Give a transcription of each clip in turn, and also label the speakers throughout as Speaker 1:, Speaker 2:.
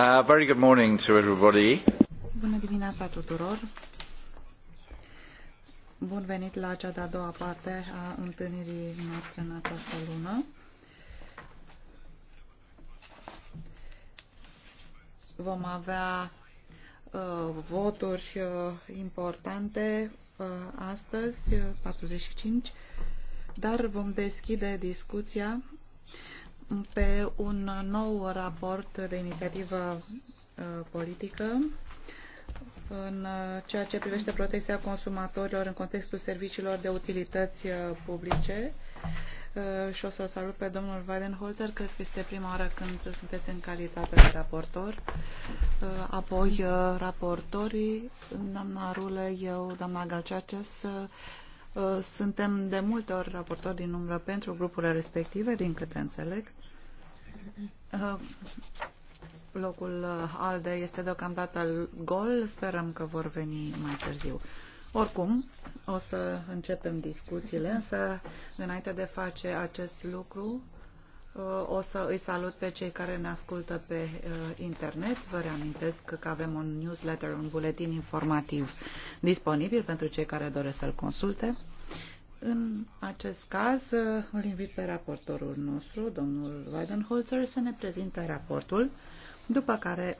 Speaker 1: Uh, very good morning to everybody.
Speaker 2: Bună dimineața tuturor. Bun venit la cea de-a doua parte a întâlnirii noastre în această lună. Vom avea uh, voturi uh, importante uh, astăzi, 45, uh, dar vom deschide discuția pe un nou raport de inițiativă uh, politică în uh, ceea ce privește protecția consumatorilor în contextul serviciilor de utilități uh, publice. Și o să salut pe domnul Weidenholzer, cred că este prima oară când sunteți în calitate de raportor. Apoi raportorii, doamna Rule, eu, doamna Galceaces, Uh, suntem de multe ori raportori din umbră pentru grupurile respective, din câte înțeleg. Uh, locul uh, ALDE este deocamdată gol, sperăm că vor veni mai târziu. Oricum, o să începem discuțiile, însă înainte de face acest lucru, Uh, o să îi salut pe cei care ne ascultă pe uh, internet. Vă reamintesc că avem un newsletter, un buletin informativ disponibil pentru cei care doresc să-l consulte. În acest caz, uh, îl invit pe raportorul nostru, domnul Weidenholzer, să ne prezinte raportul, după care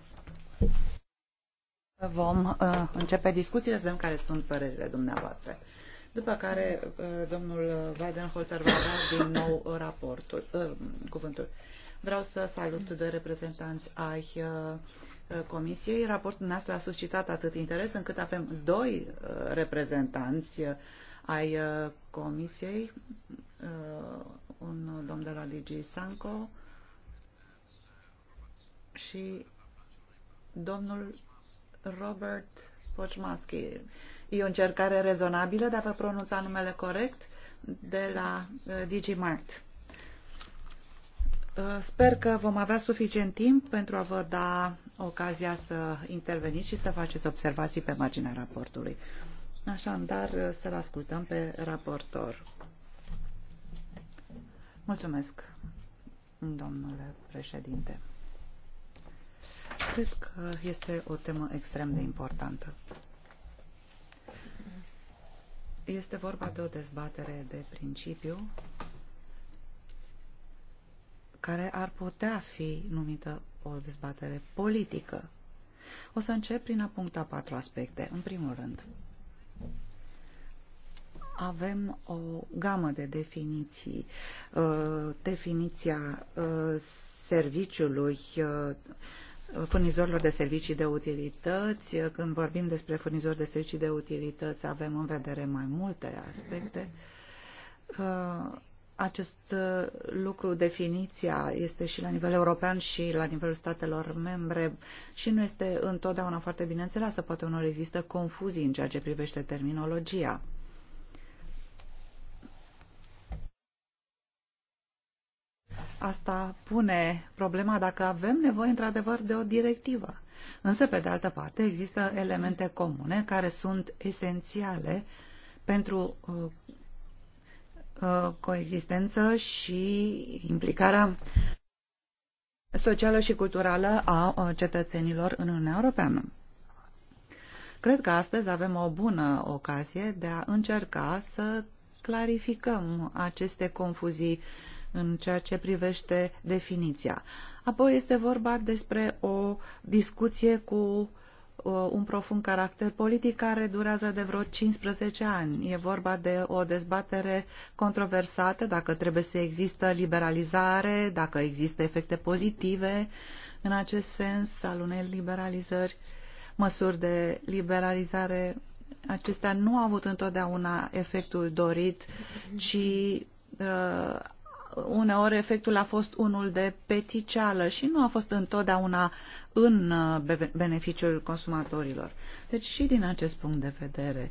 Speaker 2: vom începe discuțiile, să vedem care sunt părerile dumneavoastră după care uh, domnul Weidenholzer va da din nou raportul, uh, cuvântul. Vreau să salut de reprezentanți ai uh, Comisiei. Raportul nostru a suscitat atât interes încât avem doi reprezentanți ai Comisiei, un domn de la DG Sanco și domnul Robert Pocmaschi E o încercare rezonabilă, de a vă pronunța numele corect, de la uh, DigiMart. Uh, sper că vom avea suficient timp pentru a vă da ocazia să interveniți și să faceți observații pe marginea raportului. Așa, dar uh, să-l ascultăm pe raportor. Mulțumesc, domnule președinte. Cred că este o temă extrem de importantă. Este vorba de o dezbatere de principiu care ar putea fi numită o dezbatere politică. O să încep prin a puncta patru aspecte. În primul rând, avem o gamă de definiții. Uh, definiția uh, serviciului uh, furnizorilor de servicii de utilități. Când vorbim despre furnizori de servicii de utilități, avem în vedere mai multe aspecte. Uh, acest uh, lucru, definiția, este și la nivel european și la nivelul statelor membre și nu este întotdeauna foarte bine înțeleasă. Poate unor există confuzii în ceea ce privește terminologia. Asta pune problema dacă avem nevoie într-adevăr de o directivă. Însă, pe de altă parte, există elemente comune care sunt esențiale pentru uh, uh, coexistență și implicarea socială și culturală a uh, cetățenilor în Uniunea Europeană. Cred că astăzi avem o bună ocazie de a încerca să clarificăm aceste confuzii uh, în ceea ce privește definiția. Apoi este vorba despre o discuție cu uh, un profund caracter politic care durează de vreo 15 ani. E vorba de o dezbatere controversată, dacă trebuie să există liberalizare, dacă există efecte pozitive în acest sens al unei liberalizări, măsuri de liberalizare. Acestea nu au avut întotdeauna efectul dorit, ci uh, uneori efectul a fost unul de peticeală și nu a fost întotdeauna în uh, beneficiul consumatorilor. Deci și din acest punct de vedere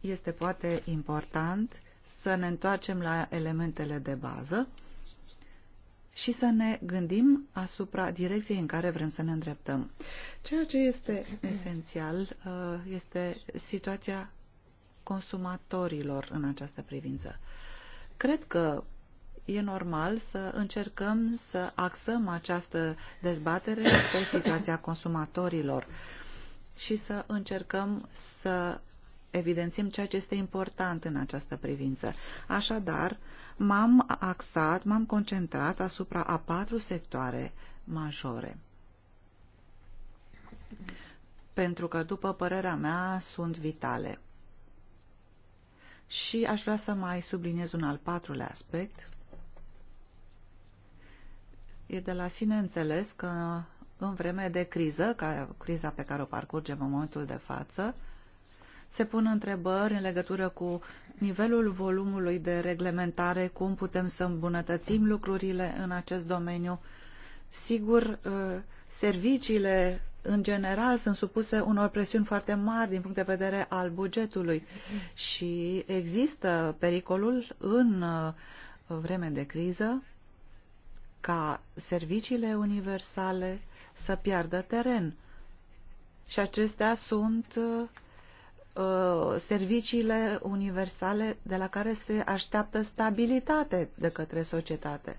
Speaker 2: este poate important să ne întoarcem la elementele de bază și să ne gândim asupra direcției în care vrem să ne îndreptăm. Ceea ce este esențial uh, este situația consumatorilor în această privință. Cred că e normal să încercăm să axăm această dezbatere pe situația consumatorilor și să încercăm să evidențiem ceea ce este important în această privință. Așadar, m-am axat, m-am concentrat asupra a patru sectoare majore. Pentru că, după părerea mea, sunt vitale. Și aș vrea să mai subliniez un al patrulea aspect. E de la sine înțeles că în vreme de criză, ca criza pe care o parcurgem în momentul de față, se pun întrebări în legătură cu nivelul volumului de reglementare, cum putem să îmbunătățim lucrurile în acest domeniu. Sigur, ă, serviciile în general, sunt supuse unor presiuni foarte mari din punct de vedere al bugetului și există pericolul în uh, vreme de criză ca serviciile universale să piardă teren. Și acestea sunt uh, Uh, serviciile universale de la care se așteaptă stabilitate de către societate.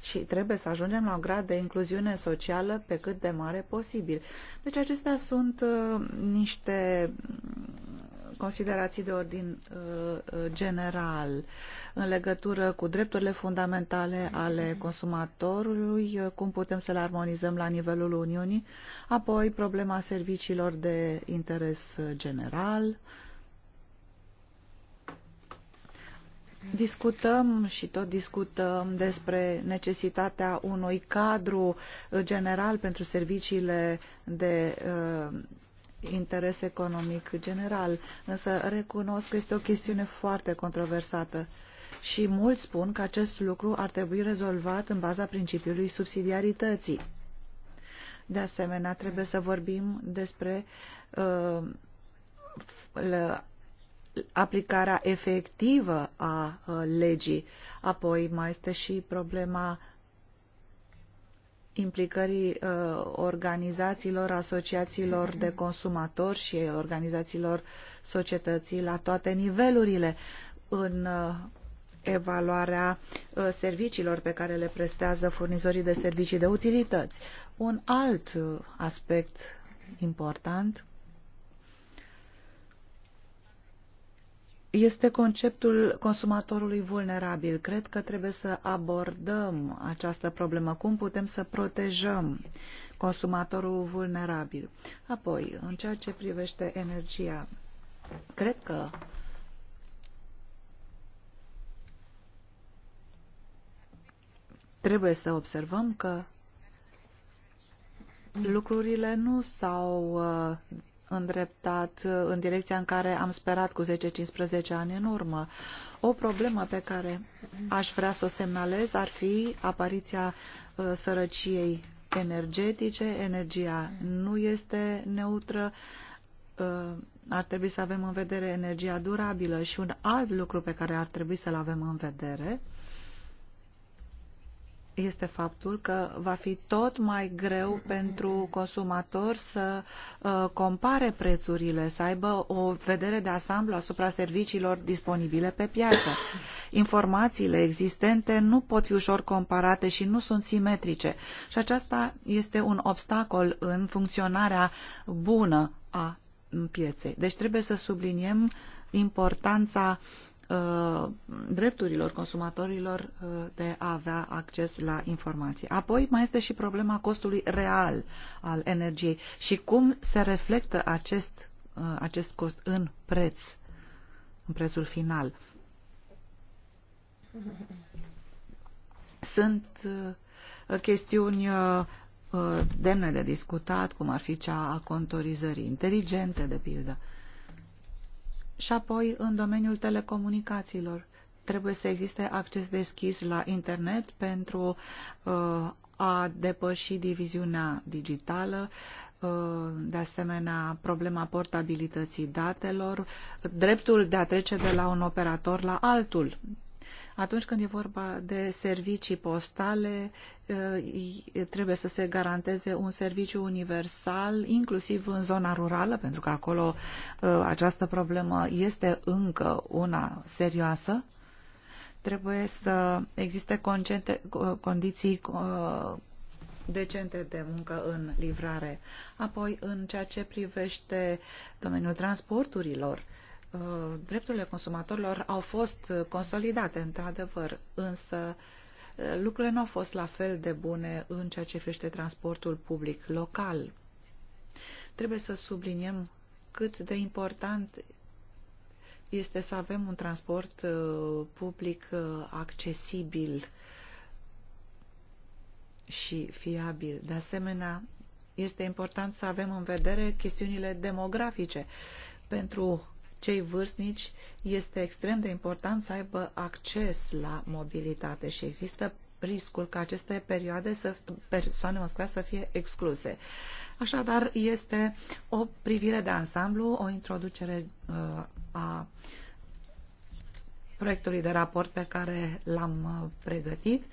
Speaker 2: Și trebuie să ajungem la un grad de incluziune socială pe cât de mare posibil. Deci acestea sunt uh, niște considerații de ordin uh, uh, general în legătură cu drepturile fundamentale ale consumatorului, uh, cum putem să le armonizăm la nivelul Uniunii, apoi problema serviciilor de interes general. Discutăm și tot discutăm despre necesitatea unui cadru general pentru serviciile de interes economic general, însă recunosc că este o chestiune foarte controversată și mulți spun că acest lucru ar trebui rezolvat în baza principiului subsidiarității. De asemenea, trebuie să vorbim despre uh, aplicarea efectivă a uh, legii. Apoi mai este și problema implicării uh, organizațiilor, asociațiilor de consumatori și organizațiilor societății la toate nivelurile în uh, evaluarea uh, serviciilor pe care le prestează furnizorii de servicii de utilități. Un alt aspect important este conceptul consumatorului vulnerabil. Cred că trebuie să abordăm această problemă. Cum putem să protejăm consumatorul vulnerabil? Apoi, în ceea ce privește energia, cred că trebuie să observăm că lucrurile nu s-au uh, îndreptat în direcția în care am sperat cu 10-15 ani în urmă. O problemă pe care aș vrea să o semnalez ar fi apariția uh, sărăciei energetice. Energia nu este neutră. Uh, ar trebui să avem în vedere energia durabilă și un alt lucru pe care ar trebui să-l avem în vedere este faptul că va fi tot mai greu pentru consumator să uh, compare prețurile, să aibă o vedere de asamblu asupra serviciilor disponibile pe piață. Informațiile existente nu pot fi ușor comparate și nu sunt simetrice și aceasta este un obstacol în funcționarea bună a pieței. Deci trebuie să subliniem importanța uh, Uh, drepturilor consumatorilor uh, de a avea acces la informații. Apoi mai este și problema costului real al energiei și cum se reflectă acest, uh, acest cost în preț, în prețul final. Sunt chestiuni demne de discutat, cum ar fi cea a contorizării inteligente, de pildă. Și apoi, în domeniul telecomunicațiilor, trebuie să existe acces deschis la internet pentru uh, a depăși diviziunea digitală, uh, de asemenea problema portabilității datelor, dreptul de a trece de la un operator la altul atunci când e vorba de servicii postale, eh, trebuie să se garanteze un serviciu universal, inclusiv în zona rurală, pentru că acolo eh, această problemă este încă una serioasă. Trebuie să existe concente, condiții decente de muncă în livrare. Apoi, în ceea ce privește domeniul transporturilor, Uh, drepturile consumatorilor au fost consolidate, într-adevăr, însă uh, lucrurile nu au fost la fel de bune în ceea ce privește transportul public local. Trebuie să subliniem cât de important este să avem un transport uh, public accesibil și fiabil. De asemenea, este important să avem în vedere chestiunile demografice. Pentru cei vârstnici este extrem de important să aibă acces la mobilitate și există riscul ca aceste perioade să, persoane mă să fie excluse. Așadar, este o privire de ansamblu, o introducere uh, a proiectului de raport pe care l-am uh, pregătit.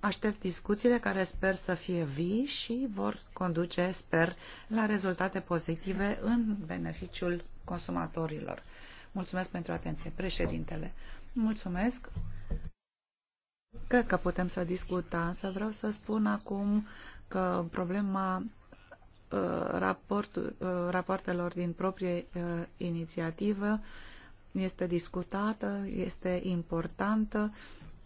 Speaker 2: Aștept discuțiile care sper să fie vii și vor conduce, sper, la rezultate pozitive în beneficiul consumatorilor. Mulțumesc pentru atenție. Președintele, mulțumesc. Cred că putem să discutăm, să vreau să spun acum că problema uh, raport, uh, rapoartelor din proprie uh, inițiativă este discutată, este importantă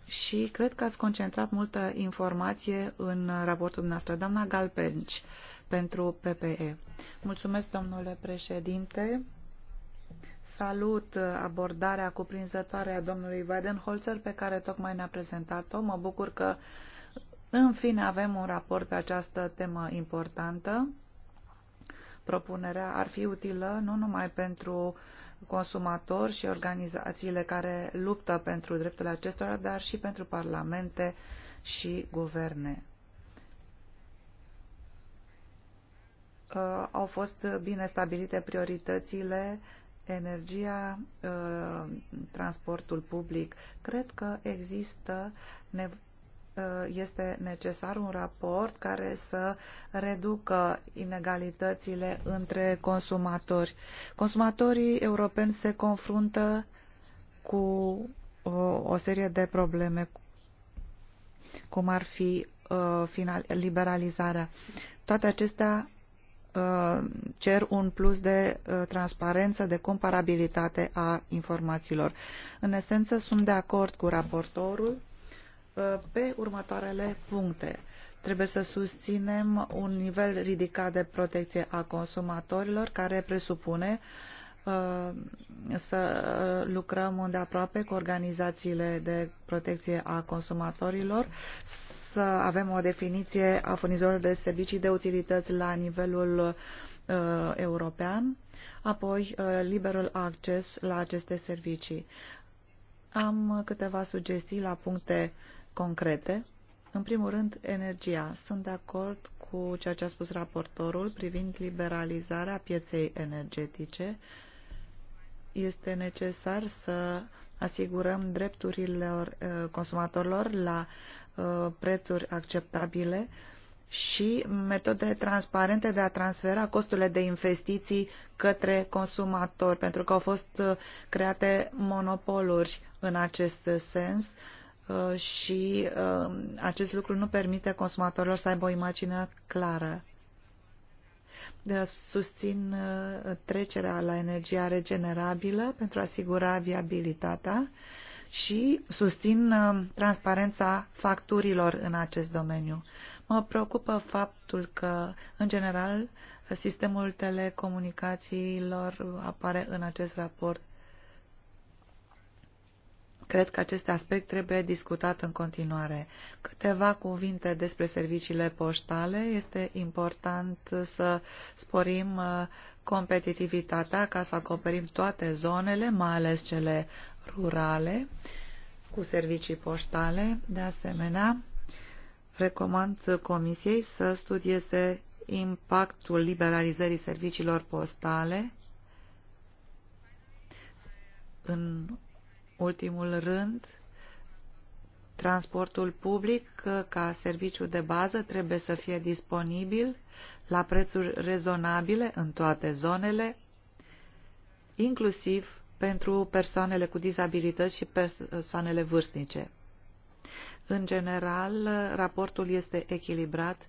Speaker 2: și cred că ați concentrat multă informație în raportul dumneavoastră. Doamna Galpenci, pentru PPE. Mulțumesc, domnule președinte. Salut abordarea cuprinzătoare a domnului Weidenholzer pe care tocmai ne-a prezentat-o. Mă bucur că în fine avem un raport pe această temă importantă. Propunerea ar fi utilă nu numai pentru consumatori și organizațiile care luptă pentru drepturile acestora, dar și pentru parlamente și guverne. Uh, au fost bine stabilite prioritățile uh, energia, uh, transportul public. Cred că există uh, este necesar un raport care să reducă inegalitățile între consumatori. Consumatorii europeni se confruntă cu uh, o, serie de probleme, cum ar fi liberalizarea. Toate acestea cer un plus de uh, transparență, de comparabilitate a informațiilor. În esență, sunt de acord cu raportorul uh, pe următoarele puncte. Trebuie să susținem un nivel ridicat de protecție a consumatorilor, care presupune uh, să lucrăm îndeaproape cu organizațiile de protecție a consumatorilor, să avem o definiție a furnizorilor de servicii de utilități la nivelul uh, european, apoi uh, liberul acces la aceste servicii. Am câteva sugestii la puncte concrete. În primul rând, energia. Sunt de acord cu ceea ce a spus raportorul privind liberalizarea pieței energetice. Este necesar să asigurăm drepturile uh, consumatorilor la Uh, prețuri acceptabile și metode transparente de a transfera costurile de investiții către consumatori, pentru că au fost uh, create monopoluri în acest sens uh, și acest lucru nu permite consumatorilor să aibă o imagine clară. Susțin trecerea la energia regenerabilă pentru a asigura viabilitatea și susțin uh, transparența facturilor în acest domeniu. Mă preocupă faptul că, în general, sistemul telecomunicațiilor apare în acest raport Cred că acest aspect trebuie discutat în continuare. Câteva cuvinte despre serviciile poștale. Este important să sporim uh, competitivitatea ca să acoperim toate zonele, mai ales cele rurale, cu servicii poștale. De asemenea, recomand Comisiei să studieze impactul liberalizării serviciilor postale în ultimul rând, transportul public ca serviciu de bază trebuie să fie disponibil la prețuri rezonabile în toate zonele, inclusiv pentru persoanele cu dizabilități și persoanele vârstnice. În general, raportul este echilibrat,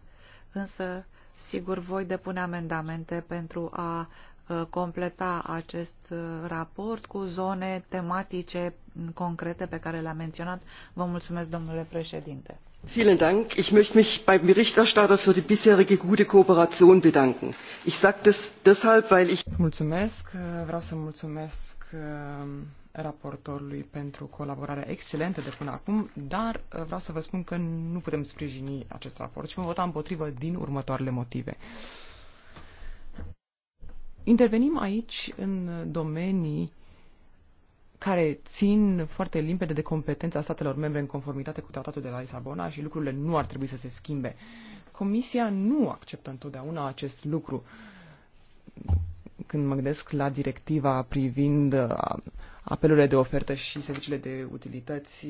Speaker 2: însă, sigur, voi depune amendamente pentru a Uh, completa acest uh, raport cu zone tematice concrete pe care le-a menționat. Vă mulțumesc, domnule președinte.
Speaker 3: Vielen Dank. Ich möchte mich beim Berichterstatter für die bisherige gute Kooperation bedanken. Ich sage das deshalb, weil ich... Mulțumesc. Vreau să mulțumesc uh, raportorului pentru colaborarea excelentă de până acum, dar vreau să vă spun că nu putem sprijini acest raport și vom vota împotrivă din următoarele motive. Intervenim aici în domenii care țin foarte limpede de competența statelor membre în conformitate cu tratatul de la Lisabona și lucrurile nu ar trebui să se schimbe. Comisia nu acceptă întotdeauna acest lucru. Când mă gândesc la directiva privind uh, apelurile de ofertă și serviciile de utilități,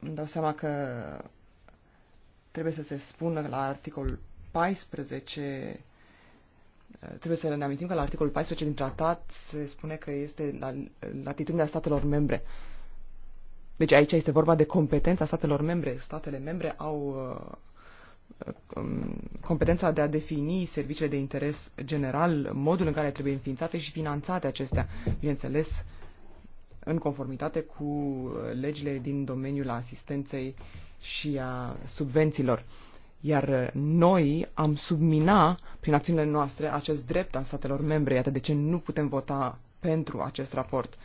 Speaker 3: îmi dau seama că trebuie să se spună la articolul 14 trebuie să ne amintim că la articolul 14 din tratat se spune că este la latitudinea statelor membre. Deci aici este vorba de competența statelor membre. Statele membre au uh, um, competența de a defini serviciile de interes general, modul în care trebuie înființate și finanțate acestea, bineînțeles, în conformitate cu legile din domeniul asistenței și a subvențiilor iar uh, noi am submina prin acțiunile noastre acest drept al statelor membre. Iată de ce nu putem vota pentru acest raport.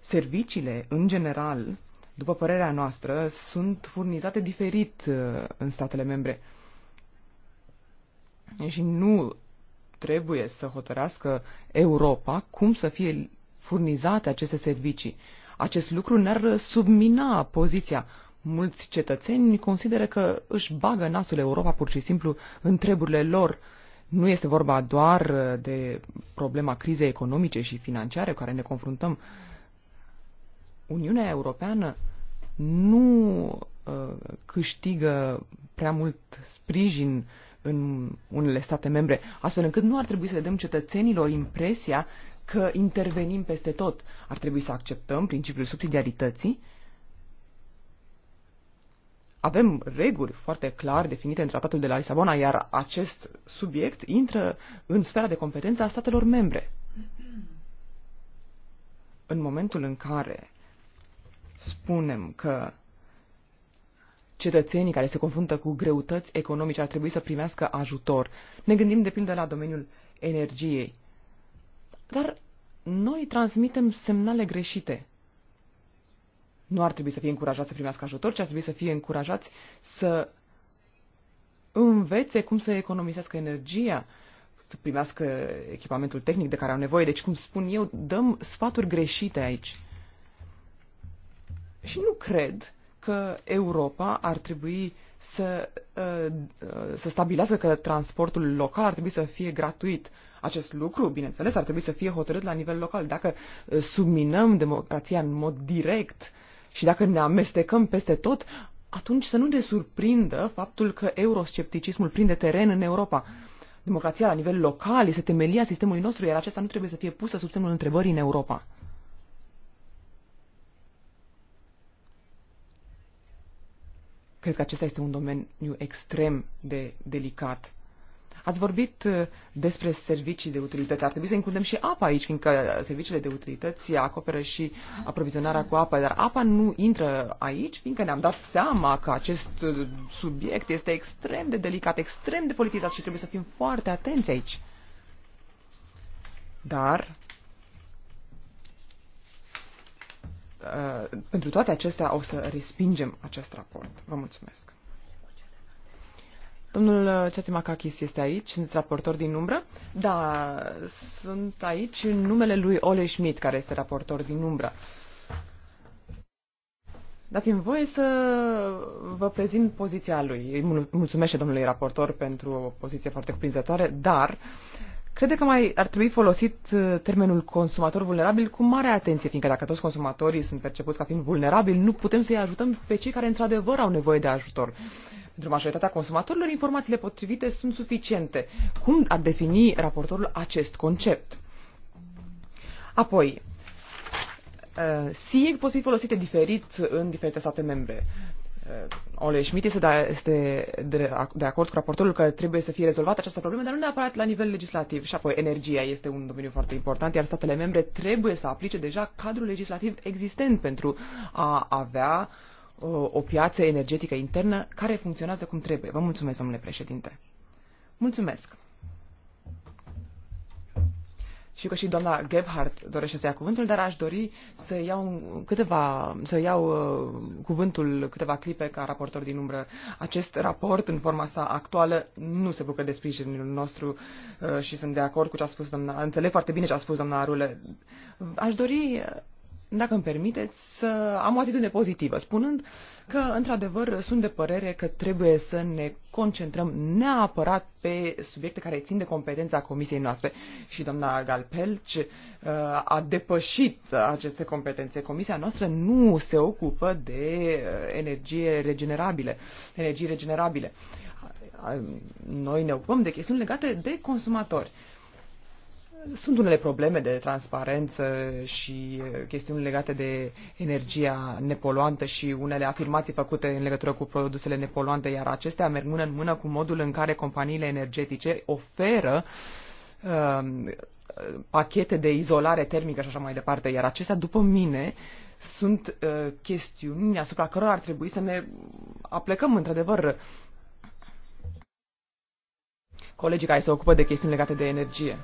Speaker 3: Serviciile, în general, după părerea noastră, sunt furnizate diferit uh, în statele membre. Și nu trebuie să hotărească Europa cum să fie furnizate aceste servicii. Acest lucru ne-ar submina poziția mulți cetățeni consideră că își bagă nasul Europa pur și simplu în treburile lor. Nu este vorba doar de problema crizei economice și financiare cu care ne confruntăm. Uniunea Europeană nu uh, câștigă prea mult sprijin în unele state membre, astfel încât nu ar trebui să le dăm cetățenilor impresia că intervenim peste tot. Ar trebui să acceptăm principiul subsidiarității avem reguli foarte clar definite în tratatul de la Lisabona, iar acest subiect intră în sfera de competență a statelor membre. În momentul în care spunem că cetățenii care se confruntă cu greutăți economice ar trebui să primească ajutor, ne gândim de pildă la domeniul energiei. Dar noi transmitem semnale greșite nu ar trebui să fie încurajați să primească ajutor, ci ar trebui să fie încurajați să învețe cum să economisească energia, să primească echipamentul tehnic de care au nevoie. Deci, cum spun eu, dăm sfaturi greșite aici. Și nu cred că Europa ar trebui să, ă, să stabilească că transportul local ar trebui să fie gratuit. Acest lucru, bineînțeles, ar trebui să fie hotărât la nivel local. Dacă ă, subminăm democrația în mod direct, uh, și dacă ne amestecăm peste tot, atunci să nu ne surprindă faptul că euroscepticismul prinde teren în Europa. Democrația la nivel local este temelia sistemului nostru, iar acesta nu trebuie să fie pusă sub semnul întrebării în Europa. Cred că acesta este un domeniu extrem de delicat Ați vorbit uh, despre servicii de utilitate. Ar trebui să includem și apa aici, fiindcă serviciile de utilități acoperă și aprovizionarea cu apă, dar apa nu intră aici, fiindcă ne-am dat seama că acest uh, subiect este extrem de delicat, extrem de politizat și trebuie să fim foarte atenți aici. Dar uh, pentru toate acestea o să respingem acest raport. Vă mulțumesc. Domnul uh, Ceațimacachis este aici, sunt raportor din umbră? Da, sunt aici în numele lui Ole Schmidt, care este raportor din umbră. Dați-mi voie să vă prezint poziția lui. mulțumesc domnului raportor pentru o poziție foarte cuprinzătoare, dar Crede că mai ar trebui folosit uh, termenul consumator vulnerabil cu mare atenție, fiindcă dacă toți consumatorii sunt percepuți ca fiind vulnerabili, nu putem să-i ajutăm pe cei care într-adevăr au nevoie de ajutor. Pentru majoritatea consumatorilor, informațiile potrivite sunt suficiente. Cum ar defini raportorul acest concept? Apoi, SIG pot fi folosite diferit în diferite state membre. Eh, Ole Schmidt este, de, este de, de acord cu raportorul că trebuie să fie rezolvată această problemă, dar nu neapărat la nivel legislativ. Și apoi energia este un domeniu foarte important, iar statele membre trebuie să aplice deja cadrul legislativ existent pentru a avea uh, o piață energetică internă care funcționează cum trebuie. Vă mulțumesc, domnule președinte. Mulțumesc. Știu că și doamna Gebhardt dorește să ia cuvântul, dar aș dori să iau, câteva, să iau uh, cuvântul câteva clipe ca raportor din umbră. Acest raport, în forma sa actuală, nu se bucură de sprijinul nostru uh, și sunt de acord cu ce a spus doamna. Înțeleg foarte bine ce a spus doamna Arule. Aș dori dacă îmi permiteți, să am o atitudine pozitivă, spunând că, într-adevăr, sunt de părere că trebuie să ne concentrăm neapărat pe subiecte care țin de competența comisiei noastre. Și doamna Galpelci uh, a depășit aceste competențe. Comisia noastră nu se ocupă de uh, energie regenerabile, Energie regenerabile. Noi ne ocupăm de chestiuni legate de consumatori. Sunt unele probleme de transparență și uh, chestiuni legate de energia nepoluantă și unele afirmații făcute în legătură cu produsele nepoluante, iar acestea merg mână în mână cu modul în care companiile energetice oferă um, pachete de izolare termică și așa mai departe, iar acestea, după mine, sunt uh, chestiuni asupra cărora ar trebui să ne aplecăm într-adevăr colegii care se ocupă de chestiuni legate de energie.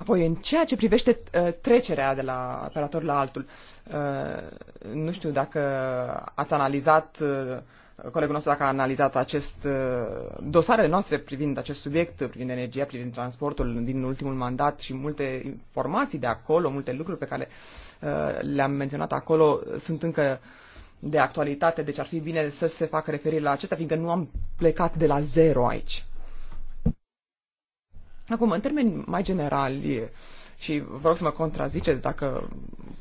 Speaker 3: Apoi, în ceea ce privește uh, trecerea de la operator la altul, uh, nu știu dacă ați analizat, uh, colegul nostru dacă a analizat acest, dosarele noastre privind acest subiect, privind energia, privind transportul din ultimul mandat și multe informații de acolo, multe lucruri pe care le-am menționat acolo, sunt încă de actualitate, deci ar fi bine să se facă referire la acestea, fiindcă nu am plecat de la zero aici. Acum, în termeni mai generali, și vă rog să mă contraziceți dacă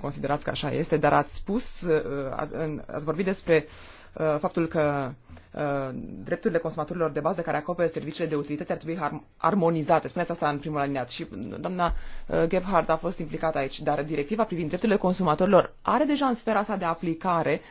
Speaker 3: considerați că așa este, dar ați spus, uh, ați vorbit despre uh, faptul că uh, drepturile consumatorilor de bază care acoperă serviciile de utilitate ar trebui armonizate. Spuneți asta în primul aliniat și doamna Gebhardt a fost implicată aici, dar directiva privind drepturile consumatorilor are deja în sfera sa de aplicare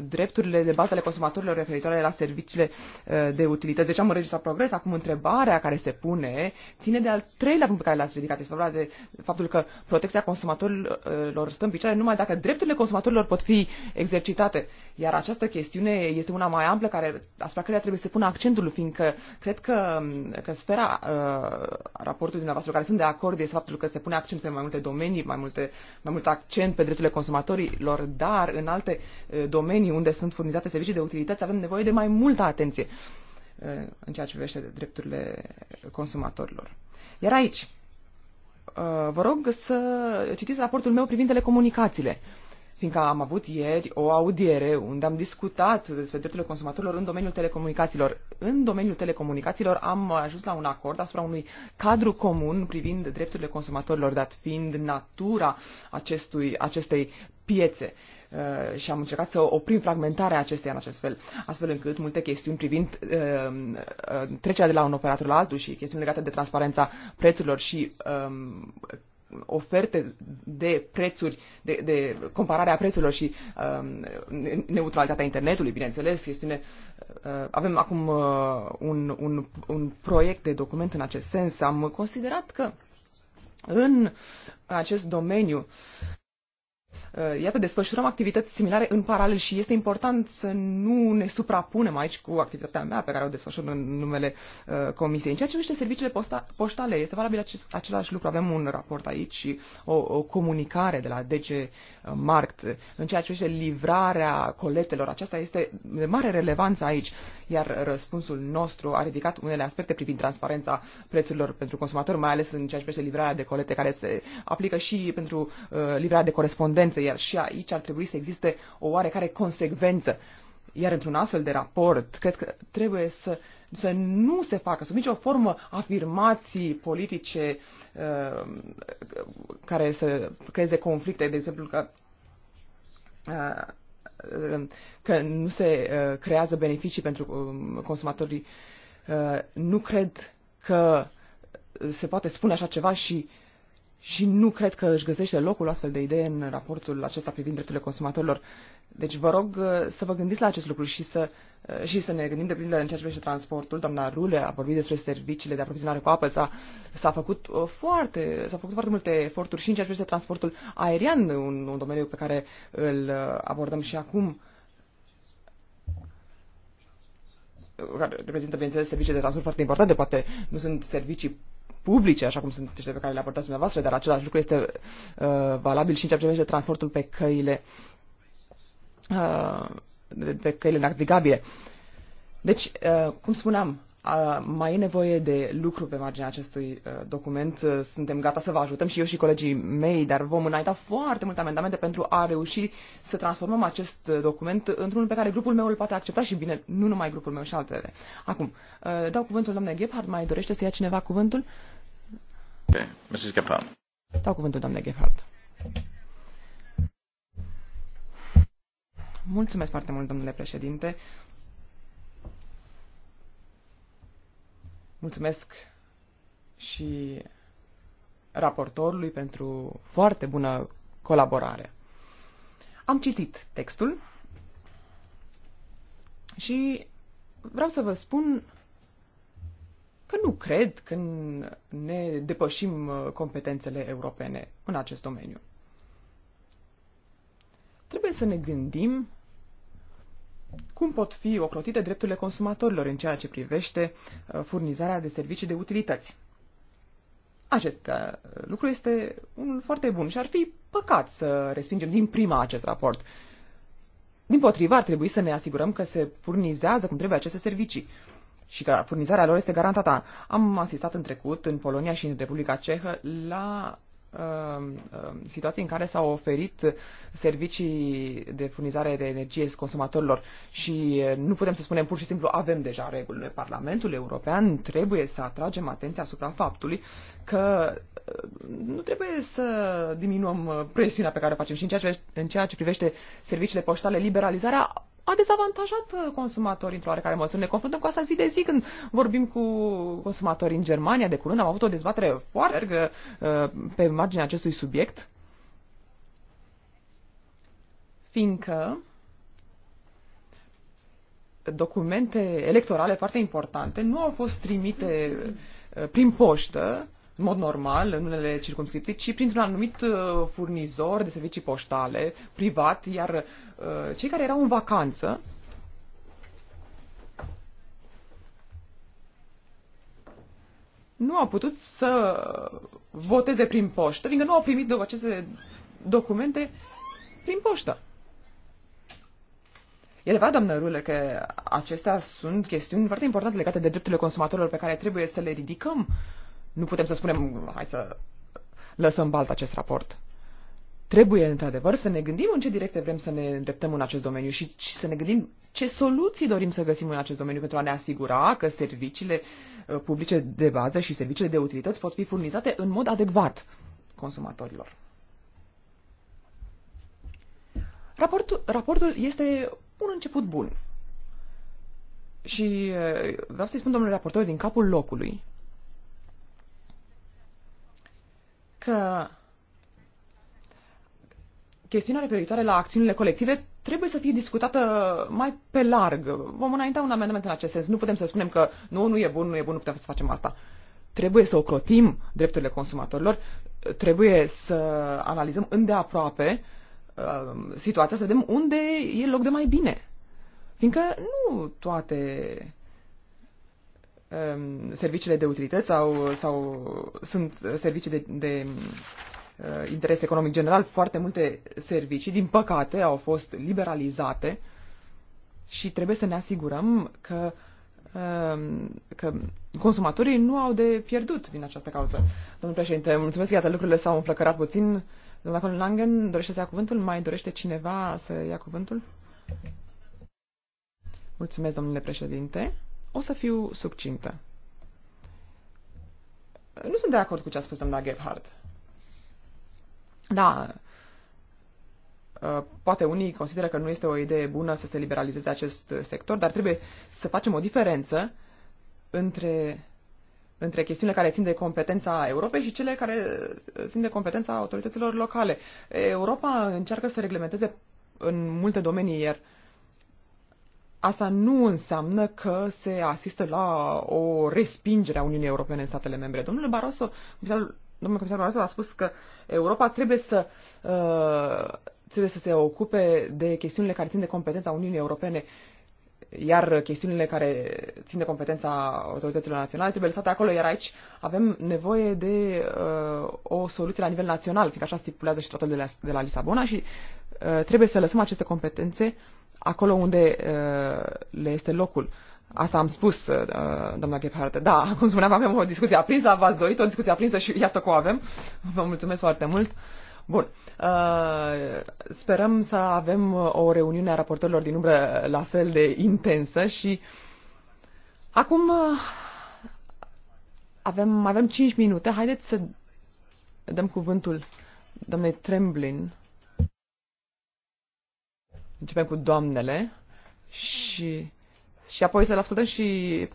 Speaker 3: drepturile de bază ale consumatorilor referitoare la serviciile uh, de utilități. Deci am înregistrat progres. Acum întrebarea care se pune ține de al treilea punct pe care l-ați ridicat. Este vorba de faptul că protecția consumatorilor stă în picioare numai dacă drepturile consumatorilor pot fi exercitate. Iar această chestiune este una mai amplă care, asupra care trebuie să pună accentul, fiindcă cred că, că sfera uh, raportului dumneavoastră care sunt de acord este faptul că se pune accent pe mai multe domenii, mai, multe, mai mult accent pe drepturile consumatorilor, dar în alte uh, domenii domenii unde sunt furnizate servicii de utilități avem nevoie de mai multă atenție uh, în ceea ce privește drepturile consumatorilor. Iar aici, uh, vă rog să citiți raportul meu privind telecomunicațiile, fiindcă am avut ieri o audiere unde am discutat despre drepturile consumatorilor în domeniul telecomunicațiilor. În domeniul telecomunicațiilor am ajuns la un acord asupra unui cadru comun privind drepturile consumatorilor, dat fiind natura acestui, acestei piețe. Uh, Uh, și am încercat să oprim fragmentarea acesteia în acest fel, astfel încât multe chestiuni privind um, uh, trecerea de la un operator la altul și chestiuni legate de transparența prețurilor și um, oferte de prețuri, de, de compararea prețurilor și uh, neutralitatea internetului, bineînțeles, chestiune. Uh, avem acum uh, un, un, un proiect de document în acest sens. Am considerat că în acest domeniu Uh, iată, desfășurăm activități similare în paralel și este important să nu ne suprapunem aici cu activitatea mea pe care o desfășur în numele uh, Comisiei. În ceea ce privește serviciile posta, poștale, este valabil acest, același lucru. Avem un raport aici și o, o comunicare de la DG uh, Markt în ceea ce privește livrarea coletelor. Aceasta este de mare relevanță aici, iar răspunsul nostru a ridicat unele aspecte privind transparența prețurilor pentru consumatori, mai ales în ceea ce privește livrarea de colete care se aplică și pentru uh, livrarea de corespondență consecvență, iar și aici ar trebui să existe o oarecare consecvență. Iar într-un astfel de raport, cred că trebuie să, să nu se facă sub nicio formă afirmații politice uh, care să creeze conflicte, de exemplu că uh, că nu se uh, creează beneficii pentru uh, consumatorii. Uh, nu cred că se poate spune așa ceva și și nu cred că își găsește locul astfel de idee în raportul acesta privind drepturile consumatorilor. Deci vă rog uh, să vă gândiți la acest lucru și să, uh, și să ne gândim de pildă în ceea ce privește transportul. Doamna Rule a vorbit despre serviciile de aprovizionare cu apă. S-a, s-a, făcut, uh, foarte, s-a făcut foarte multe eforturi și în ceea ce privește transportul aerian, un, un domeniu pe care îl abordăm și acum. care reprezintă, bineînțeles, servicii de transport foarte importante, poate nu sunt servicii publice, așa cum sunt cele pe care le aportați dumneavoastră, dar același lucru este uh, valabil și în ceea ce privește transportul pe căile, uh, pe căile navigabile. Deci, uh, cum spuneam, uh, mai e nevoie de lucru pe marginea acestui uh, document. Uh, suntem gata să vă ajutăm și eu și colegii mei, dar vom înainta foarte multe amendamente pentru a reuși să transformăm acest uh, document într-unul pe care grupul meu îl poate accepta și, bine, nu numai grupul meu și altele. Acum, uh, dau cuvântul doamnei Gebhardt. Mai dorește să ia cineva cuvântul? Uh,
Speaker 1: Mrs. Gephardt.
Speaker 3: Dau cuvântul, doamne Gephardt. Mulțumesc foarte mult, domnule președinte. Mulțumesc și raportorului pentru foarte bună colaborare. Am citit textul și vreau să vă spun că nu cred că ne depășim uh, competențele europene în acest domeniu. Trebuie să ne gândim cum pot fi ocrotite drepturile consumatorilor în ceea ce privește uh, furnizarea de servicii de utilități. Acest uh, lucru este unul foarte bun și ar fi păcat să respingem din prima acest raport. Din potriva, ar trebui să ne asigurăm că se furnizează cum trebuie aceste servicii și că furnizarea lor este garantată. Am asistat în trecut în Polonia și în Republica Cehă la um, um, situații în care s-au oferit servicii de furnizare de energie consumatorilor și nu putem să spunem pur și simplu avem deja regulile. Parlamentul European, trebuie să atragem atenția asupra faptului că uh, nu trebuie să diminuăm uh, presiunea pe care o facem și în ceea ce, în ceea ce privește serviciile poștale. Liberalizarea a dezavantajat uh, consumatorii într-o oarecare măsură. Ne confruntăm cu asta zi de zi când vorbim cu consumatorii în Germania. De curând am avut o dezbatere foarte largă uh, pe marginea acestui subiect, fiindcă documente electorale foarte importante nu au fost trimite uh, prin poștă în mod normal, în unele circumscripții, ci printr-un anumit uh, furnizor de servicii poștale, privat, iar uh, cei care erau în vacanță nu au putut să voteze prin poștă, fiindcă nu au primit aceste documente prin poștă. E adevărat, doamnă Rule, că acestea sunt chestiuni foarte importante legate de drepturile consumatorilor pe care trebuie să le ridicăm uh, nu putem să spunem, hai să lăsăm balt acest raport. Trebuie, într-adevăr, să ne gândim în ce direcție vrem să ne îndreptăm în acest domeniu și, și să ne gândim ce soluții dorim să găsim în acest domeniu pentru a ne asigura că serviciile uh, publice de bază și serviciile de utilități pot fi furnizate în mod adecvat consumatorilor. Raportul, raportul este un început bun. Și uh, vreau să-i spun domnului raportor din capul locului că chestiunea referitoare la acțiunile colective trebuie să fie discutată mai pe larg. Vom înainta un amendament în acest sens. Nu putem să spunem că nu, nu e bun, nu e bun, nu putem să facem asta. Trebuie să ocrotim drepturile consumatorilor, trebuie să analizăm îndeaproape uh, situația, să vedem unde e loc de mai bine. Fiindcă nu toate Um, serviciile de utilități sau, sau sunt servicii de, de uh, interes economic general, foarte multe servicii, din păcate, au fost liberalizate și trebuie să ne asigurăm că, um, că consumatorii nu au de pierdut din această cauză. Domnul președinte, mulțumesc, iată, lucrurile s-au înflăcărat puțin. Domnul Colin Langen dorește să ia cuvântul? Mai dorește cineva să ia cuvântul? Mulțumesc, domnule președinte. O să fiu succintă. Nu sunt de acord cu ce a spus doamna Gebhardt. Da, uh, poate unii consideră că nu este o idee bună să se liberalizeze acest sector, dar trebuie să facem o diferență între, între chestiunile care țin de competența Europei și cele care uh, țin de competența autorităților locale. Europa încearcă să reglementeze în multe domenii, iar uh, Asta nu înseamnă că se asistă la o respingere a Uniunii Europene în statele membre. Domnule Barroso, domnul comisar Barroso a spus că Europa trebuie să, uh, trebuie să se ocupe de chestiunile care țin de competența Uniunii Europene iar chestiunile care țin de competența autorităților naționale trebuie lăsate acolo, iar aici avem nevoie de uh, o soluție la nivel național, fiindcă așa stipulează și tratatul de la, de la Lisabona și uh, trebuie să lăsăm aceste competențe acolo unde uh, le este locul. Asta am spus, uh, uh, doamna Gephardt. Da, cum spuneam, avem o discuție aprinsă, v-ați dorit o discuție aprinsă și iată că o avem. Vă mulțumesc foarte mult. Bun. Sperăm să avem o reuniune a raportorilor din umbră la fel de intensă și acum avem, avem 5 minute. Haideți să dăm cuvântul doamnei Tremblin Începem cu doamnele și, și apoi să-l ascultăm și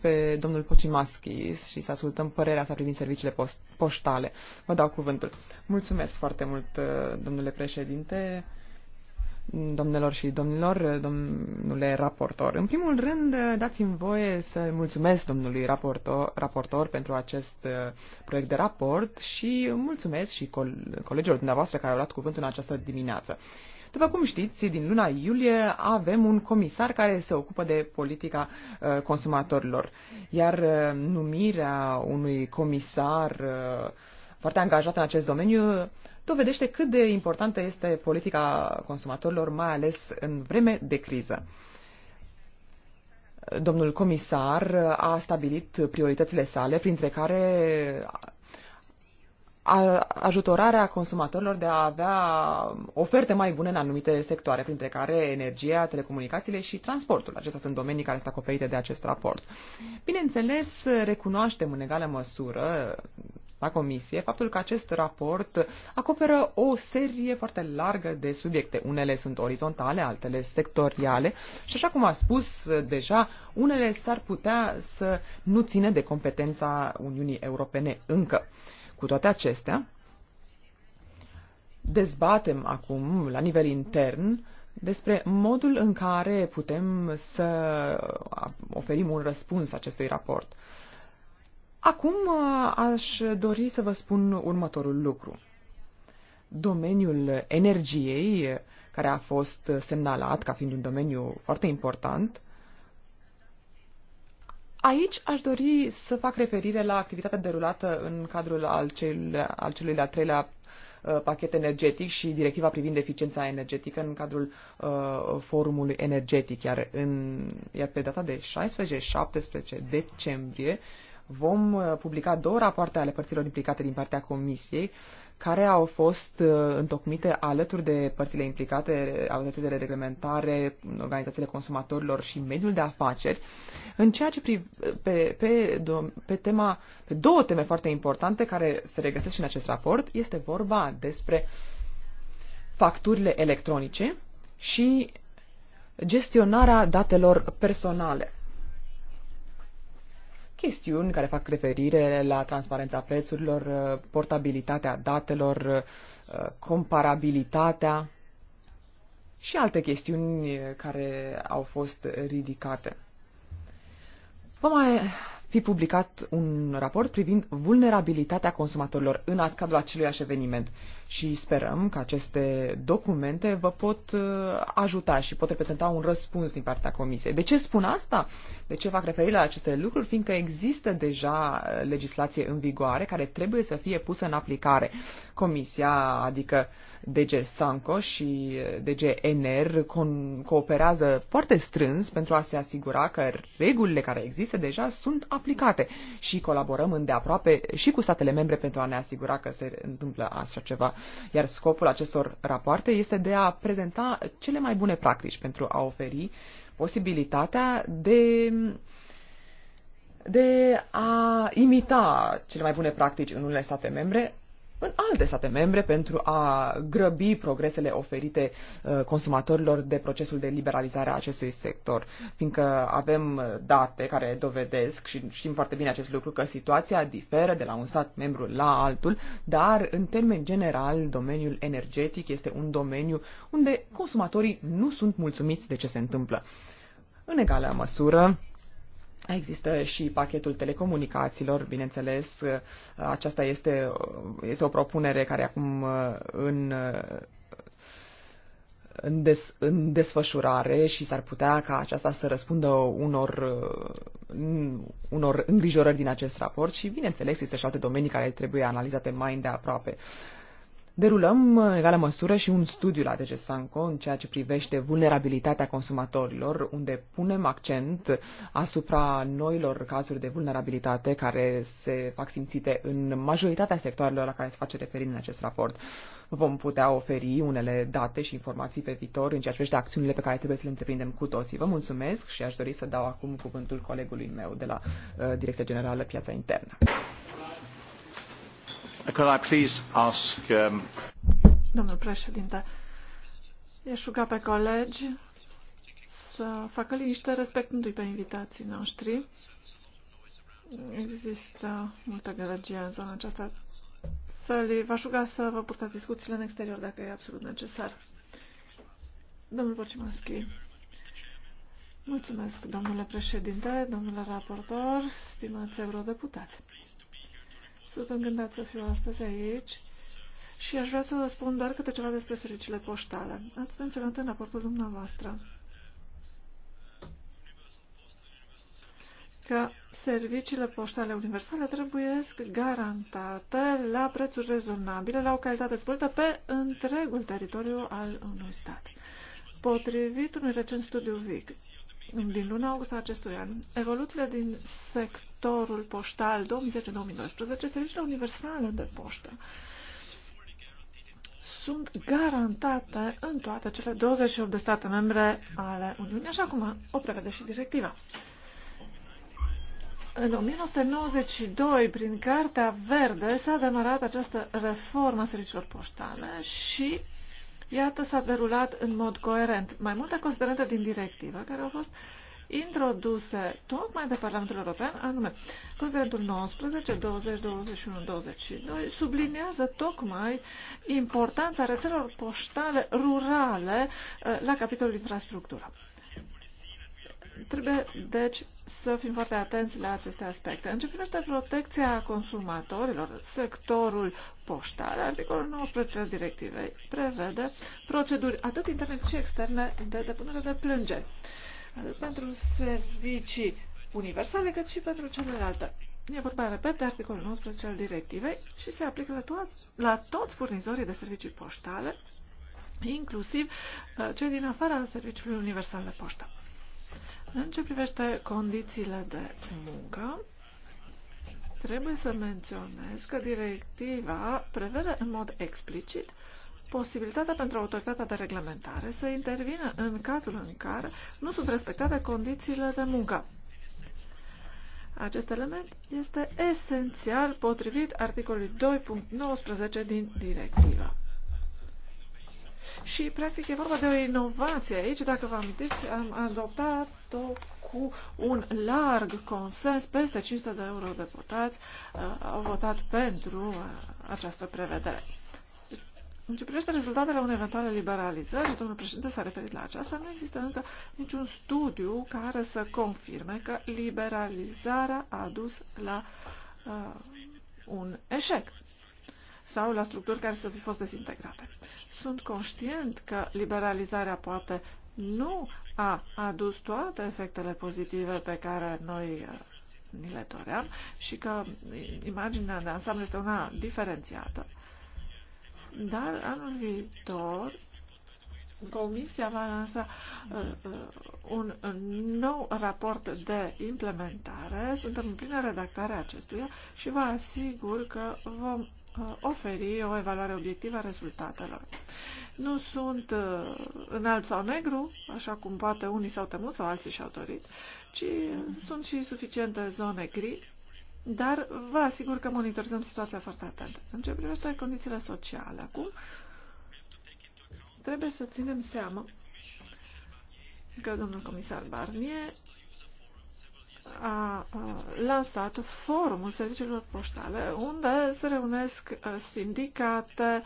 Speaker 3: pe domnul Pocimaschi și să ascultăm părerea sa privind serviciile post, poștale. Vă dau cuvântul. Mulțumesc foarte mult, uh, domnule președinte, domnilor și domnilor, uh, domnule raportor. În primul rând, uh, dați-mi voie să mulțumesc domnului raportor, raportor pentru acest proiect de raport și mulțumesc și colegilor dumneavoastră care au luat cuvântul în această dimineață. Uh, după cum știți, din luna iulie avem un comisar care se ocupă de politica uh, consumatorilor, iar uh, numirea unui comisar uh, foarte angajat în acest domeniu dovedește cât de importantă este politica consumatorilor, mai ales în vreme de criză. Domnul comisar a stabilit prioritățile sale, printre care ajutorarea consumatorilor de a avea oferte mai bune în anumite sectoare, printre care energia, telecomunicațiile și transportul. Acestea sunt domenii care sunt acoperite de acest raport. Bineînțeles, recunoaștem în egală măsură la comisie faptul că acest raport acoperă o serie foarte largă de subiecte. Unele sunt orizontale, altele sectoriale și așa cum a spus deja, unele s-ar putea să nu țină de competența Uniunii Europene încă. Cu toate acestea, dezbatem acum, la nivel intern, despre modul în care putem să oferim un răspuns acestui raport. Acum uh, aș dori să vă spun următorul lucru. Domeniul energiei, care a fost semnalat ca fiind un domeniu foarte important, Aici aș dori să fac referire la activitatea derulată în cadrul al, cel, al celui de-al treilea uh, pachet energetic și directiva privind eficiența energetică în cadrul uh, forumului energetic, iar, în, iar pe data de 16-17 decembrie vom uh, publica două rapoarte ale părților implicate din partea Comisiei, care au fost uh, întocmite alături de părțile implicate, autoritățile de reglementare, organizațiile consumatorilor și mediul de afaceri, în ceea ce priv- pe, pe, pe, tema, pe două teme foarte importante care se regăsesc și în acest raport. Este vorba despre facturile electronice și gestionarea datelor personale chestiuni care fac referire la transparența prețurilor, uh, portabilitatea datelor, uh, comparabilitatea și alte chestiuni uh, care au fost ridicate. Vă mai fi publicat un raport privind vulnerabilitatea consumatorilor în cadrul aceluiași eveniment. Și sperăm că aceste documente vă pot uh, ajuta și pot reprezenta un răspuns din partea Comisiei. De ce spun asta? De ce fac referire la aceste lucruri? Fiindcă există deja legislație în vigoare care trebuie să fie pusă în aplicare. Comisia, adică uh, DG Sanco și eh, DG NR cooperează foarte strâns pentru a se asigura că regulile care există deja sunt aplicate și colaborăm îndeaproape și cu statele membre pentru a ne asigura că se întâmplă așa ceva. Iar scopul acestor rapoarte este de a prezenta cele mai bune practici pentru a oferi posibilitatea de de a imita cele mai bune practici în unele state membre, în alte state membre pentru a grăbi progresele oferite uh, consumatorilor de procesul de liberalizare a acestui sector, fiindcă avem date care dovedesc și știm foarte bine acest lucru că situația diferă de la un stat membru la altul, dar în termen general domeniul energetic este un domeniu unde consumatorii nu sunt mulțumiți de ce se întâmplă. În egală măsură, Există și pachetul telecomunicațiilor, bineînțeles. Aceasta este, este o propunere care acum în, în, des, în desfășurare și s-ar putea ca aceasta să răspundă unor, unor îngrijorări din acest raport și, bineînțeles, există și alte domenii care trebuie analizate mai îndeaproape. Derulăm în egală măsură și un studiu la DG Sanco în ceea ce privește vulnerabilitatea consumatorilor, unde punem accent asupra noilor cazuri de vulnerabilitate care se fac simțite în majoritatea sectoarelor la care se face referire în acest raport. Vom putea oferi unele date și informații pe viitor în ceea ce privește acțiunile pe care trebuie să le întreprindem cu toții. Vă mulțumesc și aș dori să dau acum cuvântul colegului meu de la uh, Direcția Generală Piața Internă.
Speaker 1: Domnule um,
Speaker 4: Domnul președinte, i-aș ruga pe colegi să facă liniște respectându-i pe invitații noștri. Există multă gălăgie în zona aceasta. Să v-aș ruga să vă purtați discuțiile în exterior dacă e absolut necesar. Domnul Borcimaschi. Mulțumesc, domnule președinte, domnule raportor, stimați eurodeputați. Sunt îngândat să fiu astăzi aici și aș vrea să vă spun doar câte ceva despre serviciile poștale. Ați menționat în raportul dumneavoastră că serviciile poștale universale trebuie garantate la prețuri rezonabile, la o calitate sporită pe întregul teritoriu al unui stat. Potrivit unui recent studiu VIX, din luna august acestui an, evoluțiile din sectorul poștal 2010-2012, serviciile universale de poștă, sunt garantate în toate cele 28 de state membre ale Uniunii, așa cum o prevede și directiva. În 1992, prin Cartea Verde, s-a demarat această reformă a serviciilor poștale și iată, s-a derulat în mod coerent mai multe considerente din directivă care au fost introduse tocmai de Parlamentul European, anume considerentul 19, 20, 21, 22, subliniază tocmai importanța rețelelor poștale rurale eh, la capitolul infrastructură. Trebuie, deci, să fim foarte atenți la aceste aspecte. În ce privește protecția consumatorilor, sectorul poștal, articolul 19 directivei prevede proceduri atât interne cât și externe de depunere de plângeri, atât pentru servicii universale cât și pentru celelalte. E vorba, repet, de articolul 19 al directivei și se aplică la, to- la toți furnizorii de servicii poștale, inclusiv uh, cei din afara Serviciului Universal de Poștă. În ce privește condițiile de muncă, trebuie să menționez că directiva prevede în mod explicit posibilitatea pentru autoritatea de reglementare să intervină în cazul în care nu sunt respectate condițiile de muncă. Acest element este esențial potrivit articolului 2.19 din directiva. Și, practic, e vorba de o inovație aici. Dacă vă amintiți, am adoptat-o cu un larg consens. Peste 500 de eurodeputați uh, au votat pentru uh, această prevedere. În ce privește rezultatele unei eventuale liberalizări, domnul președinte s-a referit la aceasta, nu există încă niciun studiu care să confirme că liberalizarea a dus la uh, un eșec sau la structuri care să fi fost dezintegrate. Sunt conștient că liberalizarea poate nu a adus toate efectele pozitive pe care noi uh, ni le doream și că imaginea de ansamblu este una diferențiată. Dar anul viitor Comisia va lansa uh, uh un nou raport de implementare. Suntem în plină redactare a acestuia și vă asigur că vom Uh, oferi o evaluare obiectivă a rezultatelor. Nu sunt uh, înalt sau negru, așa cum poate unii s-au temut sau alții și-au dorit, ci sunt și suficiente zone gri, dar vă asigur că monitorizăm situația foarte atent. În ce privește condițiile sociale acum, trebuie să ținem seama că domnul comisar Barnier a lansat forumul serviciilor poștale, unde se reunesc sindicate,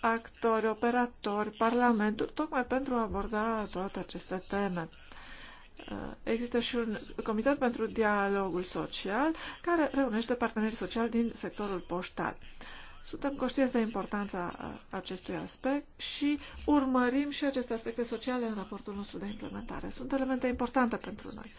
Speaker 4: actori, operatori, parlamentul, tocmai pentru a aborda toate aceste teme. Există și un comitet pentru dialogul social care reunește partenerii sociali din sectorul poștal. Suntem conștienți de importanța acestui aspect și urmărim și aceste aspecte sociale în raportul nostru de implementare. Sunt elemente importante pentru noi.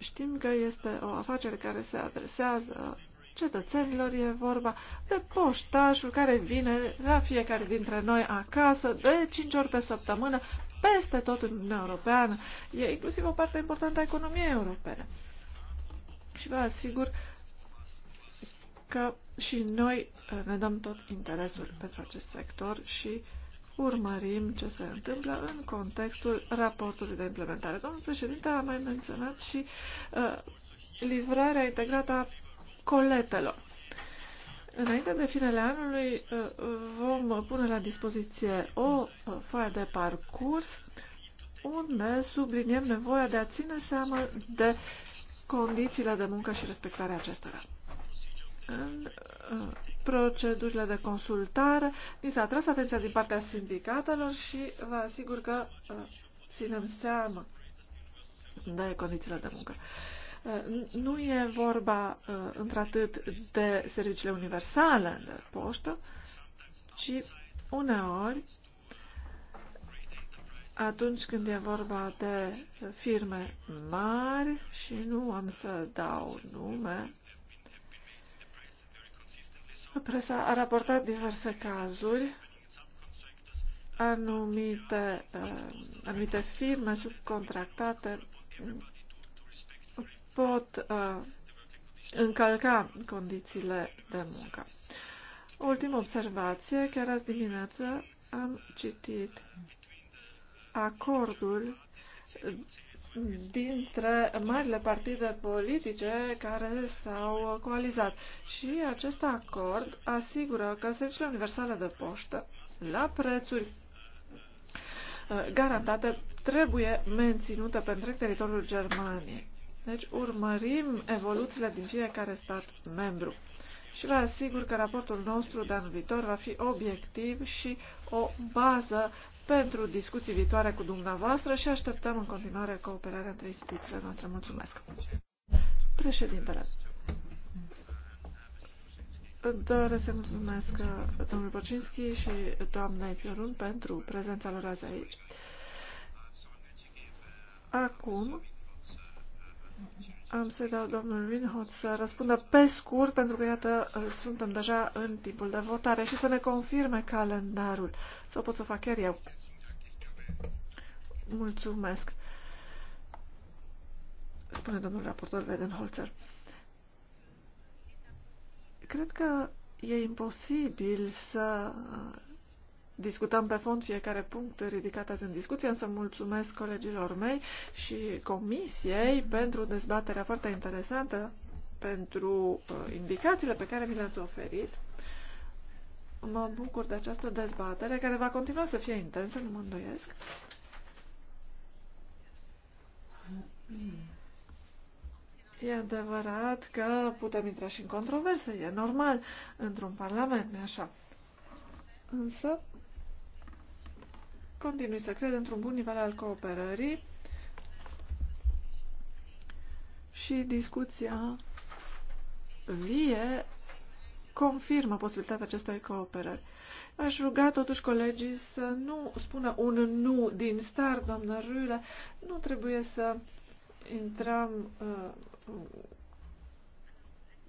Speaker 4: Știm că este o afacere care se adresează cetățenilor, e vorba de poștașul care vine la fiecare dintre noi acasă de 5 ori pe săptămână, peste tot în Uniunea Europeană. E inclusiv o parte importantă a economiei europene. Și vă asigur că și noi uh, ne dăm tot interesul pentru acest sector și uh, urmărim ce se întâmplă în contextul raportului de implementare. Domnul președinte a mai menționat și uh, livrarea integrată a coletelor. Înainte de finele anului uh, vom pune la dispoziție o uh, foaie de parcurs unde subliniem nevoia de a ține seama de condițiile de muncă și respectarea acestora. În uh, procedurile de consultare. mi s-a atras atenția din partea sindicatelor și vă asigur că uh, ținem seama de condițiile de muncă. Uh, nu e vorba uh, într-atât de serviciile universale de poștă, ci uneori atunci când e vorba de firme mari și nu am să dau nume, Presa a raportat diverse cazuri, anumite, uh, anumite firme subcontractate pot uh, încălca condițiile de muncă. Ultimă observație, chiar azi dimineață am citit acordul dintre marile partide politice care s-au coalizat. Și acest acord asigură că serviciile universale de poștă, la prețuri uh, garantate, trebuie menținută pe întreg teritoriul Germaniei. Deci urmărim evoluțiile din fiecare stat membru. Și vă asigur că raportul nostru de anul viitor va fi obiectiv și o bază pentru discuții viitoare cu dumneavoastră și așteptăm în continuare cooperarea între instituțiile noastre. Mulțumesc. Președintele. Doresc să mulțumesc domnului Bocinski și doamnei Piorun pentru prezența lor azi aici. Acum am să dau domnul Winhot să răspundă pe scurt, pentru că, iată, suntem deja în timpul de votare și să ne confirme calendarul. Sau pot să fac chiar eu. Mulțumesc. Spune domnul raportor Wedenholzer. Cred că e imposibil să discutăm pe fond fiecare punct ridicat azi în discuție, însă mulțumesc colegilor mei și comisiei pentru dezbaterea foarte interesantă, pentru uh, indicațiile pe care mi le-ați oferit. Mă bucur de această dezbatere, care va continua să fie intensă, nu mă îndoiesc. E adevărat că putem intra și în controverse, e normal, într-un parlament, nu așa? Însă, continui să cred într-un bun nivel al cooperării și discuția vie confirmă posibilitatea acestei cooperări. Aș ruga totuși colegii să nu spună un nu din start, doamnă Râle. Nu trebuie să intrăm uh,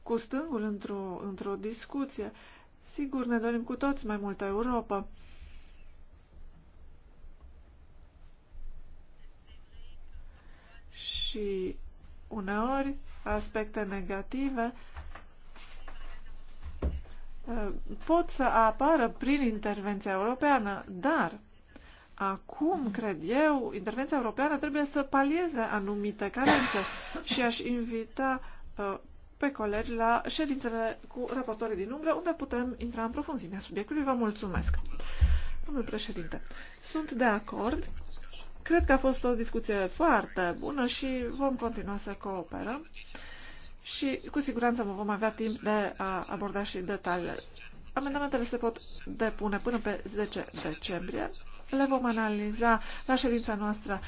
Speaker 4: cu stângul într-o într, discuție. Sigur, ne dorim cu toți mai multă Europa. Uh, și uneori aspecte negative eh, pot să apară prin intervenția europeană, dar acum, cred eu, intervenția europeană trebuie să palieze anumite carențe și aș invita eh, pe colegi la ședințele cu raportorii din umbră, unde putem intra în profunzimea subiectului. Vă mulțumesc! Domnul președinte, sunt de acord Cred că a fost o discuție foarte bună și vom continua să cooperăm și cu siguranță vom avea timp de a aborda și detaliile. Amendamentele se pot depune până pe 10 decembrie. Le vom analiza la ședința noastră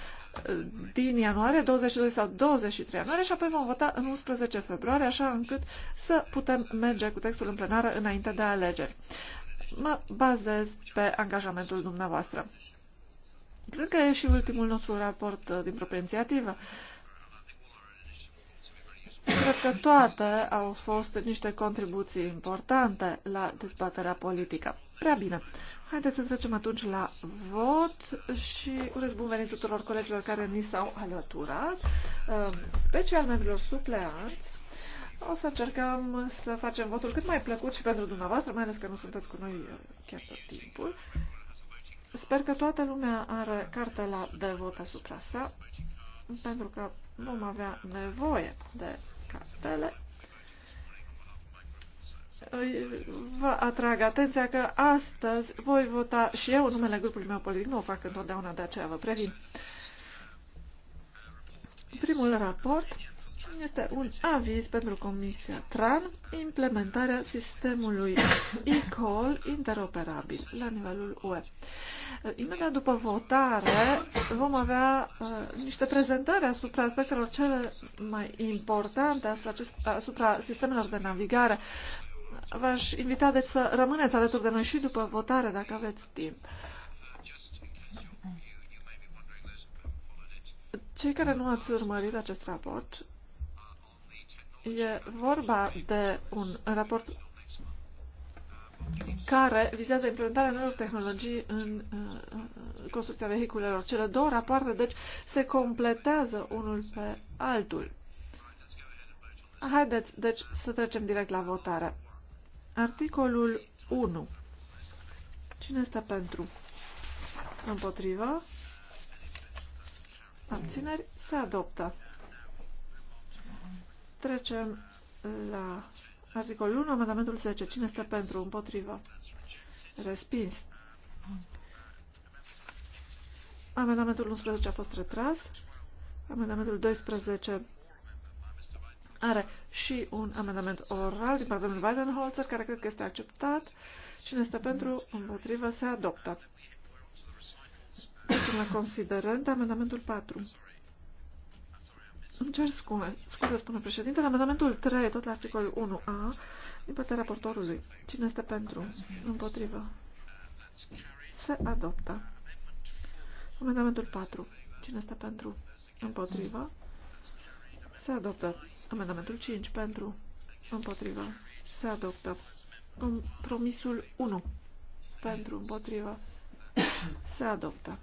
Speaker 4: uh, din ianuarie, 22 sau 23 ianuarie și apoi vom vota în 11 februarie, așa încât să putem merge cu textul în plenară înainte de alegeri. Mă bazez pe angajamentul dumneavoastră. Cred că e și ultimul nostru raport uh, din propria inițiativă. Cred că toate au fost niște contribuții importante la dezbaterea politică. Prea bine. Haideți să trecem atunci la vot și urez bun venit tuturor colegilor care ni s-au alăturat, uh, special membrilor supleanți. O să încercăm să facem votul cât mai plăcut și pentru dumneavoastră, mai ales că nu sunteți cu noi uh, chiar tot timpul. Sper că toată lumea are cartela de vot asupra sa, pentru că vom avea nevoie de
Speaker 1: cartele.
Speaker 4: Vă atrag atenția că astăzi voi vota și eu numele grupului meu politic, nu o fac întotdeauna, de aceea vă previn. Primul raport este un aviz pentru Comisia TRAN, implementarea sistemului e-call interoperabil la nivelul UE. Imediat după votare vom avea uh, niște prezentări asupra aspectelor cele mai importante, asupra, acest, asupra sistemelor de navigare. V-aș invita deci să rămâneți alături de noi și după votare, dacă aveți timp. Cei care nu ați urmărit acest raport, E vorba de un raport care vizează implementarea noilor tehnologii în uh, construcția vehiculelor. Cele două rapoarte, deci, se completează unul pe altul. Haideți, deci, să trecem direct la votare. Articolul 1. Cine este pentru? Împotrivă? Abțineri? Se adoptă. Trecem la articolul 1, amendamentul 10. Cine este pentru? Împotrivă. Respins. Amendamentul 11 a fost retras. Amendamentul 12 are și un amendament oral din partea domnului Weidenholzer, care cred că este acceptat. Cine este pentru, împotrivă, se adoptă. Trecem la considerent, amendamentul 4. Îmi cer scuze, scuze spune președintele, amendamentul 3, tot la articolul 1a, din partea raportorului. Cine este pentru? Împotrivă. Se adoptă. Amendamentul 4. Cine este pentru? Împotrivă. Se adoptă. Amendamentul 5. Pentru. Împotrivă. Se adoptă. Compromisul 1. Pentru. Împotrivă. Se adoptă.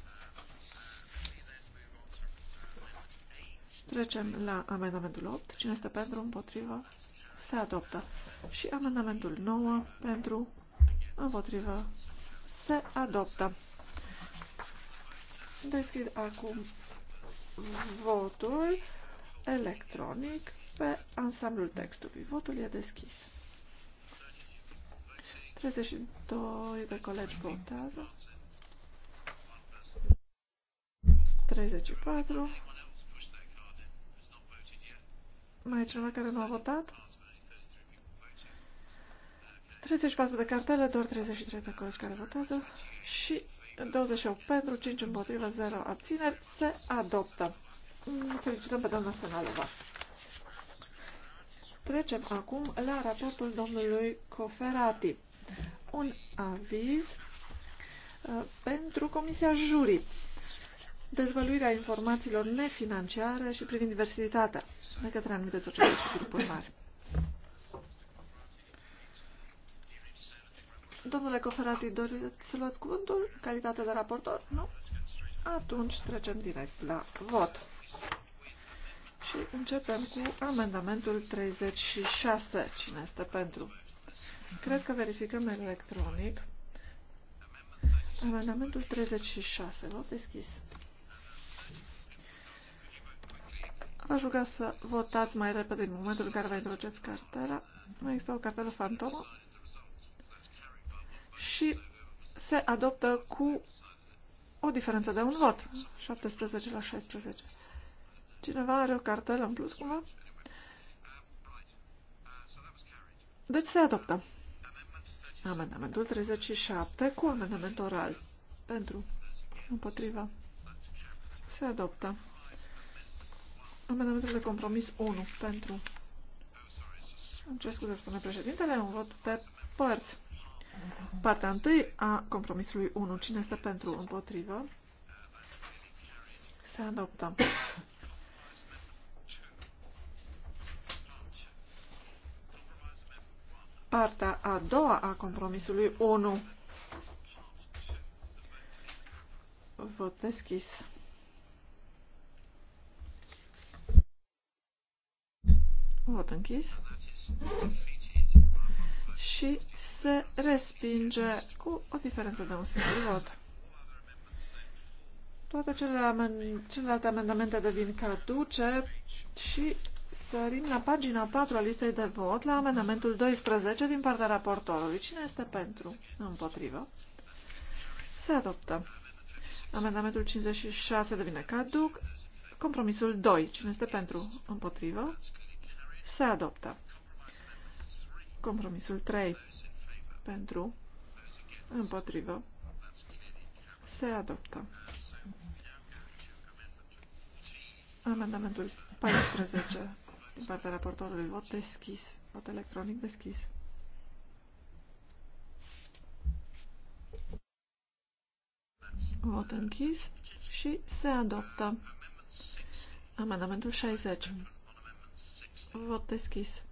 Speaker 4: Trecem la amendamentul 8. Cine este pentru, împotrivă, se adoptă. Și amendamentul 9 pentru, împotrivă, se adoptă. Deschid acum votul electronic pe ansamblul textului. Votul e deschis. 32 de colegi votează. 34 mai e cineva care nu a votat? 34 de cartele, doar 33 de colegi care votează și 28 pentru, 5 împotriva, 0 abțineri, se adoptă. Mm, felicităm pe doamna Senalova. Trecem acum la raportul domnului Coferati. Un aviz uh, pentru Comisia Jurii dezvăluirea informațiilor nefinanciare și privind diversitatea de către anumite societăți și grupuri mari. Domnule Coferati, doriți să luați cuvântul în calitate de raportor? Nu? Atunci trecem direct la vot. Și începem cu amendamentul 36. Cine este pentru? Cred că verificăm electronic. Amendamentul 36. Vot deschis. V-aș ruga să votați mai repede în momentul în care vă introduceți cartela. Mai există o cartelă fantomă și se adoptă cu o diferență de un vot, 17 la 16. Cineva are o cartelă în plus cumva? Deci se adoptă. Amendamentul 37 cu amendament oral. Pentru. Împotriva. Se adoptă. Amendamentul de compromis 1 pentru. Îmi cer scuze, spune președintele, un vot pe părți. Partea 1 a compromisului 1. Cine este pentru împotrivă? Se adoptă. Partea a doua a compromisului 1. Vot deschis. Vot închis. Și se respinge cu o diferență de un singur vot. Toate celelalte amendamente devin caduce și sărim la pagina 4 a listei de vot, la amendamentul 12 din partea raportorului. Cine este pentru? Împotrivă. Se adoptă. Amendamentul 56 devine caduc. Compromisul 2. Cine este pentru? Împotrivă. Se adoptă. Compromisul 3 pentru, împotrivă, se adoptă. Amendamentul 14 din partea raportorului. Vot deschis. Vot electronic deschis. Vot închis și se adoptă. Amendamentul 60 Vot deschis.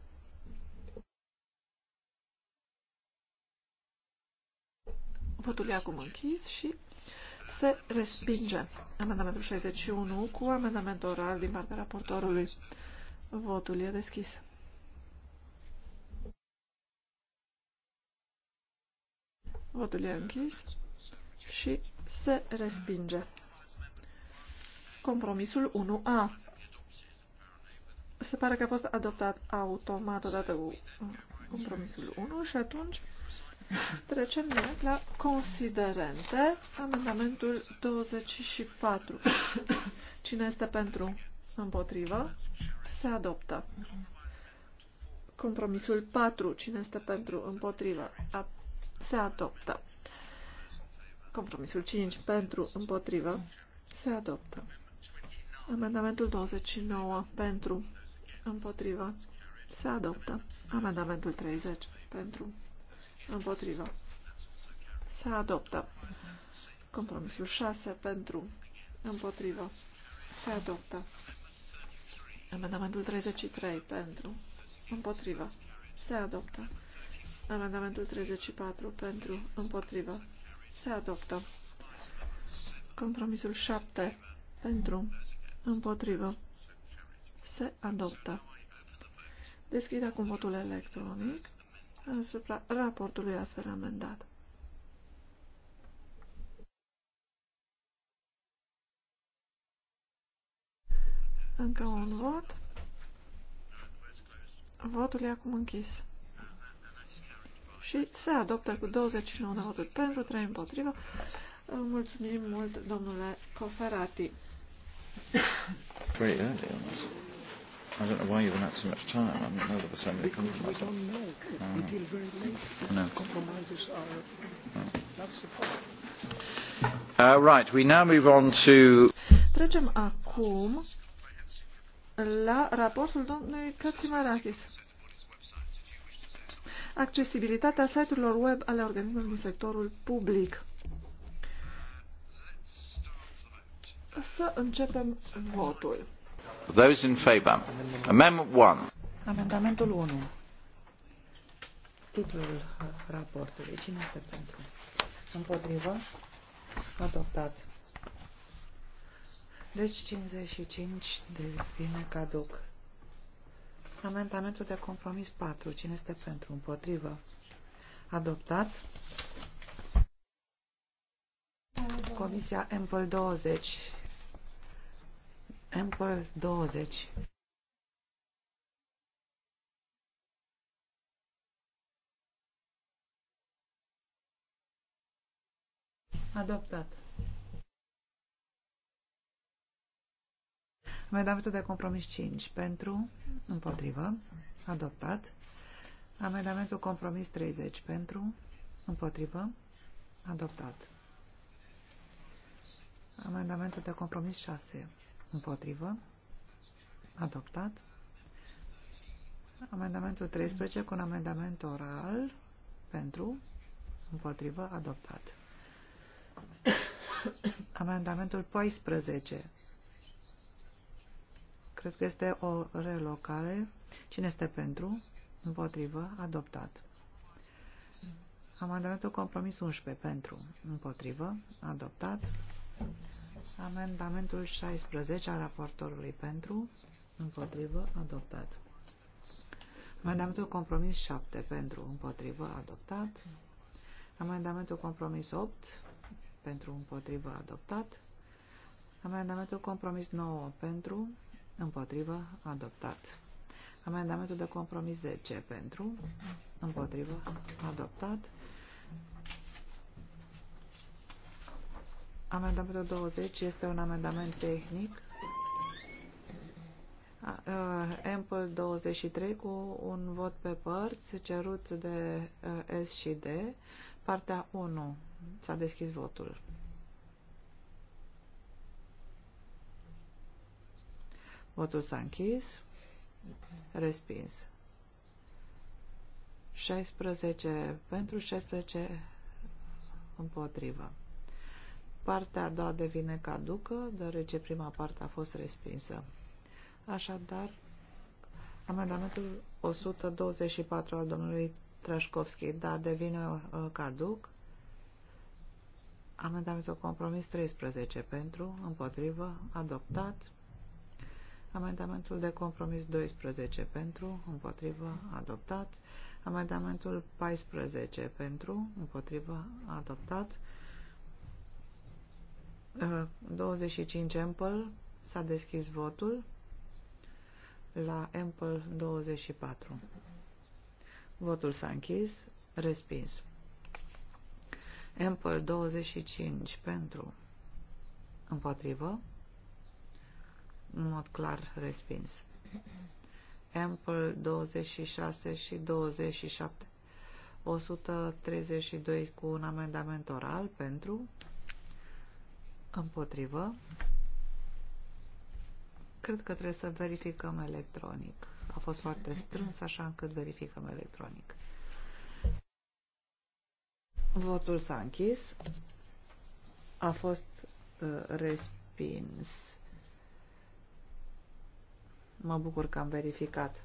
Speaker 4: Votul e acum închis și se respinge amendamentul 61 cu amendament oral din partea raportorului. Votul e deschis. Votul e închis și se respinge. Compromisul 1A. Se pare că a fost adoptat automat odată cu compromisul 1 și atunci trecem direct la considerente, amendamentul 24. Cine este pentru? Împotrivă? Se adoptă. Compromisul 4. Cine este pentru? Împotrivă? A, se adoptă. Compromisul 5. Pentru? Împotrivă? Se adoptă. Amendamentul 29. Pentru? Împotrivă. Se adoptă. Amendamentul 30. Pentru. Împotrivă. Se adoptă. Compromisul 6. Pentru. Împotrivă. Se adoptă. Amendamentul 33. Pentru. Împotrivă. Se adoptă. Amendamentul 34. Pentru. Împotrivă. Se adoptă. Compromisul 7. Pentru. Împotrivă se adoptă. Deschid acum votul electronic asupra raportului astfel amendat. Încă un vot. Votul e acum închis. Și se adoptă cu 29 de voturi pentru, 3 împotrivă. Mulțumim mult, domnule Coferati.
Speaker 1: Great, idea. Eh? I don't know why you've had so much time. I don't know there were so many we don't know no. until very late. No. Compromises are... No. That's the problem. Uh, right, we now move on to...
Speaker 4: Trecem acum la raportul domnului Cățimarachis. Accesibilitatea site-urilor web ale organismelor din sectorul public. Să începem votul.
Speaker 1: Those in favour. Amendment 1.
Speaker 2: Amendamentul 1. Titlul raportului. Cine este pentru? Împotrivă? Adoptat. Deci 55 devine caduc. Amendamentul de compromis 4. Cine este pentru? Împotrivă? Adoptat. Comisia MPL 20. Ample 20. Adoptat. Amendamentul de compromis 5 pentru, împotrivă, adoptat. Amendamentul compromis 30 pentru, împotrivă, adoptat. Amendamentul de compromis 6 Împotrivă. Adoptat. Amendamentul 13 cu un amendament oral pentru. Împotrivă. Adoptat. Amendamentul 14. Cred că este o relocare. Cine este pentru? Împotrivă. Adoptat. Amendamentul compromis 11 pentru. Împotrivă. Adoptat. Amendamentul 16 al raportorului pentru, împotrivă, adoptat. Amendamentul compromis 7 pentru, împotrivă, adoptat. Amendamentul compromis 8 pentru, împotrivă, adoptat. Amendamentul compromis 9 pentru, împotrivă, adoptat. Amendamentul de compromis 10 pentru, împotrivă, adoptat. Amendamentul 20 este un amendament tehnic. Ample 23 cu un vot pe părți cerut de S și D. Partea 1. S-a deschis votul. Votul s-a închis. Respins. 16 pentru 16 împotrivă. Partea a doua devine caducă, deoarece prima parte a fost respinsă. Așadar, amendamentul 124 al domnului Trașcovski, da, devine uh, caduc. Amendamentul compromis 13 pentru, împotrivă, adoptat. Amendamentul de compromis 12 pentru, împotrivă, adoptat. Amendamentul 14 pentru, împotrivă, adoptat. 25 uh, Ample s-a deschis votul la Ample 24. Votul s-a închis, respins. Ample 25 pentru împotrivă, în mod clar respins. Ample 26 și 27 132 cu un amendament oral pentru împotrivă. Cred că trebuie să verificăm electronic. A fost foarte strâns, așa încât verificăm electronic. Votul s-a închis. A fost uh, respins. Mă bucur că am verificat.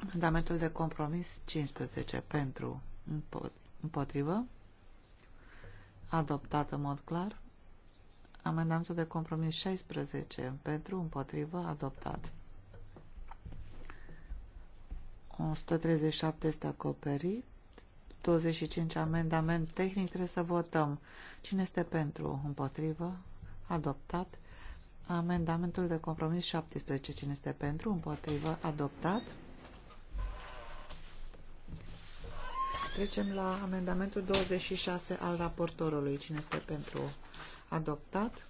Speaker 2: Amendamentul de compromis 15 pentru împotrivă. Adoptat în mod clar. Amendamentul de compromis 16 pentru, împotrivă, adoptat. 137 este acoperit. 25 amendament tehnic trebuie să votăm. Cine este pentru? Împotrivă? Adoptat. Amendamentul de compromis 17. Cine este pentru? Împotrivă? Adoptat. Trecem la amendamentul 26 al raportorului. Cine este pentru adoptat?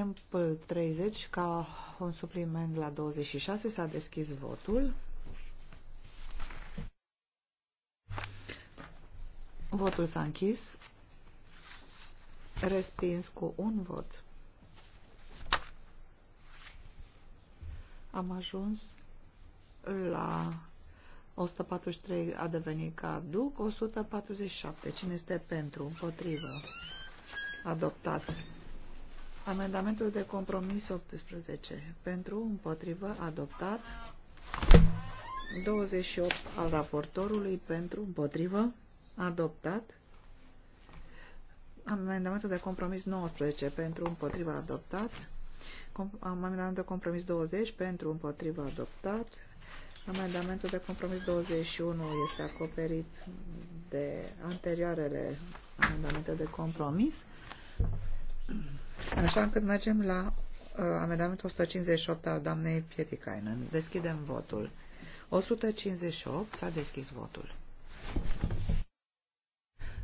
Speaker 2: Ample 30, ca un supliment la 26, s-a deschis votul. Votul s-a închis. Respins cu un vot. Am ajuns la 143 a devenit ca duc, 147. Cine este pentru? Împotrivă. Adoptat. Amendamentul de compromis 18. Pentru, împotrivă, adoptat. 28 al raportorului pentru, împotrivă, adoptat. Amendamentul de compromis 19 pentru, împotrivă, adoptat. Amendamentul de compromis 20 pentru, împotrivă, adoptat. Amendamentul de compromis 21 este acoperit de anterioarele amendamente de compromis. Așa încât mergem la uh, amendamentul 158 al doamnei Pietikainen. Deschidem votul. 158 s-a deschis votul.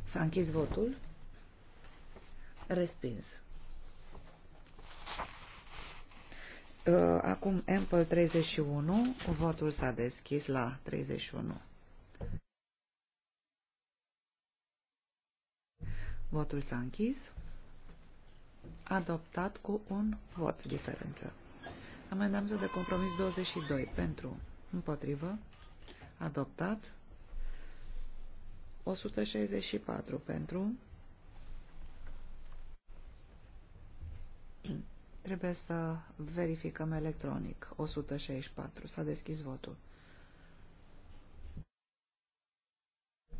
Speaker 2: S-a închis votul. Respins. Uh, acum Ample 31, votul s-a deschis la 31. Votul s-a închis. Adoptat cu un vot diferență. Amendamentul de compromis 22 pentru împotrivă. Adoptat. 164 pentru Trebuie să verificăm electronic. 164. S-a deschis votul.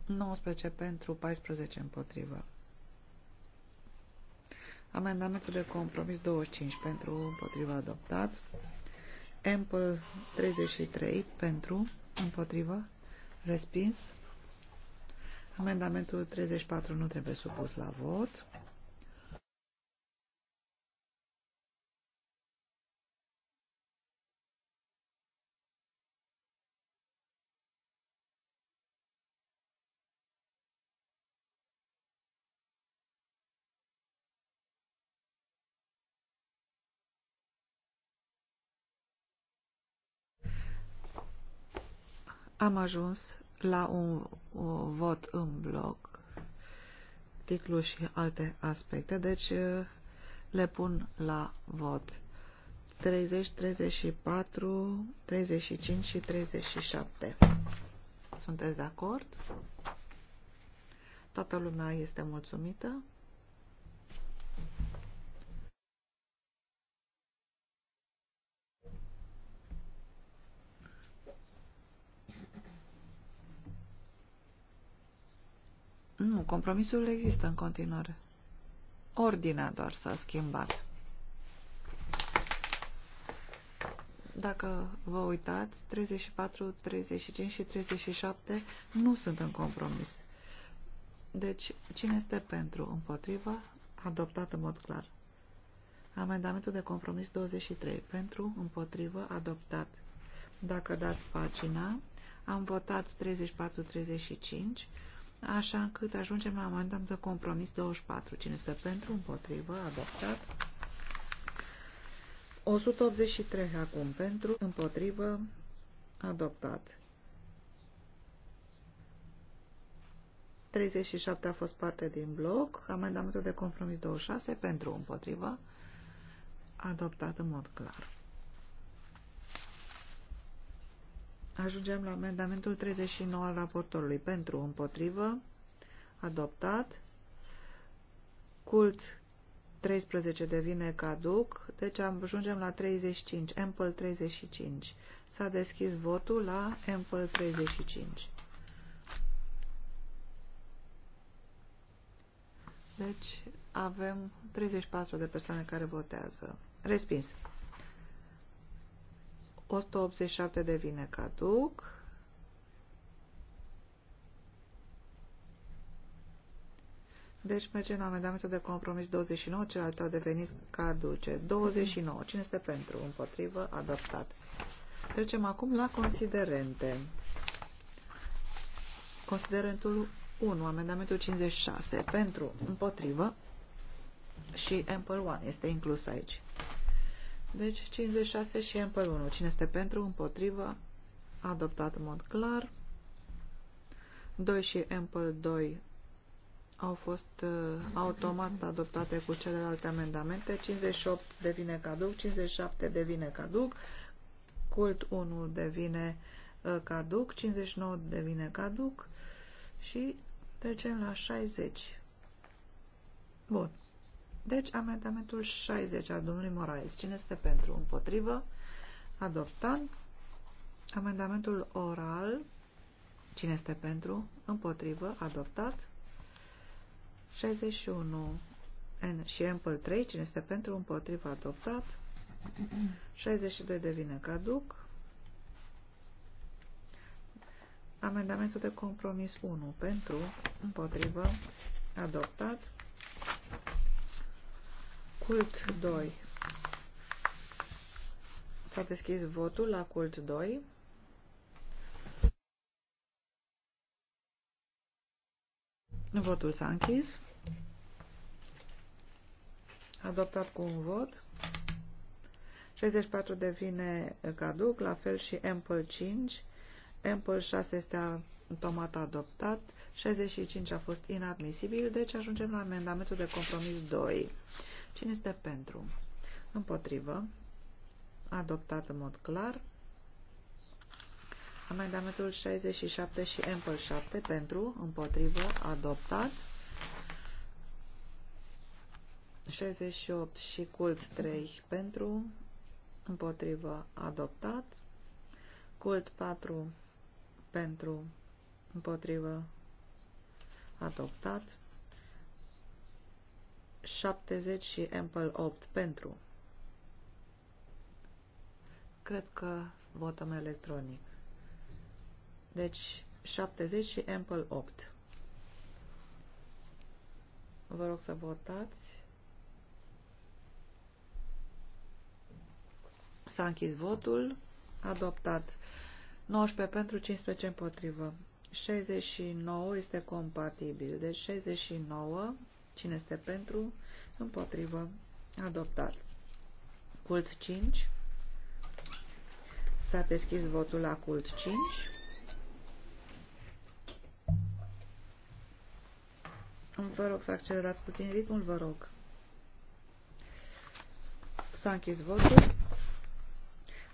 Speaker 2: 19 pentru, 14 împotrivă. Amendamentul de compromis 25 pentru, împotrivă adoptat. Ample 33 pentru, împotrivă, respins. Amendamentul 34 nu trebuie supus la vot. Am ajuns la un, un vot în bloc, titlu și alte aspecte, deci uh, le pun la vot. 30, 34, 35 și 37. Sunteți de acord? Toată lumea este mulțumită? Nu, compromisul există în continuare. Ordinea doar s-a schimbat. Dacă vă uitați, 34, 35 și 37 nu sunt în compromis. Deci, cine este pentru? Împotriva? Adoptat în mod clar. Amendamentul de compromis 23. Pentru? Împotrivă? Adoptat. Dacă dați pagina, am votat 34-35 așa încât ajungem la amendament de compromis 24. Cine este pentru, împotrivă, adoptat. 183 acum pentru, împotrivă, adoptat. 37 a fost parte din bloc, amendamentul de compromis 26 pentru, împotrivă, adoptat în mod clar. Ajungem la amendamentul 39 al raportorului. Pentru, împotrivă, adoptat. Cult 13 devine caduc, deci ajungem la 35, Ample 35. S-a deschis votul la Ample 35. Deci avem 34 de persoane care votează. Respins. 187 devine caduc. Deci merge la amendamentul de compromis 29, celălalt a devenit caduce. 29. Cine este pentru? Împotrivă? Adoptat. Trecem acum la considerente. Considerentul 1, amendamentul 56. Pentru? Împotrivă? Și Ample 1 este inclus aici. Deci 56 și M 1. Cine este pentru, împotrivă, adoptat în mod clar. 2 și M 2 au fost uh, automat adoptate cu celelalte amendamente. 58 devine caduc, 57 devine caduc, cult 1 devine uh, caduc, 59 devine caduc și trecem la 60. Bun. Deci, amendamentul 60 al domnului Moraes. Cine este pentru? Împotrivă? Adoptat. Amendamentul oral. Cine este pentru? Împotrivă? Adoptat. 61 N și Ample 3. Cine este pentru? Împotrivă? Adoptat. 62 devine caduc. Amendamentul de compromis 1 pentru, împotrivă, adoptat. Cult 2. S-a deschis votul la cult 2. Votul s-a închis. Adoptat cu un vot. 64 devine caduc, la fel și Ample 5. Ample 6 este automat adoptat. 65 a fost inadmisibil, deci ajungem la amendamentul de compromis 2. Cine este pentru? Împotrivă. Adoptat în mod clar. Amendamentul 67 și Ample 7 pentru, împotrivă, adoptat. 68 și Cult 3 pentru, împotrivă, adoptat. Cult 4 pentru, împotrivă, adoptat. 70 și Ample 8 pentru. Cred că votăm electronic. Deci 70 și Ample 8. Vă rog să votați. S-a închis votul. Adoptat. 19 pentru, 15 împotrivă. 69 este compatibil. Deci 69 Cine este pentru? Împotrivă. Adoptat. Cult 5. S-a deschis votul la cult 5. Vă rog să accelerați puțin ritmul, vă rog. S-a închis votul.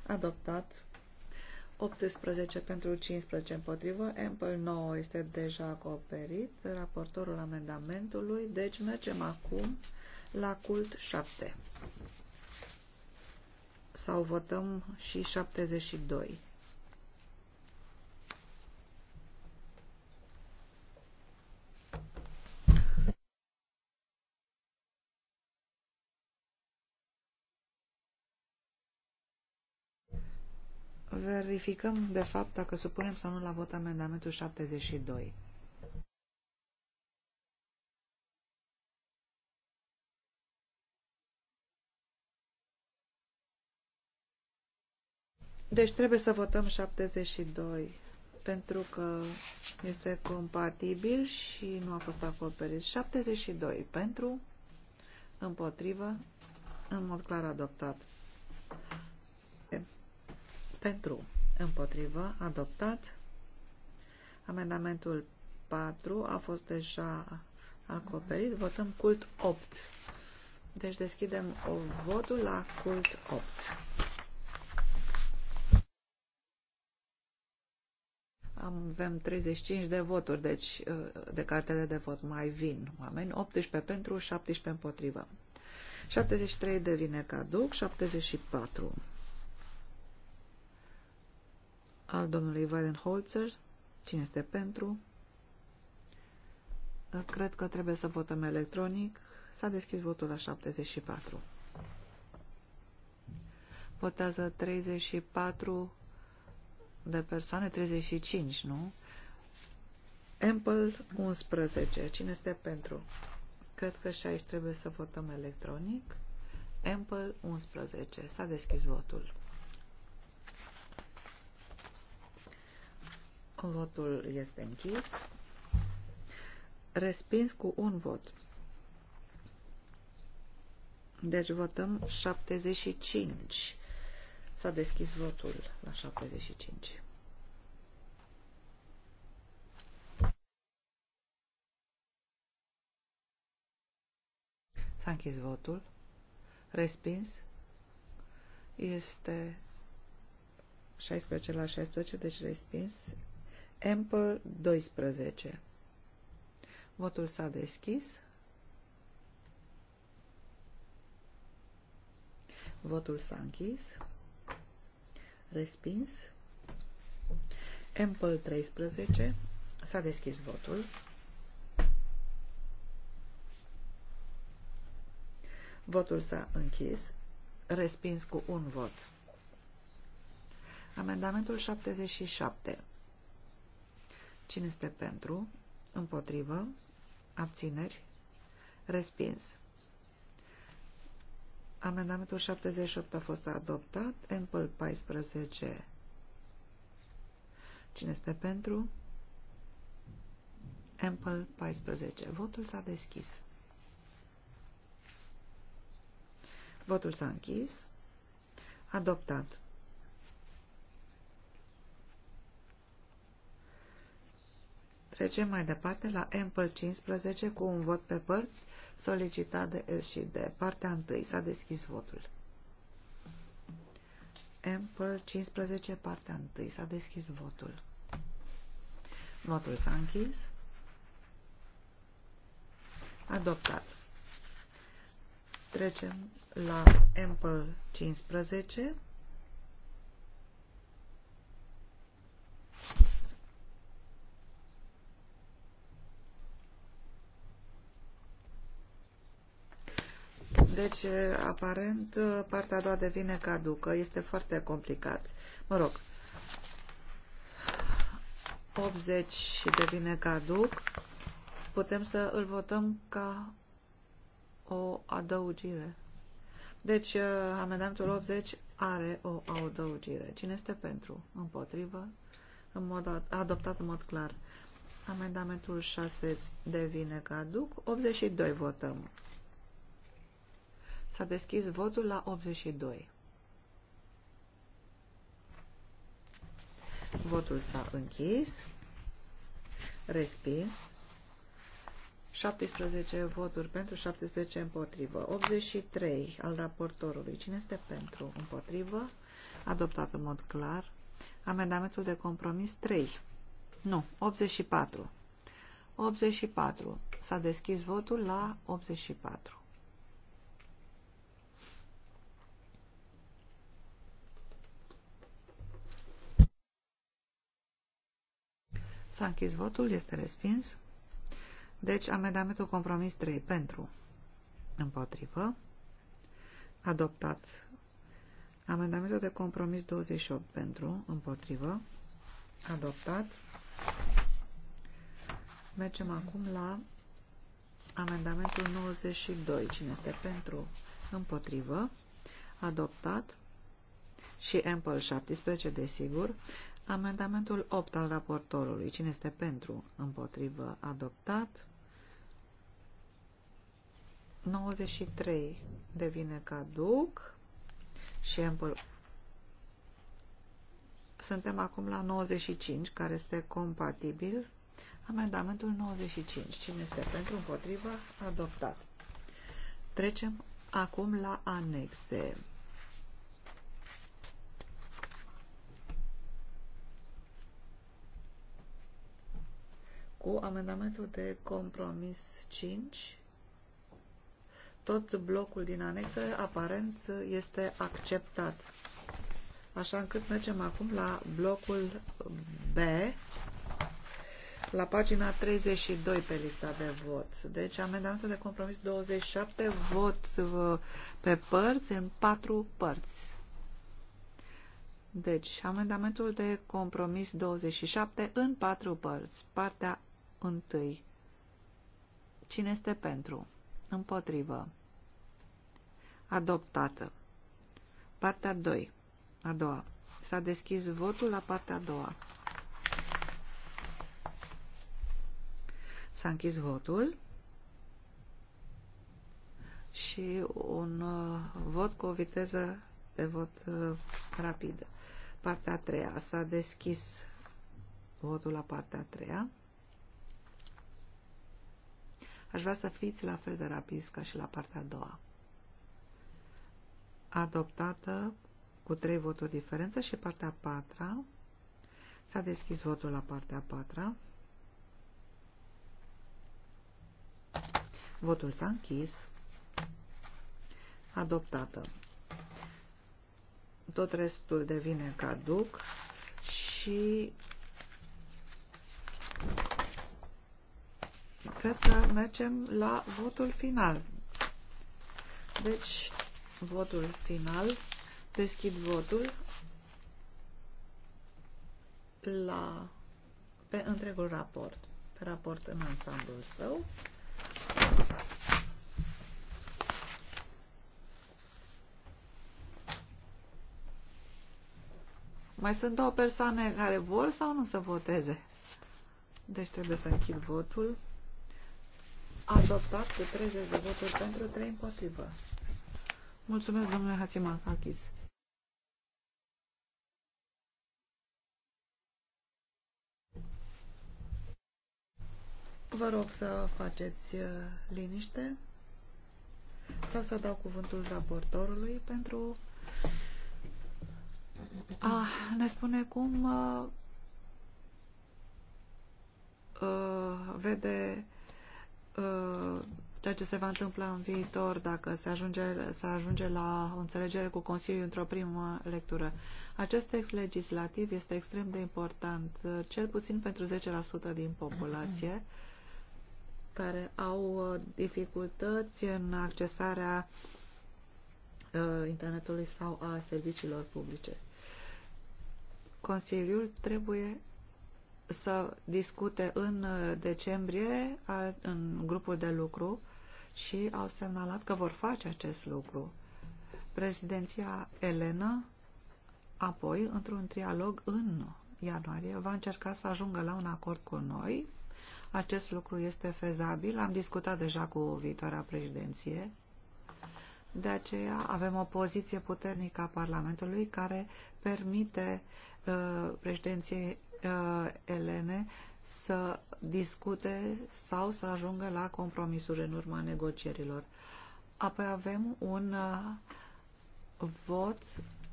Speaker 2: Adoptat. 18 pentru 15 împotrivă, Ample 9 este deja acoperit, raportorul amendamentului, deci mergem acum la cult 7. Sau votăm și 72. verificăm, de fapt, dacă supunem sau nu la vot amendamentul 72. Deci trebuie să votăm 72, pentru că este compatibil și nu a fost acoperit. 72 pentru, împotrivă, în mod clar adoptat. Pentru. Împotrivă. Adoptat. Amendamentul 4 a fost deja acoperit. Votăm cult 8. Deci deschidem o votul la cult 8. Avem 35 de voturi, deci de cartele de vot mai vin oameni, 18 pentru, 17 împotrivă. 73 devine caduc, 74 al domnului Weidenholzer. Cine este pentru? Cred că trebuie să votăm electronic. S-a deschis votul la 74. Votează 34 de persoane, 35, nu? Ample 11. Cine este pentru? Cred că și aici trebuie să votăm electronic. Ample 11. S-a deschis votul. Acum votul este închis. Respins cu un vot. Deci votăm 75. S-a deschis votul la 75. S-a închis votul. Respins. Este 16 la 16, deci respins. Ample 12. Votul s-a deschis. Votul s-a închis. Respins. Ample 13. S-a deschis votul. Votul s-a închis. Respins cu un vot. Amendamentul 77. Cine este pentru? Împotrivă. Abțineri. Respins. Amendamentul 78 a fost adoptat. Ample 14. Cine este pentru? Ample 14. Votul s-a deschis. Votul s-a închis. Adoptat. Trecem mai departe la Ample 15 cu un vot pe părți solicitat de S și D. Partea 1. S-a deschis votul. Ample 15, partea 1. S-a deschis votul. Votul s-a închis. Adoptat. Trecem la Ample 15. deci aparent partea a doua devine caducă, este foarte complicat. Mă rog, 80 devine caduc, putem să îl votăm ca o adăugire. Deci, amendamentul 80 are o adăugire. Cine este pentru? Împotrivă? În mod, adoptat în mod clar. Amendamentul 6 devine caduc. 82 votăm. S-a deschis votul la 82. Votul s-a închis. Respins. 17 voturi pentru, 17 împotrivă. 83 al raportorului. Cine este pentru? Împotrivă. Adoptat în mod clar. Amendamentul de compromis 3. Nu, 84. 84. S-a deschis votul la 84. S-a închis votul, este respins. Deci, amendamentul compromis 3 pentru, împotrivă, adoptat. Amendamentul de compromis 28 pentru, împotrivă, adoptat. Mergem acum la amendamentul 92. Cine este pentru, împotrivă, adoptat și Ample 17, desigur. Amendamentul 8 al raportorului. Cine este pentru? Împotrivă. Adoptat. 93 devine caduc și împăr... Suntem acum la 95, care este compatibil. Amendamentul 95. Cine este pentru? Împotrivă. Adoptat. Trecem acum la anexe. cu amendamentul de compromis 5. Tot blocul din anexă aparent este acceptat. Așa încât mergem acum la blocul B, la pagina 32 pe lista de vot. Deci amendamentul de compromis 27, vot pe părți, în patru părți. Deci, amendamentul de compromis 27 în patru părți. Partea întâi. Cine este pentru? Împotrivă. Adoptată. Partea 2. A doua. S-a deschis votul la partea a doua. S-a închis votul și un uh, vot cu o viteză de vot uh, rapidă. Partea a treia. S-a deschis votul la partea a treia. Aș vrea să fiți la fel de rapizi ca și la partea a doua. Adoptată cu trei voturi diferență și partea a patra. S-a deschis votul la partea a patra. Votul s-a închis. Adoptată. Tot restul devine caduc și cred că mergem la votul final. Deci, votul final. Deschid votul la, pe întregul raport, pe raport în ansamblul său. Mai sunt două persoane care vor sau nu să voteze? Deci trebuie să închid votul adoptat cu 30 de voturi pentru, 3 împotrivă. Mulțumesc, domnule Hațimakakis. Vă rog să faceți uh, liniște. Vreau să dau cuvântul raportorului pentru a ne spune cum uh, uh, vede Uh, ceea ce se va întâmpla în viitor dacă se ajunge, se ajunge la o înțelegere cu Consiliul într-o primă lectură. Acest text legislativ este extrem de important, uh, cel puțin pentru 10% din populație care au uh, dificultăți în accesarea internetului sau a serviciilor publice. Consiliul trebuie să discute în uh, decembrie în grupul de lucru și au semnalat că vor face acest lucru. Prezidenția Elena apoi, într-un trialog în ianuarie, va încerca să ajungă la un acord cu noi. Acest lucru este fezabil, am discutat deja cu viitoarea președinție. De aceea avem o poziție puternică a Parlamentului care permite uh, președinției uh, elene să discute sau să ajungă la compromisuri în urma negocierilor. Apoi avem un uh, vot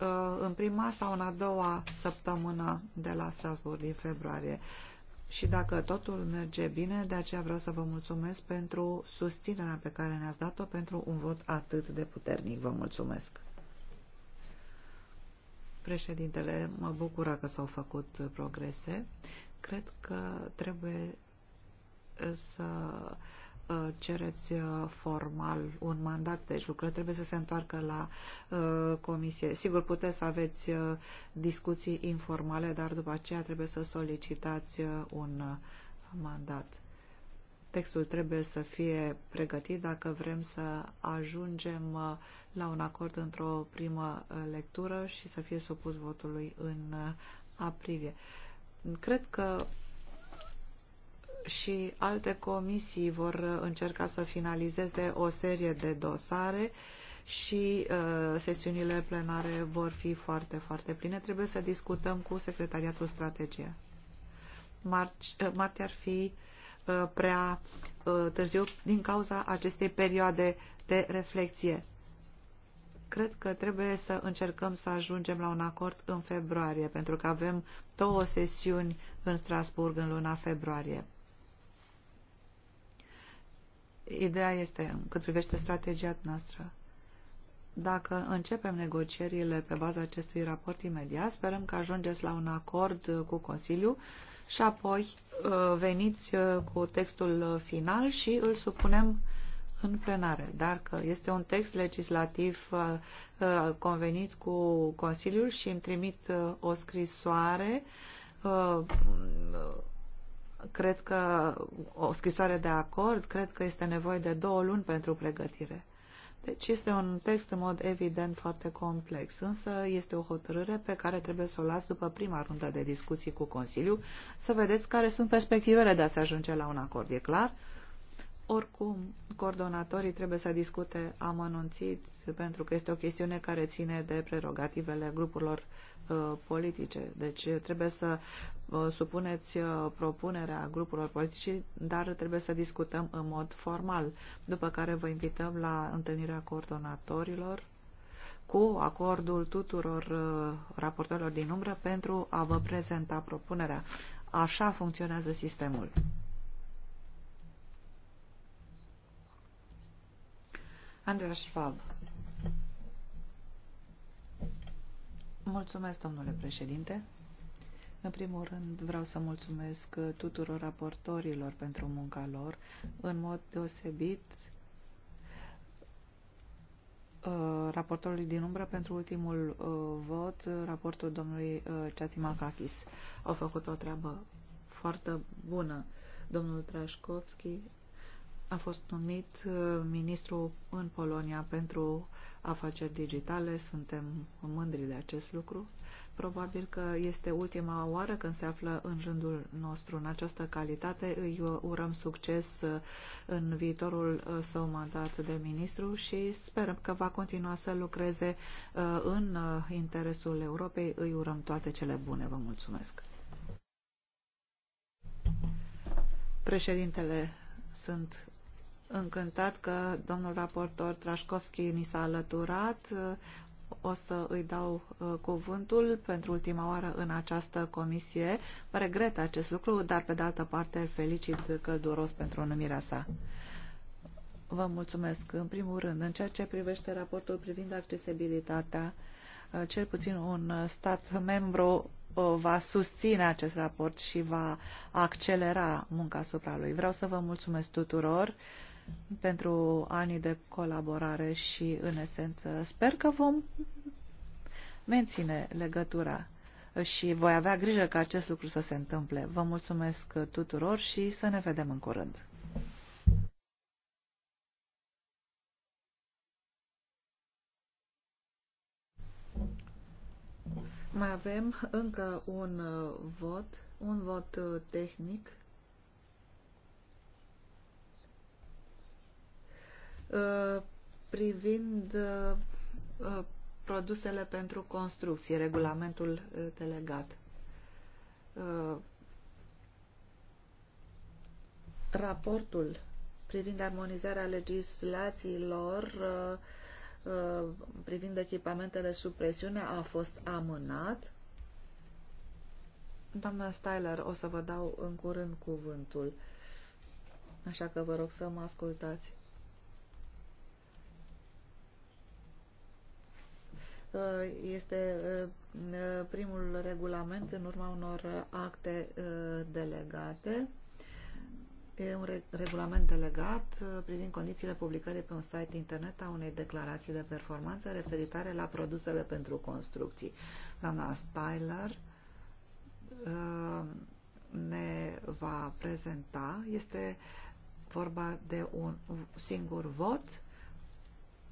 Speaker 2: uh, în prima sau în a doua săptămână de la Strasbourg din februarie. Și dacă totul merge bine, de aceea vreau să vă mulțumesc pentru susținerea pe care ne-ați dat-o pentru un vot atât de puternic. Vă mulțumesc! Președintele, mă bucură că s-au făcut progrese. Cred că trebuie uh, să uh, cereți uh, formal un mandat, de deci lucru. trebuie să se întoarcă la comisie. Sigur, puteți să aveți discuții informale, dar după aceea trebuie să solicitați un mandat. Textul trebuie să fie pregătit dacă vrem să ajungem uh, la un acord într-o primă uh, lectură și să fie supus votului în uh, aprilie. Cred că și alte comisii vor încerca să finalizeze o serie de dosare și uh, sesiunile plenare vor fi foarte, foarte pline. Trebuie să discutăm cu Secretariatul Strategie. Marci, uh, martie ar fi uh, Uh, prea uh, târziu din cauza acestei perioade de reflexie. Cred că trebuie să încercăm să ajungem la un acord în februarie, pentru că avem două sesiuni în Strasburg în luna februarie. Ideea este, cât privește strategia noastră, dacă începem negocierile pe baza acestui raport imediat, sperăm că ajungeți la un acord cu Consiliu și apoi uh, veniți uh, cu textul uh, final și îl supunem în plenare. Dar că este un text legislativ convenit cu Consiliul și îmi trimit o scrisoare cred că o scrisoare de acord, cred că este nevoie de două luni pentru pregătire. Deci este un text în mod evident foarte complex, însă este o hotărâre pe care trebuie să o las după prima rundă de discuții cu Consiliu, să vedeți care sunt perspectivele de a se ajunge la un acord. E clar? Oricum, coordonatorii trebuie să discute amănunțit, pentru că este o chestiune care ține de prerogativele grupurilor uh, politice. Deci trebuie să uh, supuneți uh, propunerea grupurilor politice, dar trebuie să discutăm în mod formal, după care vă invităm la întâlnirea coordonatorilor cu acordul tuturor uh, raportorilor din umbră pentru a vă prezenta propunerea. Așa funcționează sistemul. Andreas Schwab. Mulțumesc, domnule președinte. În primul rând, vreau să mulțumesc tuturor raportorilor pentru munca lor, în mod deosebit uh, raportorului din umbră pentru ultimul uh, vot, raportul domnului uh, Ceatimakakis. Au făcut o treabă foarte bună. Domnul Trașkovski a fost numit uh, ministru în Polonia pentru afaceri digitale. Suntem mândri de acest lucru. Probabil că este ultima oară când se află în rândul nostru în această calitate. Îi urăm succes uh, în viitorul uh, său mandat de ministru și sperăm că va continua să lucreze în interesul Europei. Îi urăm toate cele bune. Vă mulțumesc. Președintele, sunt încântat că domnul raportor Trașkovski ni s-a alăturat. O să îi dau uh, cuvântul pentru ultima oară în această comisie. Regret acest lucru, dar pe de altă parte îl felicit călduros pentru numirea sa. Vă mulțumesc. În primul rând, în ceea ce privește raportul privind accesibilitatea, uh, cel puțin un stat membru uh, va susține acest raport și va accelera munca asupra lui. Vreau să vă mulțumesc tuturor pentru anii de colaborare și, în esență, sper că vom menține legătura și voi avea grijă ca acest lucru să se întâmple. Vă mulțumesc tuturor și să ne vedem în curând. Mai avem încă un uh, vot, un vot uh, tehnic Uh, privind uh, uh, produsele pentru construcții, regulamentul delegat. Raportul privind armonizarea legislațiilor privind echipamentele sub presiune a fost amânat. Doamna Styler, o să vă dau în curând cuvântul, așa că vă rog să mă ascultați. este uh, uh, primul regulament în urma unor acte uh, delegate. E un regulament delegat privind condițiile publicării pe un site internet a unei declarații de performanță referitare la produsele pentru construcții. Doamna Styler ne va prezenta. Este vorba de un singur vot.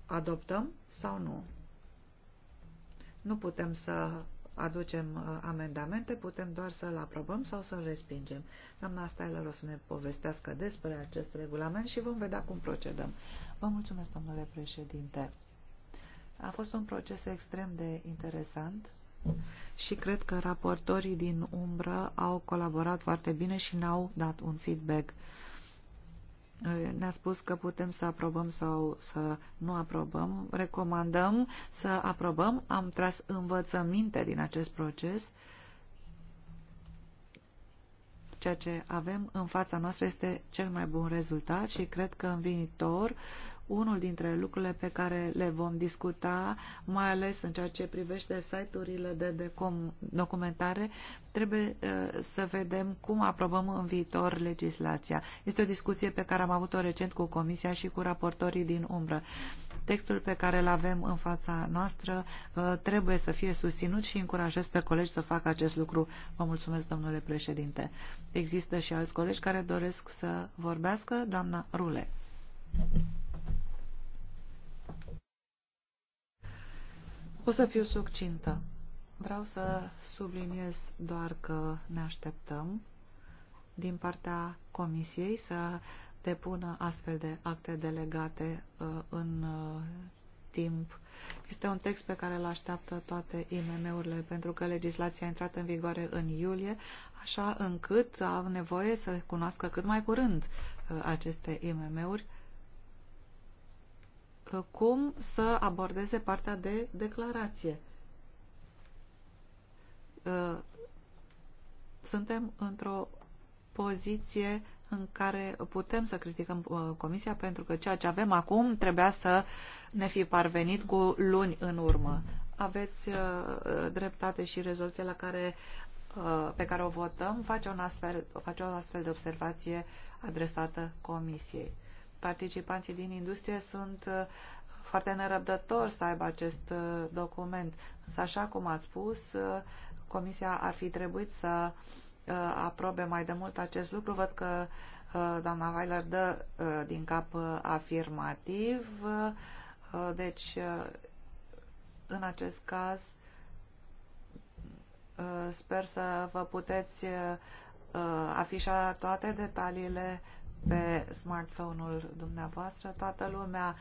Speaker 2: Adoptăm sau nu? Nu putem să aducem uh, amendamente, putem doar să-l aprobăm sau să-l respingem. Doamna Stailer o să ne povestească despre acest regulament și vom vedea cum procedăm. Vă mulțumesc, domnule președinte. A fost un proces extrem de interesant și cred că raportorii din umbră au colaborat foarte bine și ne-au dat un feedback uh, ne-a spus că putem să aprobăm sau să nu aprobăm. Recomandăm să aprobăm. Am tras învățăminte din acest proces. Uh, Ceea ce avem în fața noastră este cel mai bun rezultat și cred că în viitor unul dintre lucrurile pe care le vom discuta, mai ales în ceea ce privește site-urile de documentare, trebuie uh, să vedem cum aprobăm în viitor legislația. Este o discuție pe care am avut-o recent cu Comisia și cu raportorii din umbră. Textul pe care îl avem în fața noastră uh, trebuie să fie susținut și încurajez pe colegi să facă acest lucru. Vă mulțumesc, domnule președinte. Există și alți colegi care doresc să vorbească. Doamna Rule. O să fiu succintă. Vreau să subliniez doar că ne așteptăm din partea Comisiei să depună astfel de acte delegate uh, în uh, timp. Este un text pe care îl așteaptă toate IMM-urile pentru că legislația a intrat în vigoare în iulie, așa încât au nevoie să cunoască cât mai curând uh, aceste IMM-uri cum să abordeze partea de declarație. Suntem într-o poziție în care putem să criticăm uh, Comisia pentru că ceea ce avem acum trebuia să ne fi parvenit cu luni în urmă. Aveți uh, dreptate și rezoluția la care, uh, pe care o votăm face, un astfel, face o astfel de observație adresată Comisiei. Participanții din industrie sunt foarte nerăbdători să aibă acest document. așa cum ați spus, Comisia ar fi trebuit să uh, Uh, aprobe mai de mult acest lucru. Văd că uh, doamna Weiler dă uh, din cap afirmativ. Deci, în acest caz, sper să vă puteți afișa toate detaliile pe smartphone-ul dumneavoastră. Toată lumea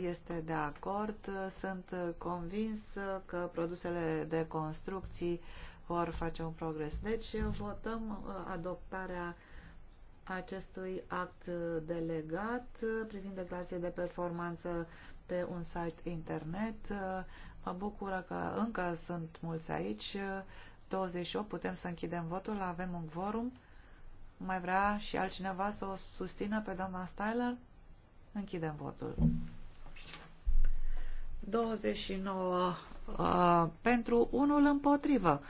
Speaker 2: este de acord. Sunt convins că produsele de construcții uh, vor face un progres. Deci votăm uh, adoptarea acestui act delegat uh, privind declarație de performanță pe un site internet. Uh, mă bucură că încă sunt mulți aici. 28, putem să închidem votul, avem un quorum. Mai vrea și altcineva să o susțină pe doamna Styler? Închidem votul. 29 uh, pentru, unul împotrivă.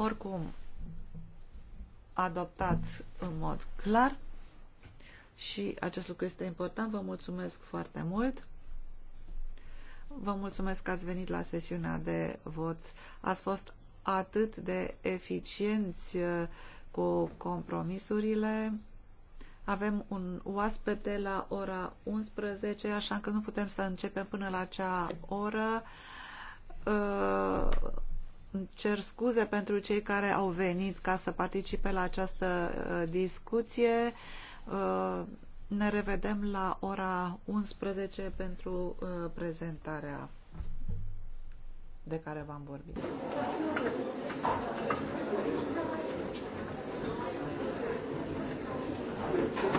Speaker 2: Oricum, adoptat în mod clar și acest lucru este important. Vă mulțumesc foarte mult. Vă mulțumesc că ați venit la sesiunea de vot. Ați fost atât de eficienți uh, cu compromisurile. Avem un oaspete la ora 11, așa că nu putem să începem până la acea oră. Uh, cer scuze pentru cei care au venit ca să participe la această uh, discuție. Uh, ne revedem la ora 11 pentru uh, prezentarea de care v-am vorbit.
Speaker 1: Thank you.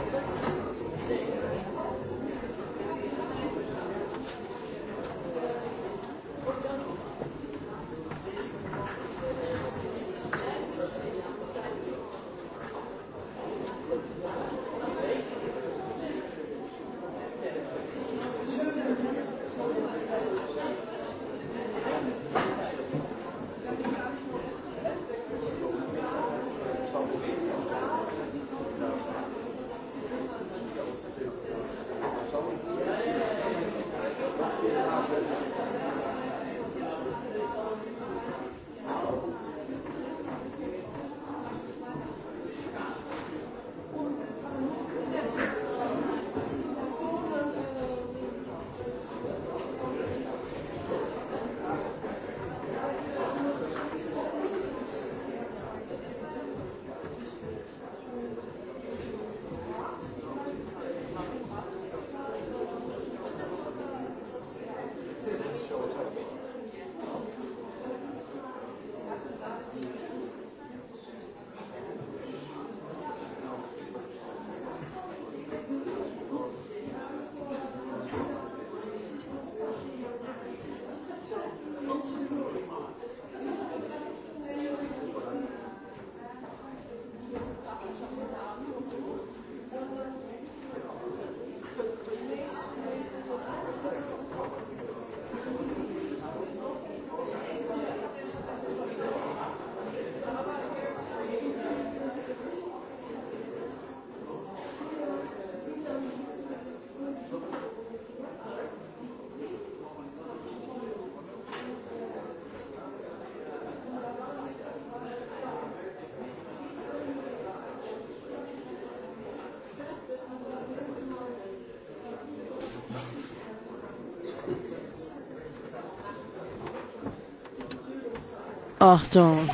Speaker 1: Achtung.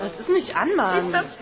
Speaker 1: Das ist nicht anmachen. Ist das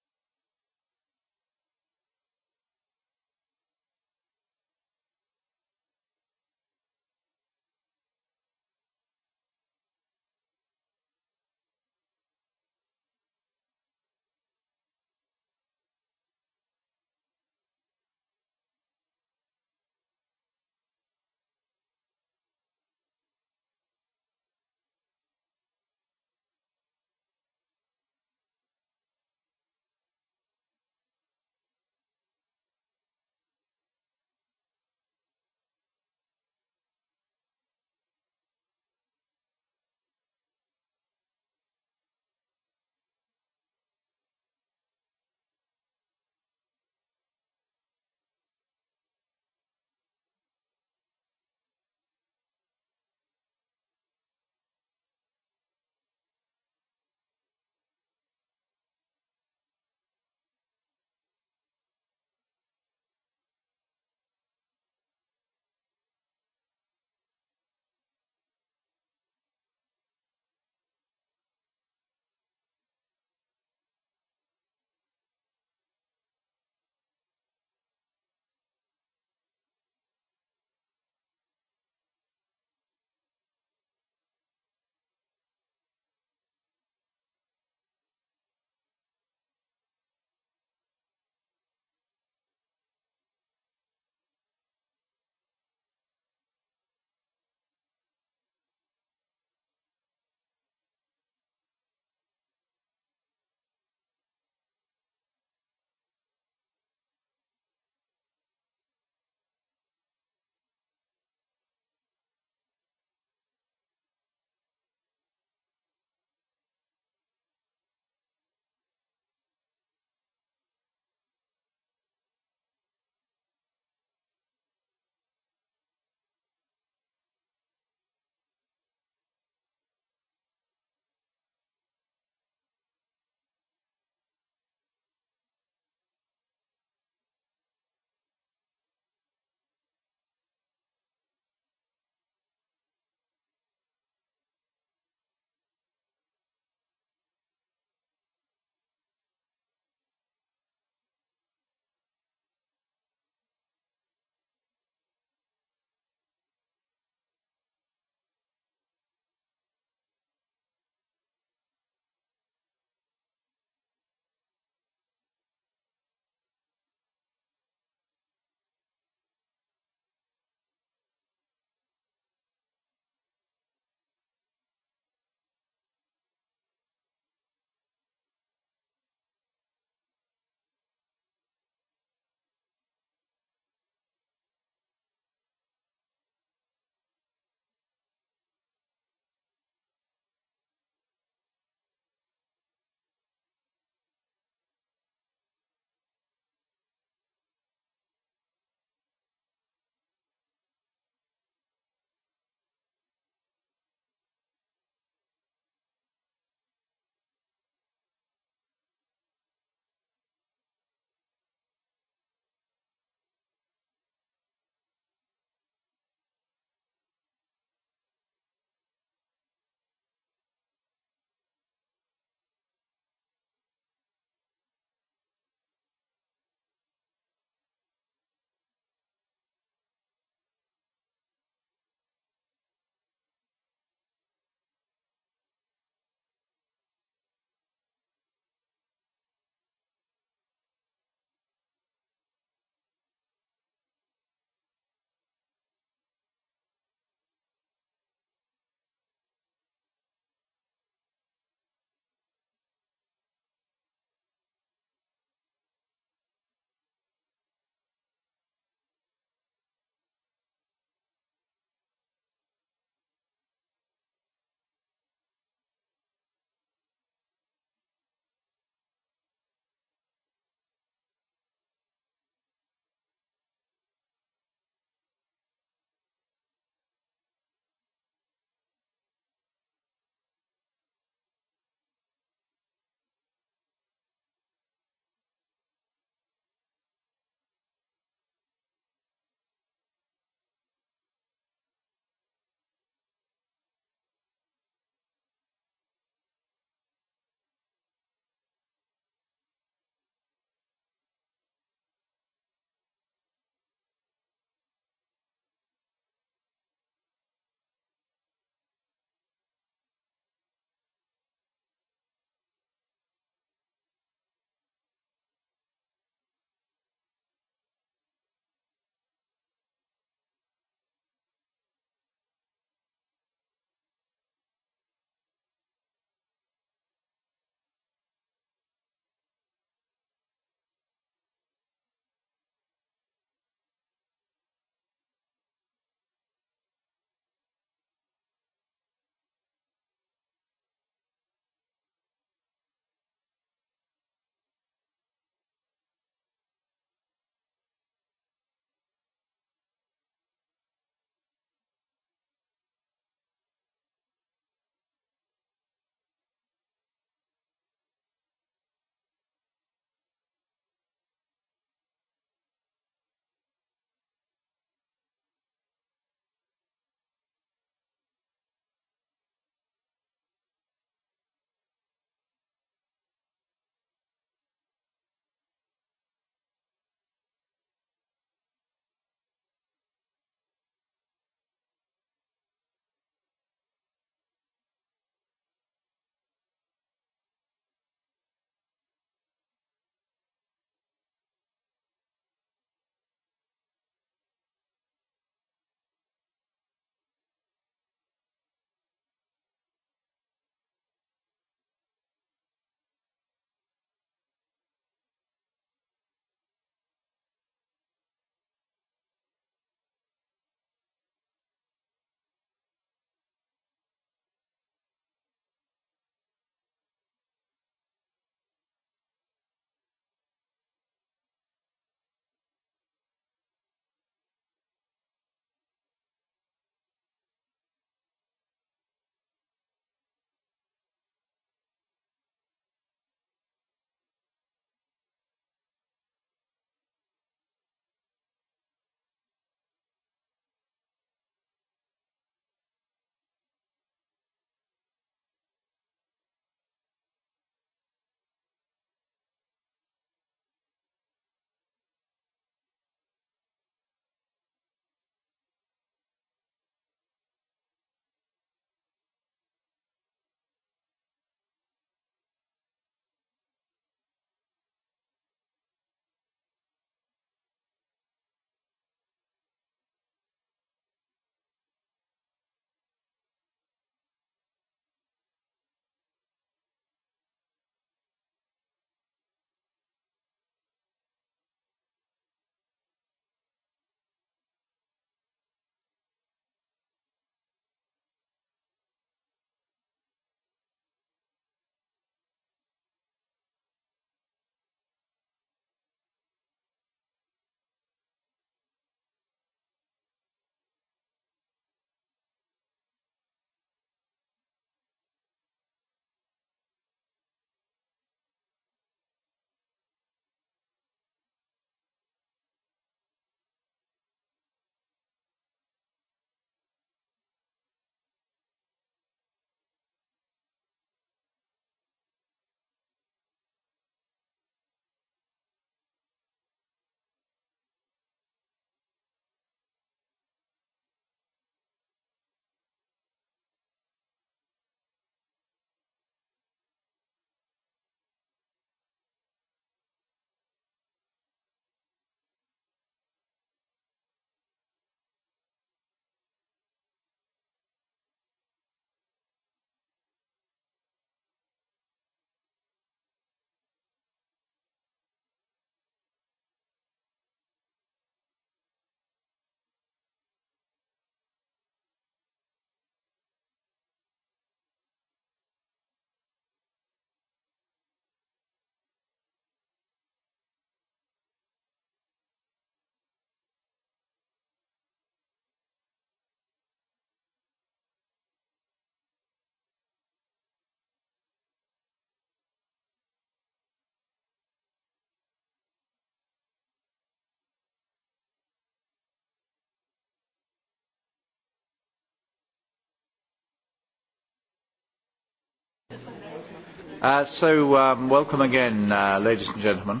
Speaker 1: Uh, so, um, welcome again, uh, ladies and gentlemen.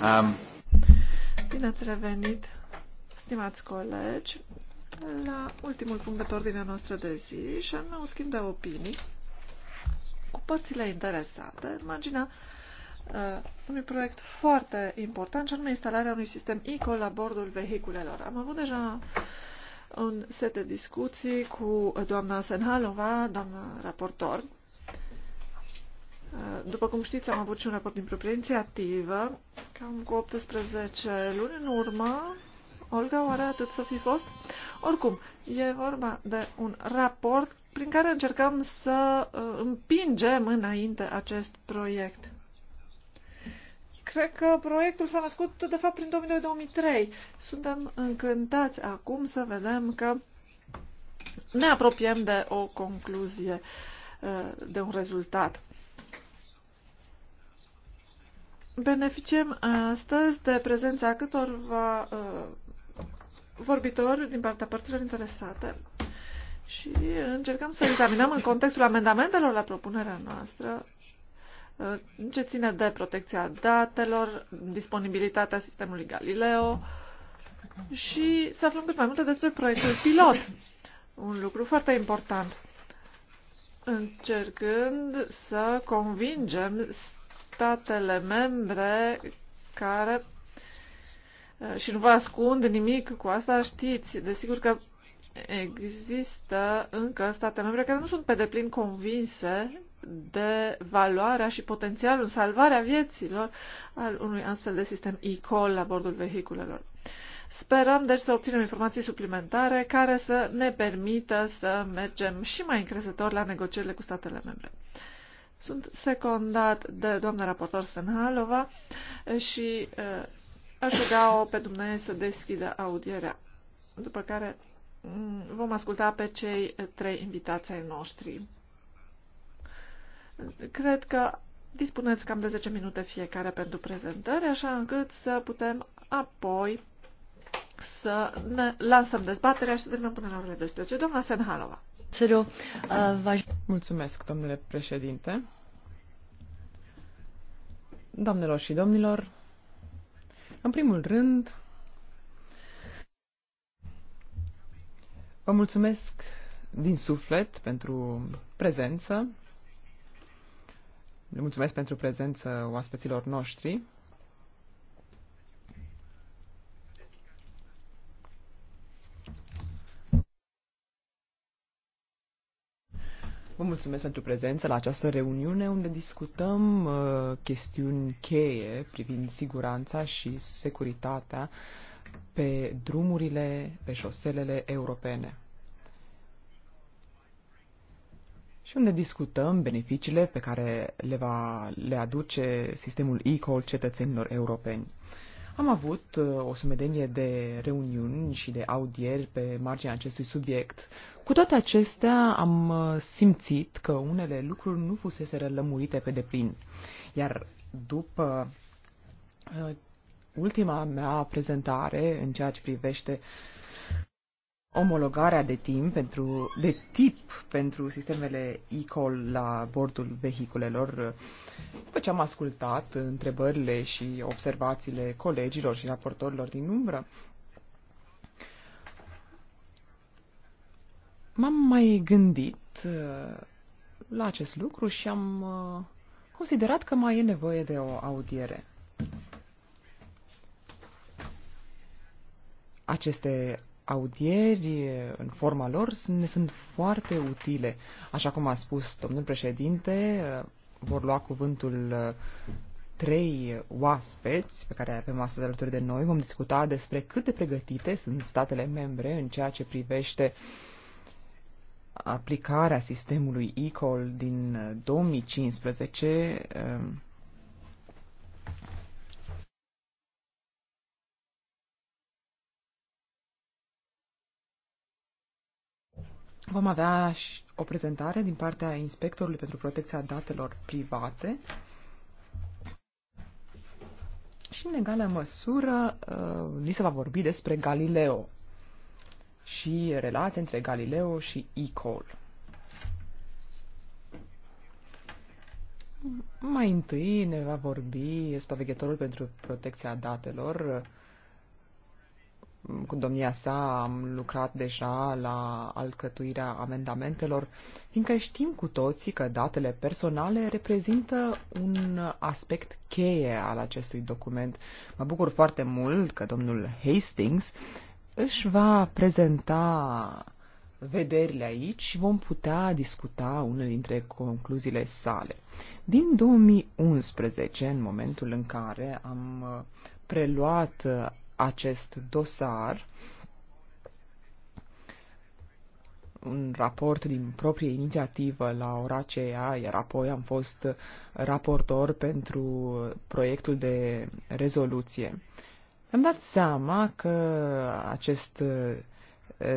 Speaker 1: Um...
Speaker 4: Bine ați revenit, stimați colegi, la ultimul punct de pe ordinea noastră de zi și anume un schimb de opinii cu părțile interesate, marginea uh, unui proiect foarte important și anume instalarea unui sistem ICO la bordul vehiculelor. Am avut deja un set de discuții cu doamna Senhalova, doamna raportor, Uh, după cum știți, am avut și un raport din proprie inițiativă, cam cu 18 luni în urmă. Olga, oare atât să fi fost? Oricum, e vorba de un raport prin care încercăm să uh, împingem înainte acest proiect. Cred că proiectul s-a născut, de fapt, prin 2002-2003. Suntem încântați acum să vedem că ne apropiem de o concluzie, uh, de un rezultat. Beneficiem astăzi de prezența câtorva uh, vorbitori din partea părților interesate și încercăm să examinăm în contextul amendamentelor la propunerea noastră uh, ce ține de protecția datelor, disponibilitatea sistemului Galileo și să aflăm cât mai multe despre proiectul pilot. Un lucru foarte important încercând să convingem statele membre care, eh, și nu vă ascund nimic cu asta, știți, desigur că există încă state membre care nu sunt pe deplin convinse de valoarea și potențialul salvarea vieților al unui astfel de sistem e-call la bordul vehiculelor. Sperăm deci să obținem informații suplimentare care să ne permită să mergem și mai încrezător la negocierile cu statele membre. Sunt secondat de doamna raportor Senhalova și uh, aș ruga-o pe dumneavoastră să deschidă audierea, după care vom asculta pe cei trei invitații ai noștri. Cred că dispuneți cam de 10 minute fiecare pentru prezentări, așa încât să putem apoi să ne lansăm dezbaterea și să terminăm până la orele 12. Doamna Senhalova.
Speaker 3: Eh, mulțumesc, domnule președinte. Doamnelor și domnilor, în primul rând, vă mulțumesc din suflet pentru prezență. Le mulțumesc pentru prezență oaspeților noștri. Vă mulțumesc pentru prezență la această reuniune unde discutăm uh, chestiuni cheie privind siguranța și securitatea pe drumurile, pe șoselele europene. și unde discutăm beneficiile pe care le, va, le aduce sistemul e-call cetățenilor europeni. Am avut uh, o sumedenie de reuniuni și de audieri pe marginea acestui subiect. Cu toate acestea, am uh, simțit că unele lucruri nu fusese lămurite pe deplin. Iar după uh, ultima mea prezentare în ceea ce privește uh, omologarea de timp pentru, de tip pentru sistemele e-call la bordul vehiculelor. După ce am ascultat întrebările și observațiile colegilor și raportorilor din umbră, m-am mai gândit uh, la acest lucru și am uh, considerat că mai e nevoie de o audiere. Aceste audieri în forma lor ne sunt foarte utile. Așa cum a spus domnul președinte, vor lua cuvântul trei oaspeți pe care avem astăzi alături de noi. Vom discuta despre cât de pregătite sunt statele membre în ceea ce privește aplicarea sistemului ECOL din 2015 Vom avea și o prezentare din partea Inspectorului pentru Protecția Datelor Private și, în egală măsură, uh, ni se va vorbi despre Galileo și relația între Galileo și ECOL. Mai întâi ne va vorbi supraveghetorul pentru protecția datelor, cu domnia sa am lucrat deja la alcătuirea amendamentelor, fiindcă știm cu toții că datele personale reprezintă un aspect cheie al acestui document. Mă bucur foarte mult că domnul Hastings își va prezenta vederile aici și vom putea discuta unele dintre concluziile sale. Din 2011, în momentul în care am preluat acest dosar, un raport din proprie inițiativă la ora aceea, iar apoi am fost raportor pentru proiectul de rezoluție. Am dat seama că acest eh,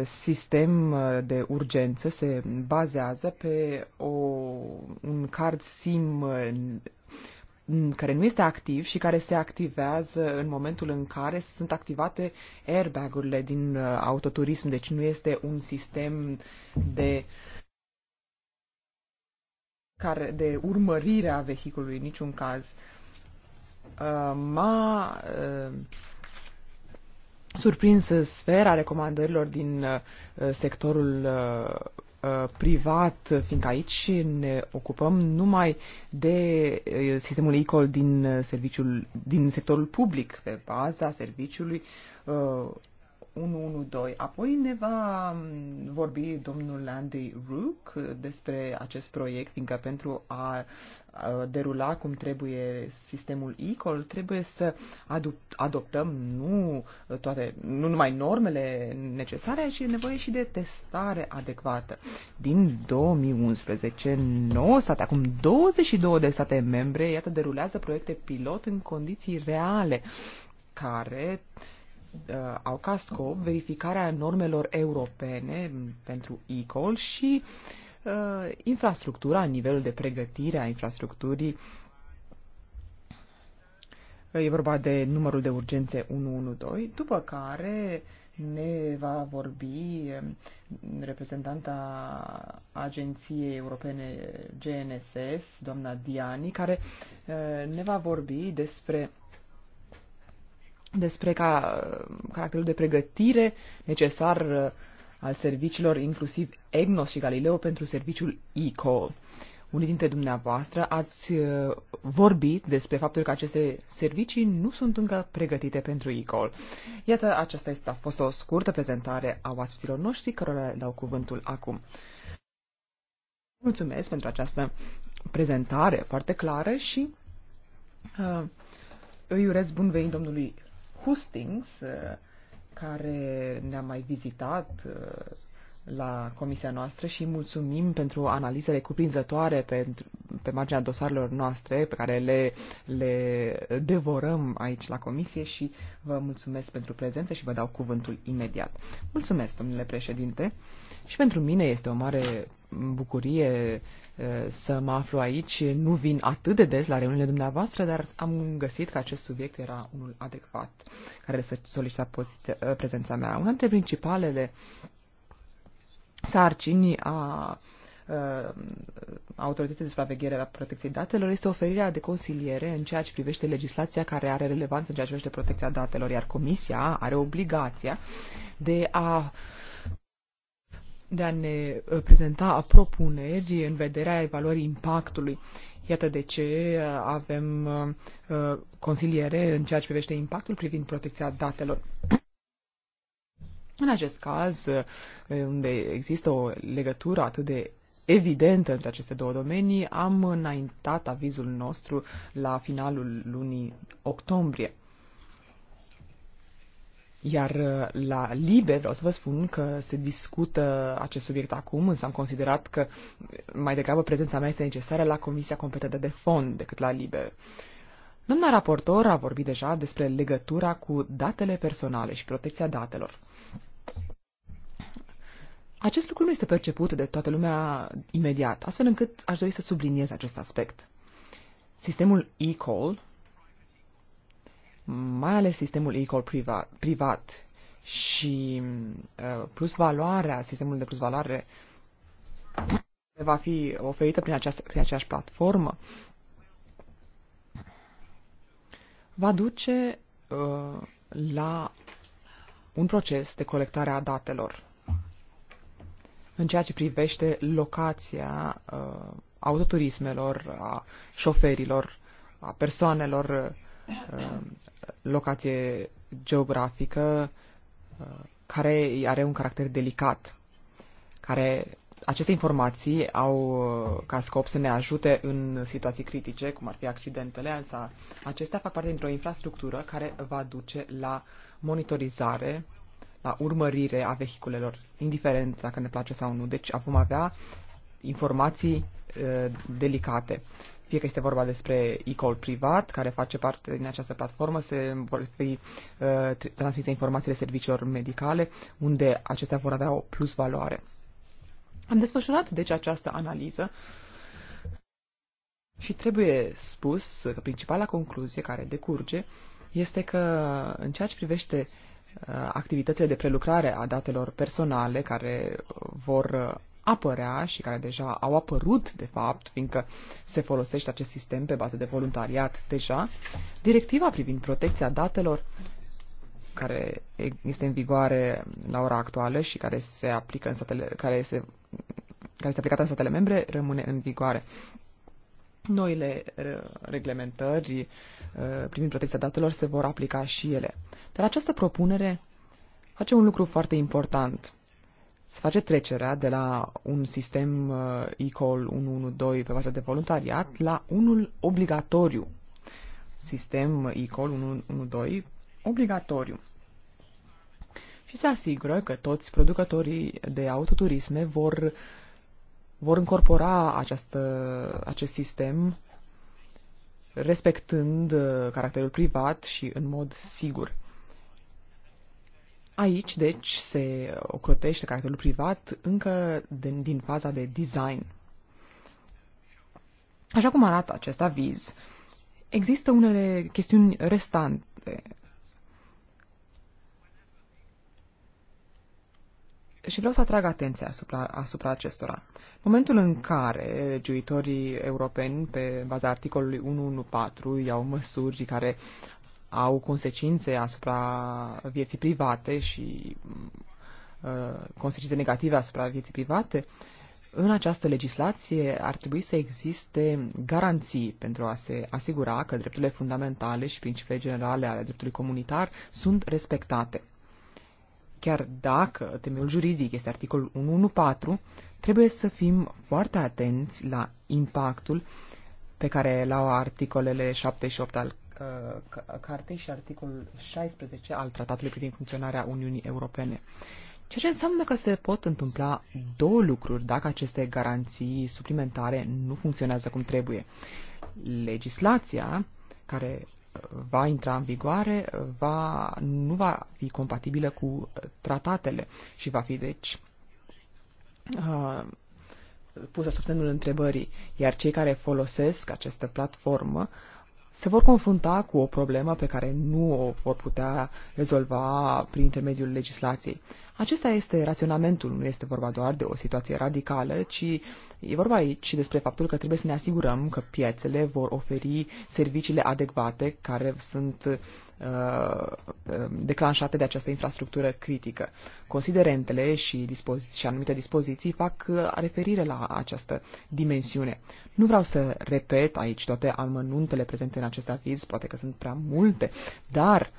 Speaker 3: sistem eh, de urgență se bazează pe o, un card SIM eh, Mm, care nu este activ și care se activează în momentul în care sunt activate airbag-urile din uh, autoturism. Deci nu este un sistem de care, de urmărire a vehiculului în niciun caz. Uh, m-a uh, surprins sfera recomandărilor din sectorul Uh, privat, fiindcă aici ne ocupăm numai de uh, sistemul ECOL din, uh, serviciul, din sectorul public, pe baza serviciului 112. Apoi ne va vorbi domnul Andy Rook despre acest proiect, fiindcă pentru a derula cum trebuie sistemul Ecol trebuie să adoptăm nu, toate, nu numai normele necesare, ci e nevoie și de testare adecvată. Din 2011, 9 state, acum 22 de state membre, iată, derulează proiecte pilot în condiții reale care uh, uh, au ca scop verificarea normelor europene pentru e și uh, infrastructura, nivelul de pregătire a infrastructurii. E vorba de numărul de urgențe 112, după care ne va vorbi um, reprezentanta Agenției Europene GNSS, doamna Diani, care uh, ne va vorbi despre despre ca, caracterul de pregătire necesar uh, al serviciilor, inclusiv EGNOS și Galileo, pentru serviciul ICO. Unii dintre dumneavoastră ați uh, vorbit despre faptul că aceste servicii nu sunt încă pregătite pentru ICOL. Iată, aceasta este, a fost o scurtă prezentare a oaspeților noștri, cărora le dau cuvântul acum. Mulțumesc pentru această prezentare foarte clară și uh, îi urez bun venit domnului Hustings, uh, care ne-a mai vizitat uh, la comisia noastră și mulțumim pentru analizele cuprinzătoare pe, pe marginea dosarelor noastre pe care le, le devorăm aici la comisie și vă mulțumesc pentru prezență și vă dau cuvântul imediat. Mulțumesc, domnule președinte, și pentru mine este o mare bucurie să mă aflu aici. Nu vin atât de des la reuniunile dumneavoastră, dar am găsit că acest subiect era unul adecvat care să solicita prezența mea. Una dintre principalele sarcini a autorității de supraveghere la protecției datelor este oferirea de consiliere în ceea ce privește legislația care are relevanță în ceea ce privește protecția datelor, iar Comisia are obligația de a uh, de a ne uh, prezenta propuneri în vederea evaluării impactului. Iată de ce uh, avem uh, consiliere în ceea ce privește impactul privind protecția datelor. În acest caz, unde există o legătură atât de evidentă între aceste două domenii, am înaintat avizul nostru la finalul lunii octombrie. Iar uh, la Libe vreau să vă spun că se discută acest subiect acum, însă am considerat că uh, mai degrabă prezența mea este necesară la Comisia Competentă de Fond decât la Libe. Doamna raportor a vorbit deja despre legătura cu datele personale și protecția datelor. Acest lucru nu este perceput de toată lumea imediat, astfel încât aș dori să subliniez acest aspect. Sistemul e-call mai ales sistemul e-call privat, privat și uh, plus valoarea, sistemul de plus valoare va fi oferită prin, această, prin aceeași platformă, va duce uh, la un proces de colectare a datelor. În ceea ce privește locația uh, autoturismelor, a șoferilor, a persoanelor uh, Um, locație geografică uh, care are un caracter delicat, care aceste informații au uh, ca scop să ne ajute în situații critice, cum ar fi accidentele, însă acestea fac parte dintr-o infrastructură care va duce la monitorizare, la urmărire a vehiculelor, indiferent dacă ne place sau nu. Deci vom avea informații uh, delicate fie că este vorba despre e-call privat, care face parte din această platformă, se vor fi uh, transmise informațiile serviciilor medicale, unde acestea vor avea o plus valoare. Am desfășurat, deci, această analiză și trebuie spus că principala concluzie care decurge este că, în ceea ce privește uh, activitățile de prelucrare a datelor personale care uh, vor uh, apărea și care deja au apărut, de fapt, fiindcă se folosește acest sistem pe bază de voluntariat deja, directiva privind protecția datelor care este în vigoare la ora actuală și care se aplică în statele, care, se, care este aplicată în statele membre, rămâne în vigoare. Noile uh, reglementări uh, privind protecția datelor se vor aplica și ele. Dar această propunere face un lucru foarte important se face trecerea de la un sistem uh, e-call 112 pe bază de voluntariat la unul obligatoriu. Sistem uh, e-call 112 obligatoriu. Și se asigură că toți producătorii de autoturisme vor, vor încorpora această, acest sistem respectând uh, caracterul privat și în mod sigur. Aici, deci, se ocrotește caracterul privat încă din, din faza de design. Așa cum arată acest aviz, există unele chestiuni restante. Și vreau să atrag atenția asupra, asupra acestora. Momentul în care legiuitorii europeni, pe baza articolului 114, iau măsuri care au consecințe asupra vieții private și uh, consecințe negative asupra vieții private, în această legislație ar trebui să existe garanții pentru a se asigura că drepturile fundamentale și principiile generale ale dreptului comunitar sunt respectate. Chiar dacă temeiul juridic este articolul 114, trebuie să fim foarte atenți la impactul pe care l-au articolele 7 și 8 al carte și articolul 16 al Tratatului privind funcționarea Uniunii Europene. Ceea ce înseamnă că se pot întâmpla două lucruri dacă aceste garanții suplimentare nu funcționează cum trebuie. Legislația care uh, va intra în vigoare uh, va, nu va fi compatibilă cu tratatele și va fi, deci, uh, pusă sub semnul întrebării, iar cei care folosesc această platformă se vor confrunta cu o problemă pe care nu o vor putea rezolva prin intermediul legislației. Acesta este raționamentul, nu este vorba doar de o situație radicală, ci e vorba aici despre faptul că trebuie să ne asigurăm că piețele vor oferi serviciile adecvate care sunt uh, uh declanșate de această infrastructură critică. Considerentele și, dispozi- și anumite dispoziții fac uh, referire la această dimensiune. Nu vreau să repet aici toate amănuntele prezente în acest aviz, poate că sunt prea multe, dar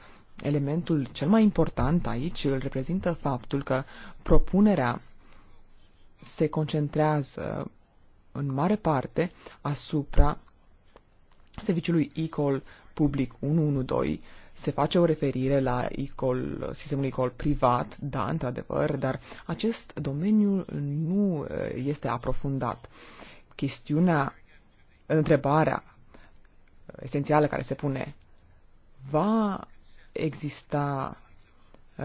Speaker 3: Elementul cel mai important aici îl reprezintă faptul că propunerea se concentrează în mare parte asupra serviciului e public 112. Se face o referire la e sistemul e privat, da, într-adevăr, dar acest domeniu nu uh, este aprofundat. Chestiunea, întrebarea uh, esențială care se pune, va exista uh,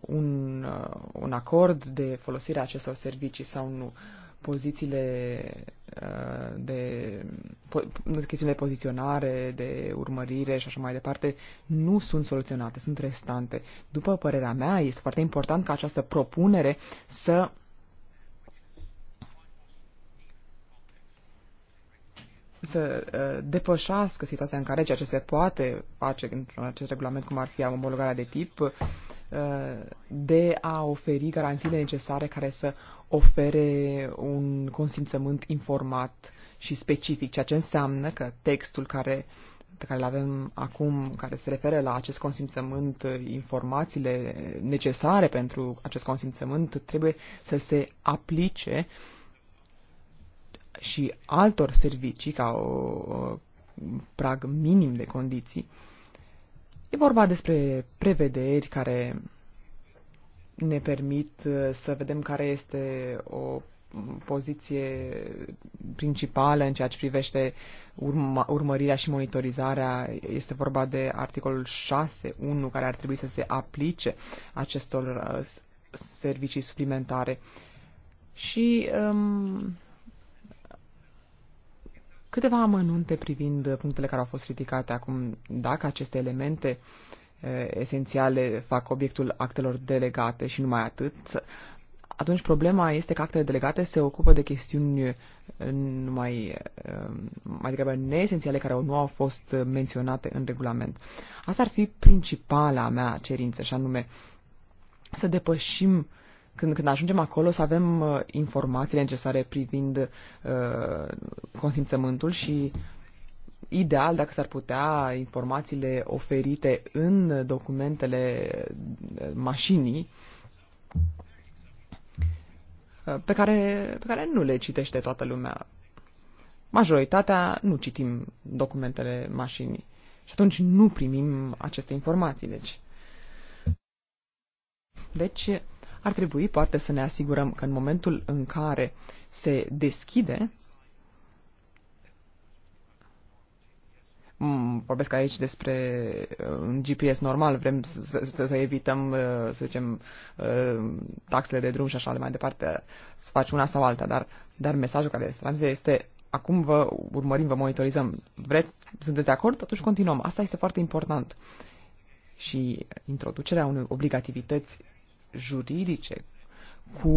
Speaker 3: un, uh, un acord de folosire a acestor servicii sau nu. Pozițiile uh, de po- chestiuni de poziționare, de urmărire și așa mai departe nu sunt soluționate, sunt restante. După părerea mea, este foarte important ca această propunere să uh, să uh, depășească situația în care ceea ce se poate face în acest regulament, cum ar fi omologarea de tip, uh, de a oferi garanțiile necesare care să ofere un consimțământ informat și specific, ceea ce înseamnă că textul care pe care îl avem acum, care se referă la acest consimțământ, uh, informațiile necesare pentru acest consimțământ trebuie să se aplice uh, și altor servicii ca o prag minim de condiții. E vorba despre prevederi care ne permit uh, să vedem care este o poziție principală în ceea ce privește urma, urmărirea și monitorizarea. Este vorba de articolul 6.1 care ar trebui să se aplice acestor uh, servicii suplimentare. Și um, Câteva amănunte privind punctele care au fost ridicate acum, dacă aceste elemente esențiale fac obiectul actelor delegate și numai atât, atunci problema este că actele delegate se ocupă de chestiuni numai, mai degrabă neesențiale care nu au fost menționate în regulament. Asta ar fi principala mea cerință, și anume să depășim uh, când, când ajungem acolo să avem uh, informațiile necesare privind uh, consimțământul și ideal dacă s-ar putea informațiile oferite în documentele uh, mașinii uh, pe care, pe care nu le citește toată lumea. Majoritatea nu citim documentele mașinii și atunci nu primim aceste informații. Deci, deci ar trebui poate să ne asigurăm că în momentul în care se deschide, vorbesc aici despre uh, un GPS normal, vrem să, să, să evităm, uh, să zicem, uh, taxele de drum și așa de mai departe, să faci una sau alta, dar, dar mesajul care este, transmite este acum vă urmărim, vă monitorizăm. Vreți, sunteți de acord? Atunci continuăm. Asta este foarte important. Și introducerea unei obligativități juridice cu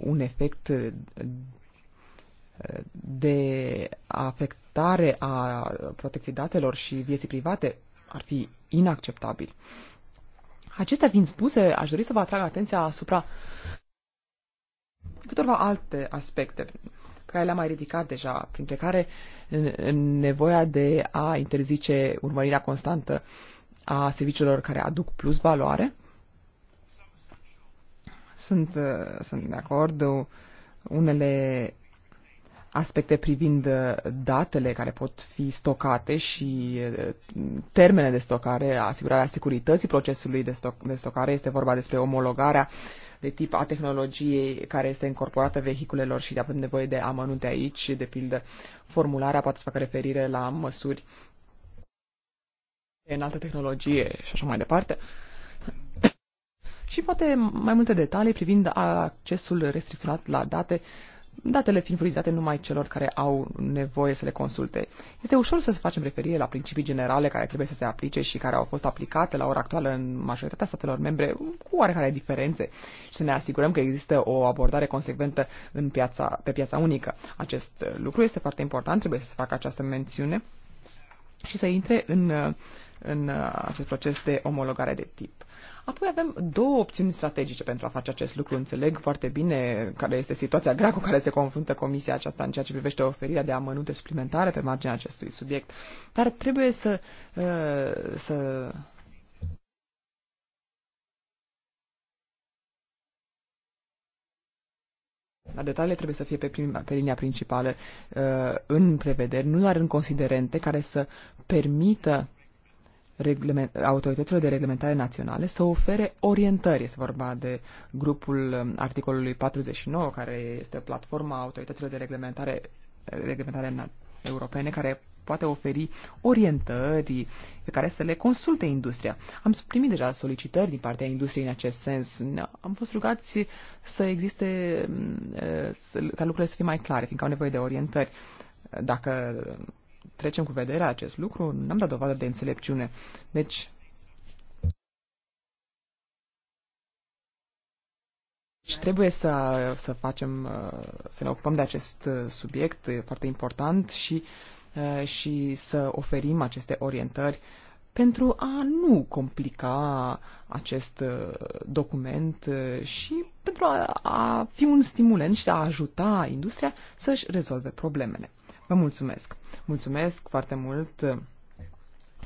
Speaker 3: un efect eh, de afectare a protecției datelor și vieții private ar fi inacceptabil. Acestea fiind spuse, aș dori să vă atrag atenția asupra câteva alte aspecte pe care le-am mai ridicat deja, printre care eh, nevoia de a interzice urmărirea constantă a serviciilor care aduc plus valoare, sunt, uh, sunt de acord. Unele aspecte privind uh, datele care pot fi stocate și uh, termene de stocare, asigurarea securității procesului de, stoc, de stocare, este vorba despre omologarea de tip a tehnologiei care este incorporată vehiculelor și avem nevoie de amănunte aici, de pildă formularea poate să facă referire la măsuri în altă tehnologie și așa mai departe. Uh, și poate mai multe detalii privind accesul restricționat la date, datele fiind furnizate numai celor care au nevoie să le consulte. Este ușor să facem referire la principii generale care trebuie să se aplice și care au fost aplicate la ora actuală în majoritatea statelor membre cu oarecare diferențe și să ne asigurăm că există o abordare consecventă în piața, pe piața unică. Acest lucru este foarte important, trebuie să se facă această mențiune și să intre în, în acest proces de omologare de tip. Apoi avem două opțiuni strategice pentru a face acest lucru. Înțeleg foarte bine care este situația grea cu care se confruntă Comisia aceasta în ceea ce privește oferirea de amănunte suplimentare pe marginea acestui subiect. Dar trebuie să, uh, să la detaliile trebuie să fie pe, prim, pe linia principală uh, în prevederi, nu doar în considerente, care să permită autorităților de reglementare naționale să ofere orientări. Este vorba de grupul um, articolului 49, care este platforma autorităților de reglementare, reglementare europene, care poate oferi orientări pe care să le consulte industria. Am primit deja solicitări din partea industriei în acest sens. Am fost rugați să existe, um, uh, ca lucrurile să fie mai clare, fiindcă au nevoie de orientări. Dacă trecem cu vederea acest lucru, n-am dat dovadă de înțelepciune. Deci, Și deci trebuie să, să facem, uh, să ne ocupăm de acest uh, subiect foarte important și, uh, și să oferim aceste orientări pentru a nu complica acest document și pentru a, a fi un stimulent și a ajuta industria să-și rezolve problemele. Vă mulțumesc. Mulțumesc foarte mult uh,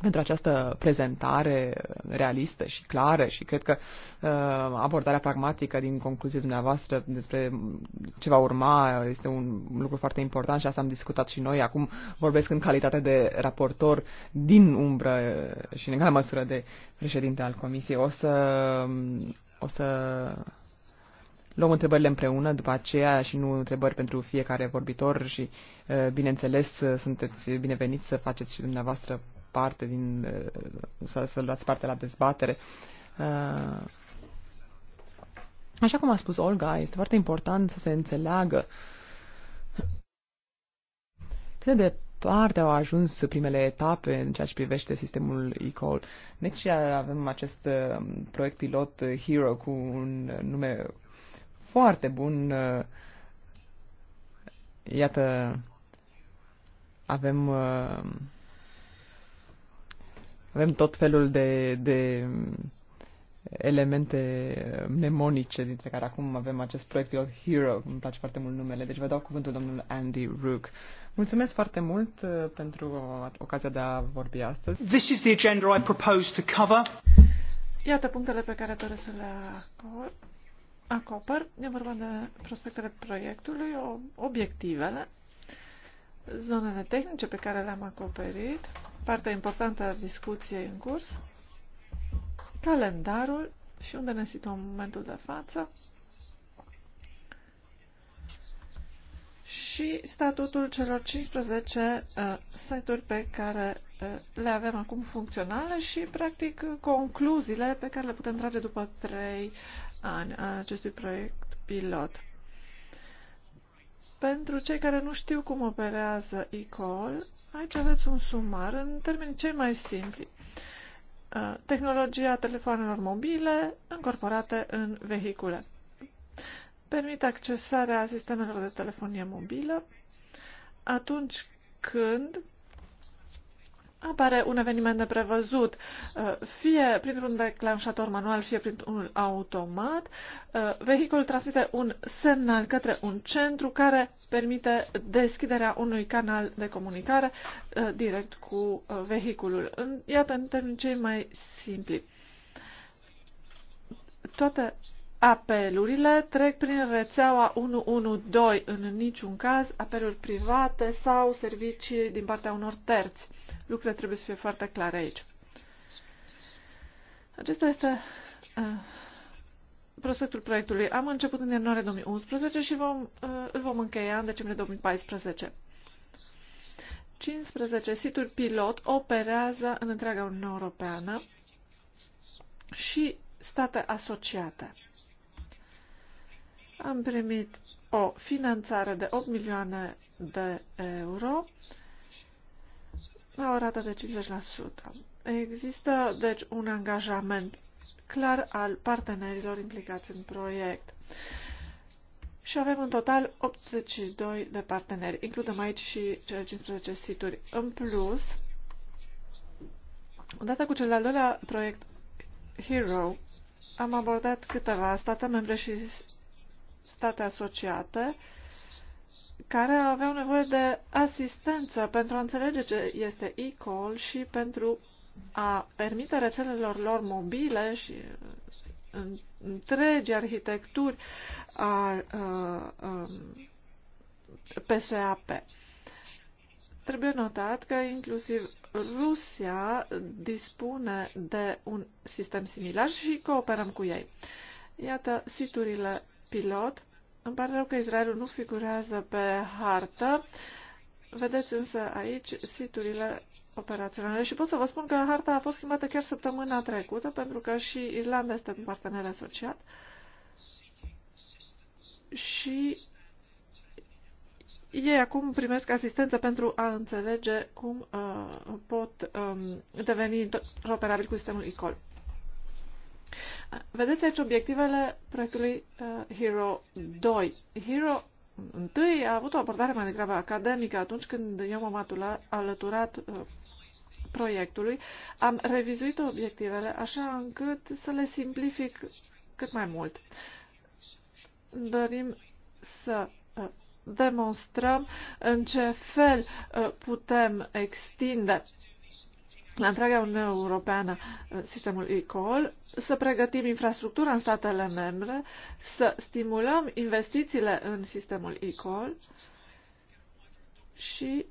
Speaker 3: pentru această prezentare realistă și clară și cred că uh, abordarea pragmatică din concluzia dumneavoastră despre ce va urma este un lucru foarte important și asta am discutat și noi. Acum vorbesc în calitate de raportor din umbră uh, și în egală măsură de președinte al comisiei. O să, um, o să luăm întrebările împreună după aceea și nu întrebări pentru fiecare vorbitor și, uh, bineînțeles, uh, sunteți bineveniți să faceți și dumneavoastră parte din, uh, să, să luați parte la dezbatere. Așa cum a spus Olga, este foarte important să se înțeleagă cât de departe au ajuns primele etape în ceea ce privește sistemul e-call. Deci avem acest proiect pilot Hero cu un nume foarte bun. Uh, iată, avem uh, avem tot felul de, de elemente mnemonice, dintre care acum avem acest proiect pilot Hero, îmi place foarte mult numele, deci vă dau cuvântul domnul Andy Rook. Mulțumesc foarte mult uh, pentru ocazia de a vorbi astăzi. This is the agenda I propose to cover.
Speaker 4: Iată punctele pe care doresc să le acord acoper, E vorba de prospectele proiectului, obiectivele, zonele tehnice pe care le-am acoperit, partea importantă a discuției în curs, calendarul și unde ne situăm în momentul de față și statutul celor 15 uh, site-uri pe care uh, le avem acum funcționale și, practic, concluziile pe care le putem trage după trei ani a acestui proiect pilot. Pentru cei care nu știu cum operează eCall, aici aveți un sumar în termeni cei mai simpli. Tehnologia telefonelor mobile încorporate în vehicule. Permite accesarea sistemelor de telefonie mobilă atunci când apare un eveniment neprevăzut, uh, fie printr-un declanșator manual, fie printr-un automat, uh, vehiculul transmite un semnal către un centru care permite deschiderea unui canal de comunicare uh, direct cu vehiculul. Iată, în termeni cei mai simpli. Toate apelurile trec prin rețeaua 112, în niciun caz apeluri private sau servicii din partea unor terți. Lucrurile trebuie să fie foarte clare aici. Acesta este uh, prospectul proiectului. Am început în ianuarie 2011 și vom, uh, îl vom încheia în decembrie 2014. 15 situri pilot operează în întreaga Uniune Europeană și state asociate. Am primit o finanțare de 8 milioane de euro la o rată de 50%. Există, deci, un angajament clar al partenerilor implicați în proiect. Și avem în total 82 de parteneri. Includem aici și cele 15 situri. În plus, odată cu cel de-al doilea proiect Hero, am abordat câteva state membre și state asociate care aveau nevoie de asistență pentru a înțelege ce este e-call și pentru a permite rețelelor lor mobile și uh, întregi arhitecturi a, uh, um, a, a PSAP. Trebuie notat că inclusiv Rusia dispune de un sistem similar și cooperăm cu ei. Iată siturile pilot. Îmi pare rău că Israelul nu figurează pe hartă. Vedeți însă aici siturile operaționale și pot să vă spun că harta a fost schimbată chiar săptămâna trecută pentru că și Irlanda este un partener asociat și ei acum primesc asistență pentru a înțelege cum uh, pot um, deveni interoperabili cu sistemul ICOL. Vedeți aici obiectivele proiectului uh, Hero 2. Hero 1 a avut o abordare mai degrabă academică atunci când eu m-am alăturat uh, proiectului. Am revizuit obiectivele așa încât să le simplific cât mai mult. Dorim să uh, demonstrăm în ce fel uh, putem extinde la întreaga Uniune Europeană uh, sistemul ECOL să pregătim infrastructura în statele membre, să stimulăm investițiile în sistemul ECOL și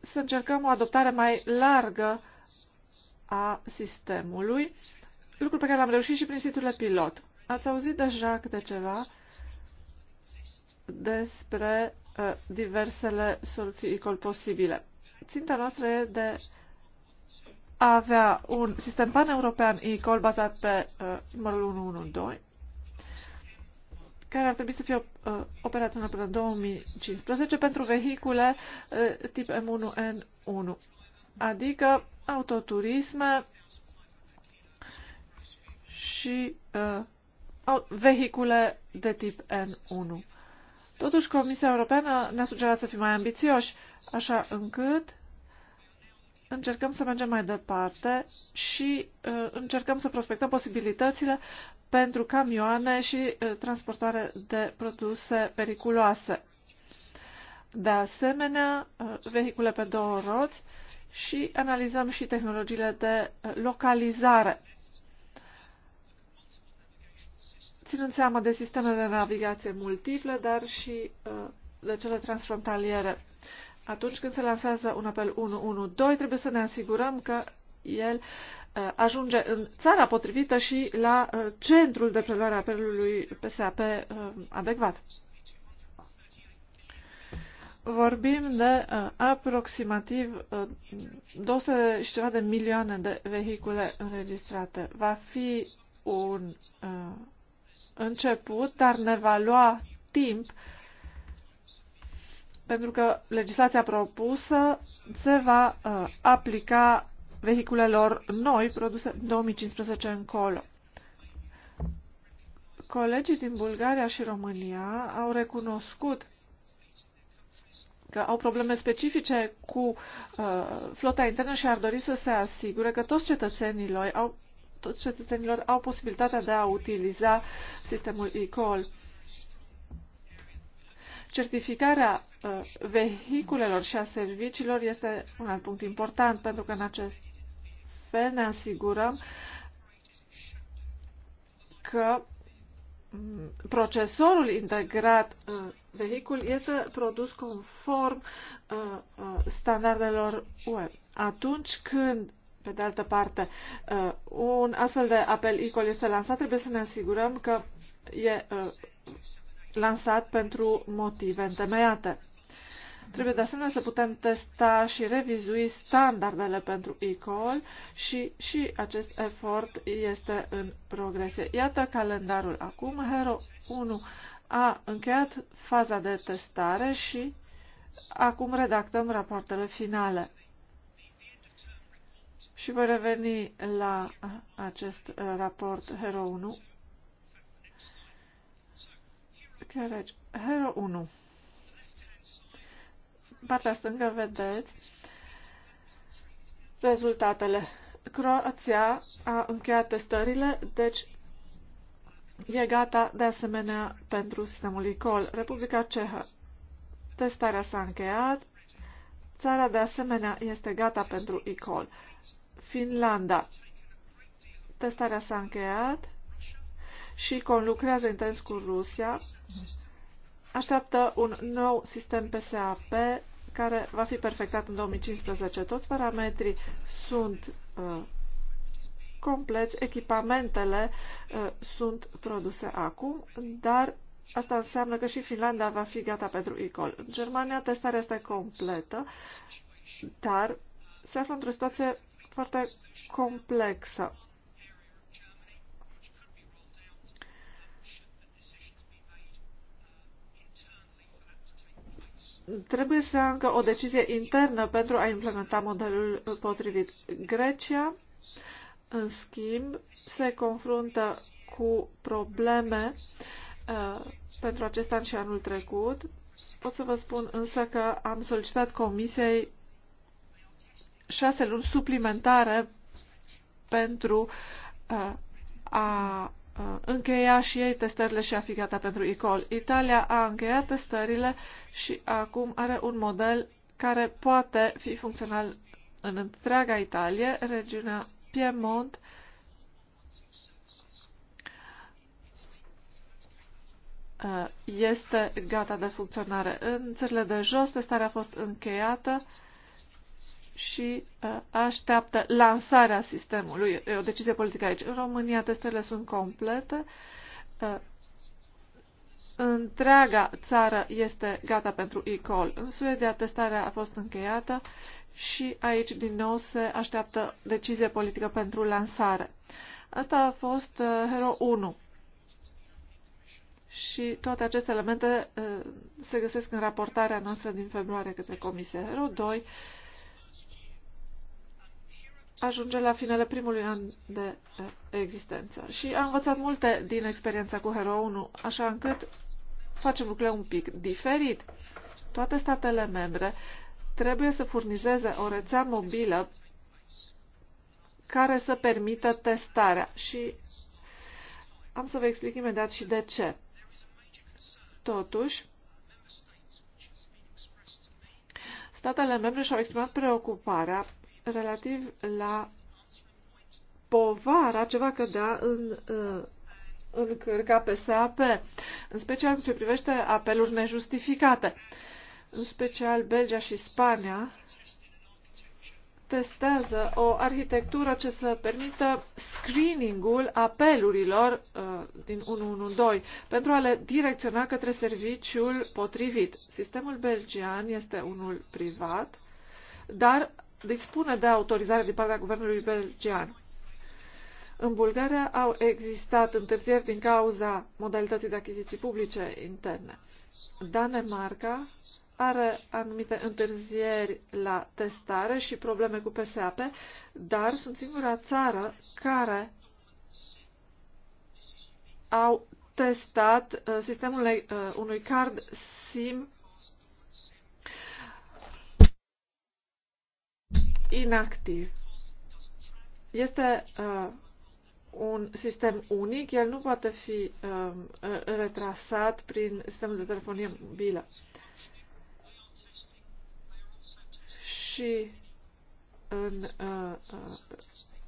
Speaker 4: să încercăm o adoptare mai largă a sistemului, lucru pe care l-am reușit și prin siturile pilot. Ați auzit deja câte ceva despre uh, diversele soluții ECOL posibile. Ținta noastră e de a avea un sistem pan-european e-call bazat pe uh, numărul 112, care ar trebui să fie uh, operațional până în 2015 pentru vehicule uh, tip M1N1, adică autoturisme și uh, vehicule de tip N1. Totuși, Comisia Europeană ne-a sugerat să fim mai ambițioși, așa încât încercăm să mergem mai departe și uh, încercăm să prospectăm posibilitățile pentru camioane și uh, transportare de produse periculoase. De asemenea, uh, vehicule pe două roți și analizăm și tehnologiile de uh, localizare. Ținând seama de sisteme de navigație multiple, dar și uh, de cele transfrontaliere atunci când se lansează un apel 112, trebuie să ne asigurăm că el uh, ajunge în țara potrivită și la uh, centrul de preluare a apelului PSAP uh, adecvat. Vorbim de aproximativ 200 și ceva de milioane de vehicule înregistrate. Va fi un început, dar ne va lua timp uh, pentru că legislația propusă se va uh, aplica vehiculelor noi produse în 2015 încolo. Colegii din Bulgaria și România au recunoscut că au probleme specifice cu uh, flota internă și ar dori să se asigure că toți cetățenilor au, toți cetățenilor au posibilitatea de a utiliza sistemul e-call. Certificarea uh, vehiculelor și a serviciilor este un alt punct important, pentru că în acest fel ne asigurăm că mm, procesorul integrat în uh, vehicul este produs conform uh, standardelor UE. Atunci când, pe de altă parte, un astfel de apel ICOL este lansat, trebuie să ne asigurăm că e lansat pentru motive întemeiate. Trebuie de asemenea să putem testa și revizui standardele pentru e-call și, și acest efort este în progresie. Iată calendarul acum. Hero 1 a încheiat faza de testare și acum redactăm rapoartele finale. Și voi reveni la acest raport Hero 1 Chiar Hero 1. Partea stângă vedeți rezultatele. Croația a încheiat testările, deci e gata de asemenea pentru sistemul ICOL. Republica Cehă. Testarea s-a încheiat. Țara de asemenea este gata pentru ICOL. Finlanda. Testarea s-a încheiat și conlucrează intens cu Rusia, așteaptă un nou sistem PSAP care va fi perfectat în 2015. Toți parametrii sunt uh, compleți, echipamentele uh, sunt produse acum, dar asta înseamnă că și Finlanda va fi gata pentru ICOL. În Germania testarea este completă, dar se află într-o situație foarte complexă. trebuie să ia încă o decizie internă pentru a implementa modelul potrivit. Grecia, în schimb, se confruntă cu probleme uh, pentru acest an și anul trecut. Pot să vă spun însă că am solicitat Comisiei șase luni suplimentare pentru uh, a încheia și ei testările și a fi gata pentru ICOL. Italia a încheiat testările și acum are un model care poate fi funcțional în întreaga Italie, regiunea Piemont, este gata de funcționare. În țările de jos, testarea a fost încheiată și uh, așteaptă lansarea sistemului. E o decizie politică aici. În România testele sunt complete. Uh, întreaga țară este gata pentru e-call. În Suedia testarea a fost încheiată și aici din nou se așteaptă decizie politică pentru lansare. Asta a fost uh, Hero 1. Și toate aceste elemente se găsesc în raportarea noastră din februarie către Comisia Hero 2 ajunge la finele primului an de existență. Și am învățat multe din experiența cu Hero 1, așa încât facem lucrurile un pic diferit. Toate statele membre trebuie să furnizeze o rețea mobilă care să permită testarea și am să vă explic imediat și de ce. Totuși, statele membre și-au exprimat preocuparea relativ la povara ce va cădea în, uh, în cârca PSAP, în special cu ce privește apeluri nejustificate. În special Belgia și Spania testează o arhitectură ce să permită screeningul apelurilor uh, din 112 pentru a le direcționa către serviciul potrivit. Sistemul belgian este unul privat, dar dispune deci de autorizare din partea guvernului belgian. În Bulgaria au existat întârzieri din cauza modalității de achiziții publice interne. Danemarca are anumite întârzieri la testare și probleme cu PSAP, dar sunt singura țară care au testat uh, sistemul uh, unui card SIM inactiv. Este uh, un sistem unic, el nu poate fi um, uh, retrasat prin sistemul de telefonie mobilă. Și în uh, uh,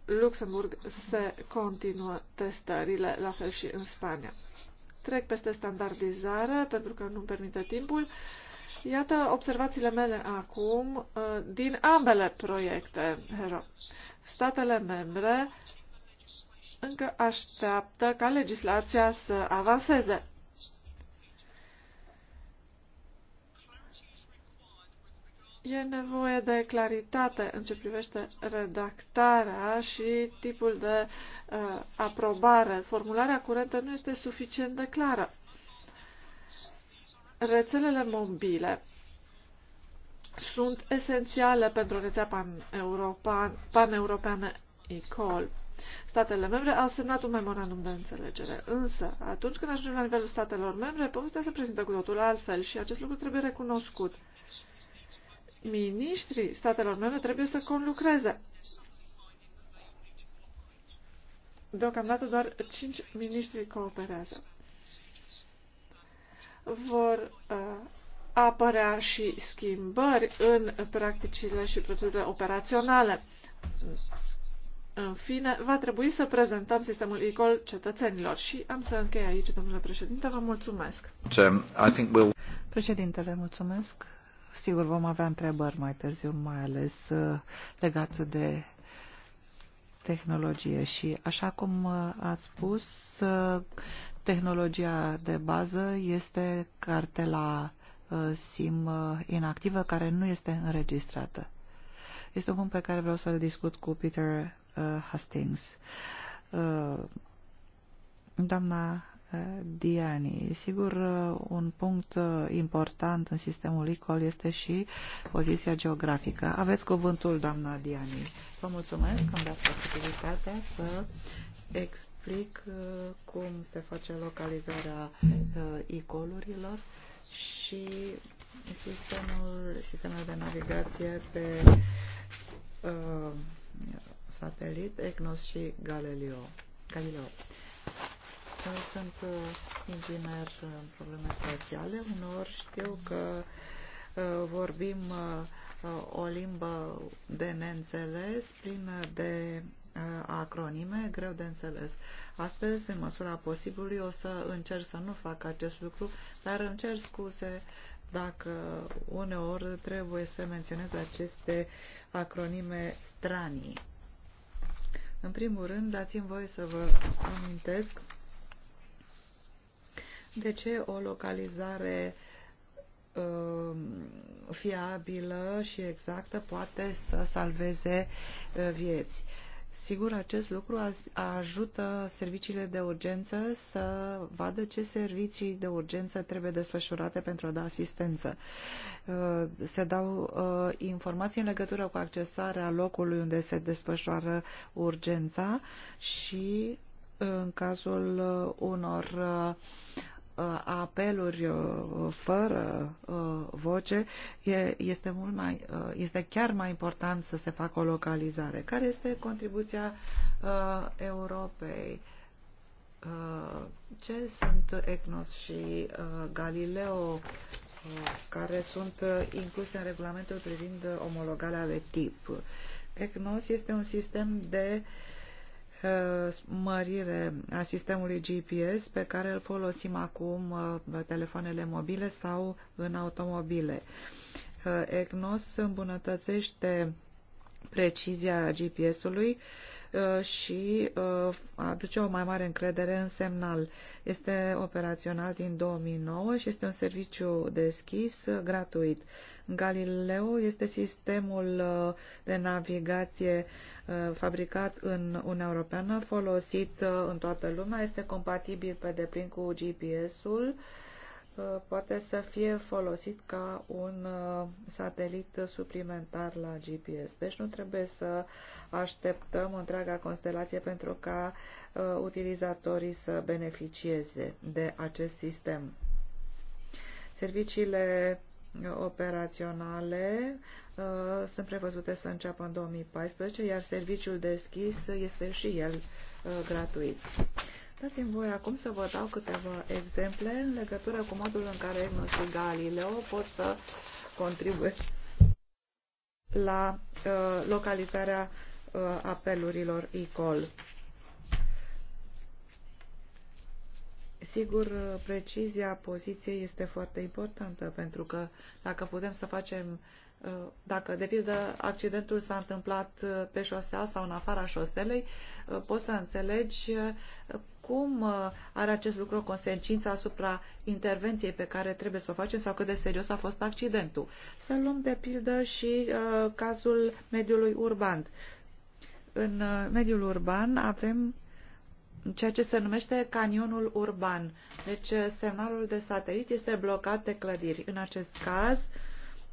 Speaker 4: Luxemburg se continuă testările, la fel și în Spania. Trec peste standardizare pentru că nu-mi permite timpul. Uh, Iată observațiile mele acum uh, din ambele proiecte HERO. Statele membre încă așteaptă ca legislația să avanseze. E nevoie de claritate în ce privește redactarea și tipul de uh, aprobare. Formularea curentă nu este suficient de clară. Rețelele mobile sunt esențiale pentru rețea pan-europeană pan europeană pan Statele membre au semnat un memorandum de înțelegere, însă atunci când ajungem la nivelul statelor membre, povestea se prezintă cu totul altfel și acest lucru trebuie recunoscut. Ministrii statelor membre trebuie să conlucreze. Deocamdată doar 5 ministri cooperează vor uh, apărea și schimbări în practicile și procedurile operaționale. În fine, va trebui să prezentăm sistemul ICOL cetățenilor și am să închei aici, domnule președinte, vă mulțumesc.
Speaker 2: vă mulțumesc. Sigur, vom avea întrebări mai târziu, mai ales uh, legat de tehnologie și, așa cum uh, ați spus, Tehnologia de bază este cartela uh, SIM uh, inactivă care nu este înregistrată. Este un punct pe care vreau să-l discut cu Peter uh, Hastings. Doamna Diani. Sigur, un punct important în sistemul ICOL este și poziția geografică. Aveți cuvântul, doamna Diani. Vă mulțumesc că am dat posibilitatea să explic uh, cum se face localizarea icolurilor uh, și sistemul, sistemul de navigație pe uh, satelit EGNOS și Galileo. Galileo. Eu sunt uh, inginer în probleme spațiale, unor știu că uh, vorbim uh, o limbă de neînțeles, plină de acronime, greu de înțeles. Astăzi, în măsura posibilului, o să încerc să nu fac acest lucru, dar îmi cer scuze dacă uneori trebuie să menționez aceste acronime stranii. În primul rând, dați-mi voie să vă amintesc de ce o localizare uh, fiabilă și exactă poate să salveze uh, vieți. Uh, Sigur, acest lucru ajută serviciile de urgență să vadă ce servicii de urgență trebuie desfășurate pentru a da asistență. Uh, se dau uh, informații în legătură cu accesarea locului unde se desfășoară urgența și în cazul uh, unor apeluri fără voce, este, mult mai, este chiar mai important să se facă o localizare. Care este contribuția Europei? Ce sunt ECNOS și Galileo care sunt incluse în regulamentul privind omologarea de tip? ECNOS este un sistem de uh, Uh, mărire a sistemului GPS pe care îl folosim acum pe uh, telefoanele mobile sau în automobile. Uh, EGNOS îmbunătățește precizia GPS-ului Uh, și uh, aduce o mai mare încredere în semnal. Este operațional din 2009 și este un serviciu deschis, uh, gratuit. Galileo este sistemul de navigație fabricat în Uniunea Europeană, folosit în toată lumea, este compatibil pe deplin cu GPS-ul, Uh, poate să fie folosit ca un uh, satelit suplimentar la GPS. Deci nu trebuie să așteptăm întreaga constelație pentru ca uh, utilizatorii să beneficieze de acest sistem. Serviciile operaționale sunt prevăzute să înceapă în 2014, iar serviciul deschis este și el gratuit. Dați-mi voi acum să vă dau câteva exemple în legătură cu modul în care Egnos și Galileo pot să contribuie la uh, localizarea uh, apelurilor ICOL. Sigur, precizia poziției este foarte importantă, pentru că dacă putem să facem, uh, dacă, de pildă, accidentul s-a întâmplat uh, pe șosea sau în afara șoselei, uh, poți să înțelegi cum uh, are acest lucru o consecință asupra intervenției pe care trebuie să o facem sau cât de serios a fost accidentul. Să luăm de pildă și uh, cazul mediului urban. În uh, mediul urban avem ceea ce se numește canionul urban. Deci semnalul de satelit este blocat de clădiri. În acest caz, uh,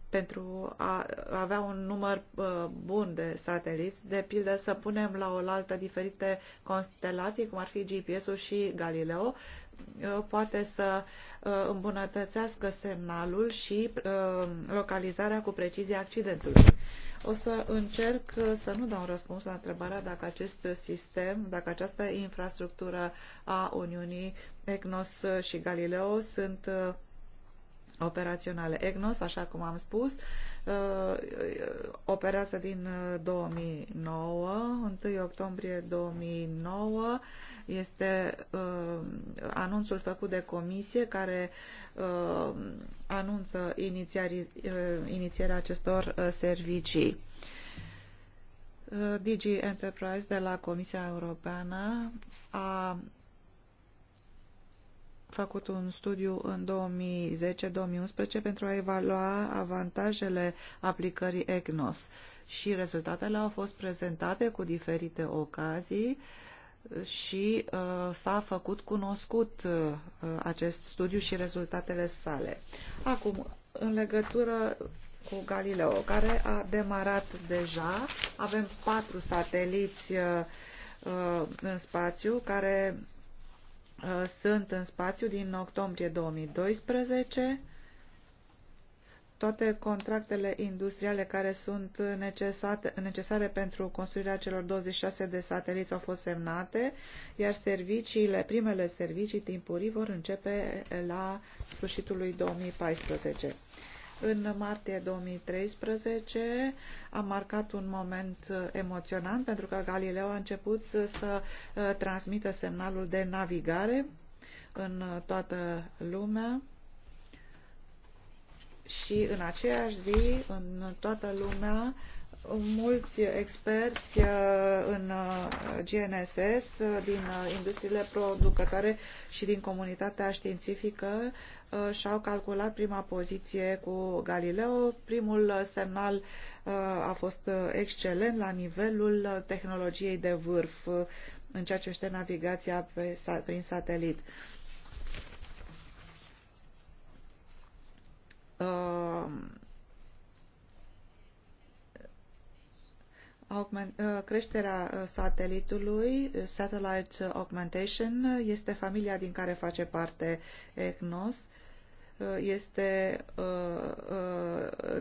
Speaker 2: pentru a avea un număr uh, bun de sateliți, de pildă să punem la oaltă diferite constelații, cum ar fi GPS-ul și Galileo, uh, poate să uh, îmbunătățească semnalul și localizarea cu precizie accidentului. O să încerc să nu dau un răspuns la întrebarea dacă acest sistem, dacă această infrastructură a Uniunii EGNOS și Galileo sunt operaționale. EGNOS, așa cum am spus, uh, uh, operează din 2009, uh, 1 octombrie 2009 este anunțul făcut de comisie care anunță inițierea acestor servicii. DG Enterprise de la Comisia Europeană a făcut un studiu în 2010-2011 pentru a evalua avantajele aplicării EGNOS și rezultatele au fost prezentate cu diferite ocazii și uh, s-a făcut cunoscut uh, acest studiu și rezultatele sale. Acum, în legătură cu Galileo, care a demarat deja, avem patru sateliți uh, uh în spațiu care Uh, sunt în spațiu din octombrie 2012. Toate contractele industriale care sunt necesare pentru construirea celor 26 de sateliți au fost semnate, iar serviciile, primele servicii timpurii vor începe la sfârșitul lui 2014. În martie 2013 a marcat un moment uh, emoționant pentru că Galileo a început să uh, transmită semnalul de navigare în uh, toată lumea și în aceeași zi în toată lumea mulți experți uh, în uh, GNSS uh, din industriile producătoare și din comunitatea științifică și-au calculat prima poziție cu Galileo. Primul semnal a fost excelent la nivelul tehnologiei de vârf în ceea ce este navigația pe, prin satelit. Uh, Uh, creșterea uh, satelitului, uh, Satellite Augmentation, este familia din care face parte EGNOS. Este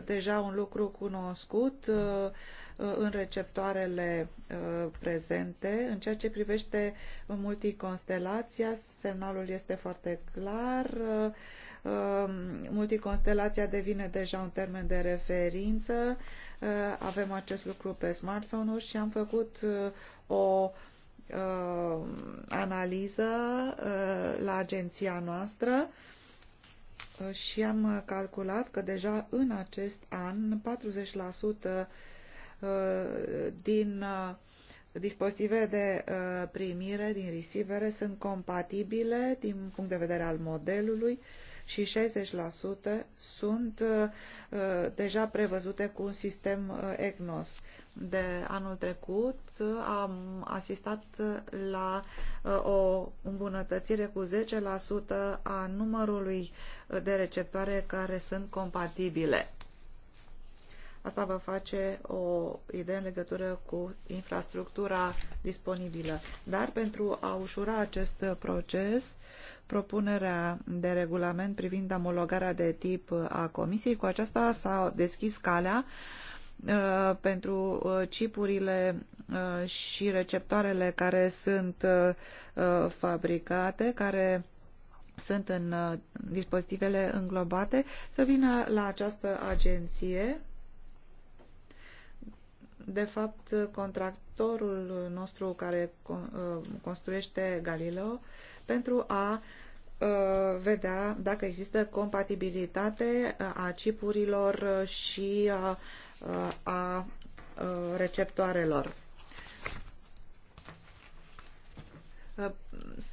Speaker 2: deja un lucru cunoscut în receptoarele prezente. În ceea ce privește multiconstelația, semnalul este foarte clar. Multiconstelația devine deja un termen de referință Eh, avem acest lucru pe smartphone-uri și am făcut eh, o eh, analiză la agenția noastră și am calculat că deja în acest an 40% din dispozitive de primire, din risivere, sunt compatibile din punct de vedere al modelului și 60% sunt uh, uh, deja prevăzute cu un sistem uh, EGNOS. De anul trecut am asistat la o îmbunătățire cu 10% a numărului de receptoare care sunt compatibile. Asta vă face o idee în legătură cu infrastructura disponibilă. Dar pentru a ușura acest proces, propunerea de regulament privind omologarea de tip a Comisiei, cu aceasta s-a deschis calea uh, pentru uh, cipurile uh, și receptoarele care sunt fabricate, care sunt în dispozitivele înglobate, să vină la această agenție de fapt, contractorul nostru care uh, construiește Galileo pentru a uh, vedea dacă există compatibilitate uh, a chipurilor și a, a receptoarelor.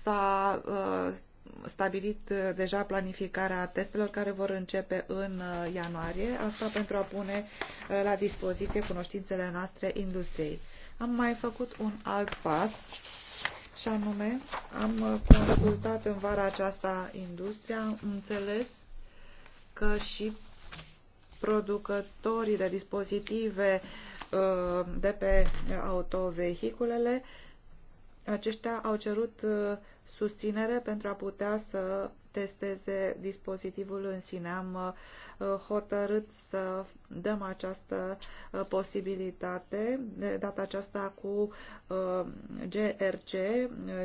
Speaker 2: S-a stabilit uh, deja planificarea testelor care vor începe în uh, ianuarie, asta pentru a pune uh, la dispoziție cunoștințele noastre industriei. Am mai făcut un alt pas și anume am consultat în vara aceasta industria, am înțeles că și producătorii de dispozitive de pe autovehiculele, aceștia au cerut susținere pentru a putea să testeze dispozitivul în sine. Am uh, hotărât să dăm această uh, posibilitate, de data aceasta cu uh, GRC,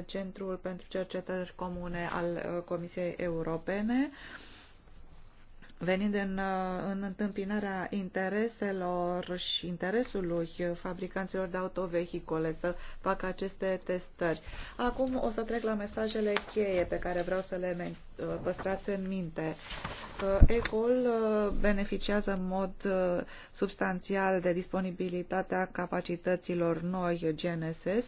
Speaker 2: Centrul pentru Cercetări Comune al Comisiei Europene, venind în, uh, în întâmpinarea intereselor și interesului fabricanților de autovehicole să facă aceste testări. Acum o să trec la mesajele cheie pe care vreau să le menționez. Uh, păstrați în minte. Uh, ECOL uh, beneficiază în mod substanțial de disponibilitatea capacităților noi GNSS.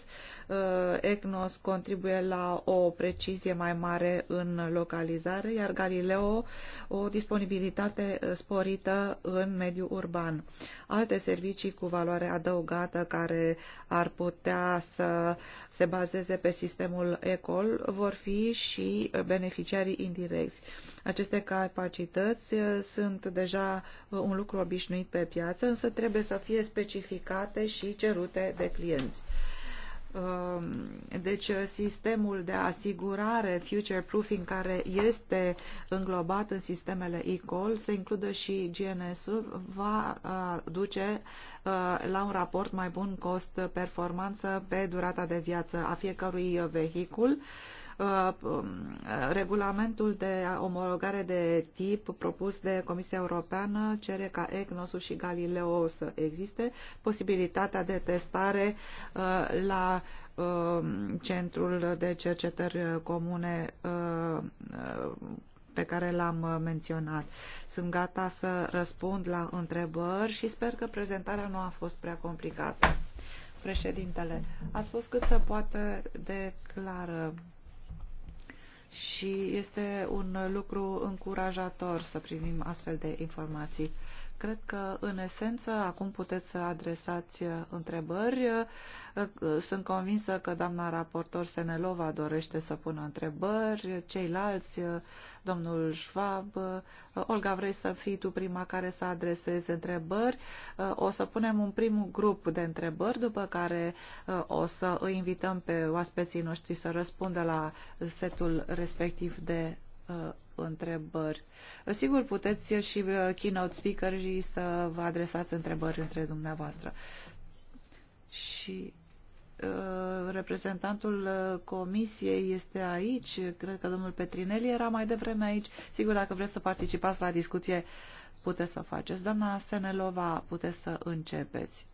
Speaker 2: ECNOS contribuie la o precizie mai mare în localizare, iar Galileo o disponibilitate sporită în mediul urban. Alte servicii cu valoare adăugată care ar putea să se bazeze pe sistemul ECOL vor fi și beneficiarii indirecți. Aceste capacități eh, sunt deja eh, un lucru obișnuit pe piață, însă trebuie să fie specificate și cerute de clienți. Um, deci uh, sistemul de asigurare future proofing care este înglobat în sistemele e-call se includă și GNS-ul va uh, duce uh, la un raport mai bun cost-performanță pe durata de viață a fiecărui vehicul Uh, um, uh, regulamentul de omologare de tip propus de Comisia Europeană cere ca EGNOS și Galileo să existe posibilitatea de testare uh, la um, Centrul de Cercetări Comune pe care l-am menționat. Sunt gata să răspund la întrebări și sper că prezentarea nu a fost prea complicată. Președintele, ați fost cât să poate de și este un lucru încurajator să primim astfel de informații. Cred că, în esență, acum puteți să adresați uh, întrebări. Uh, uh, sunt convinsă că doamna raportor Senelova dorește să pună întrebări, ceilalți, domnul Schwab. Olga, vrei să fii tu prima care să adresezi întrebări? O să punem un primul grup de întrebări, după care o să îi invităm pe oaspeții noștri să răspundă la setul respectiv de Uh, întrebări. Uh, sigur, puteți și uh, keynote speaker și să vă adresați întrebări între dumneavoastră. Și reprezentantul comisiei este aici, cred că domnul Petrinelli era mai devreme aici. Sigur, dacă vreți să participați la discuție, puteți să o faceți. Doamna Senelova, puteți să începeți.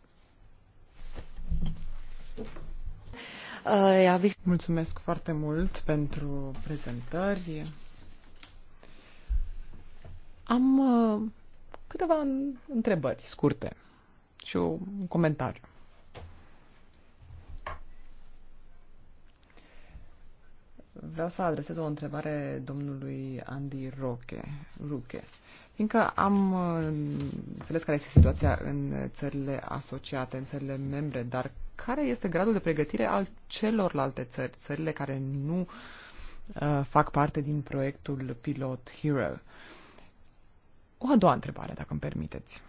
Speaker 3: Mulțumesc foarte mult pentru prezentări. Am uh, câteva întrebări scurte și un comentariu. Vreau să adresez o întrebare domnului Andy Roche, Ruche, fiindcă am uh, înțeles care este situația în țările asociate, în țările membre, dar care este gradul de pregătire al celorlalte țări, țările care nu uh, fac parte din proiectul pilot Hero? Uh, o a doua întrebare, dacă îmi permiteți.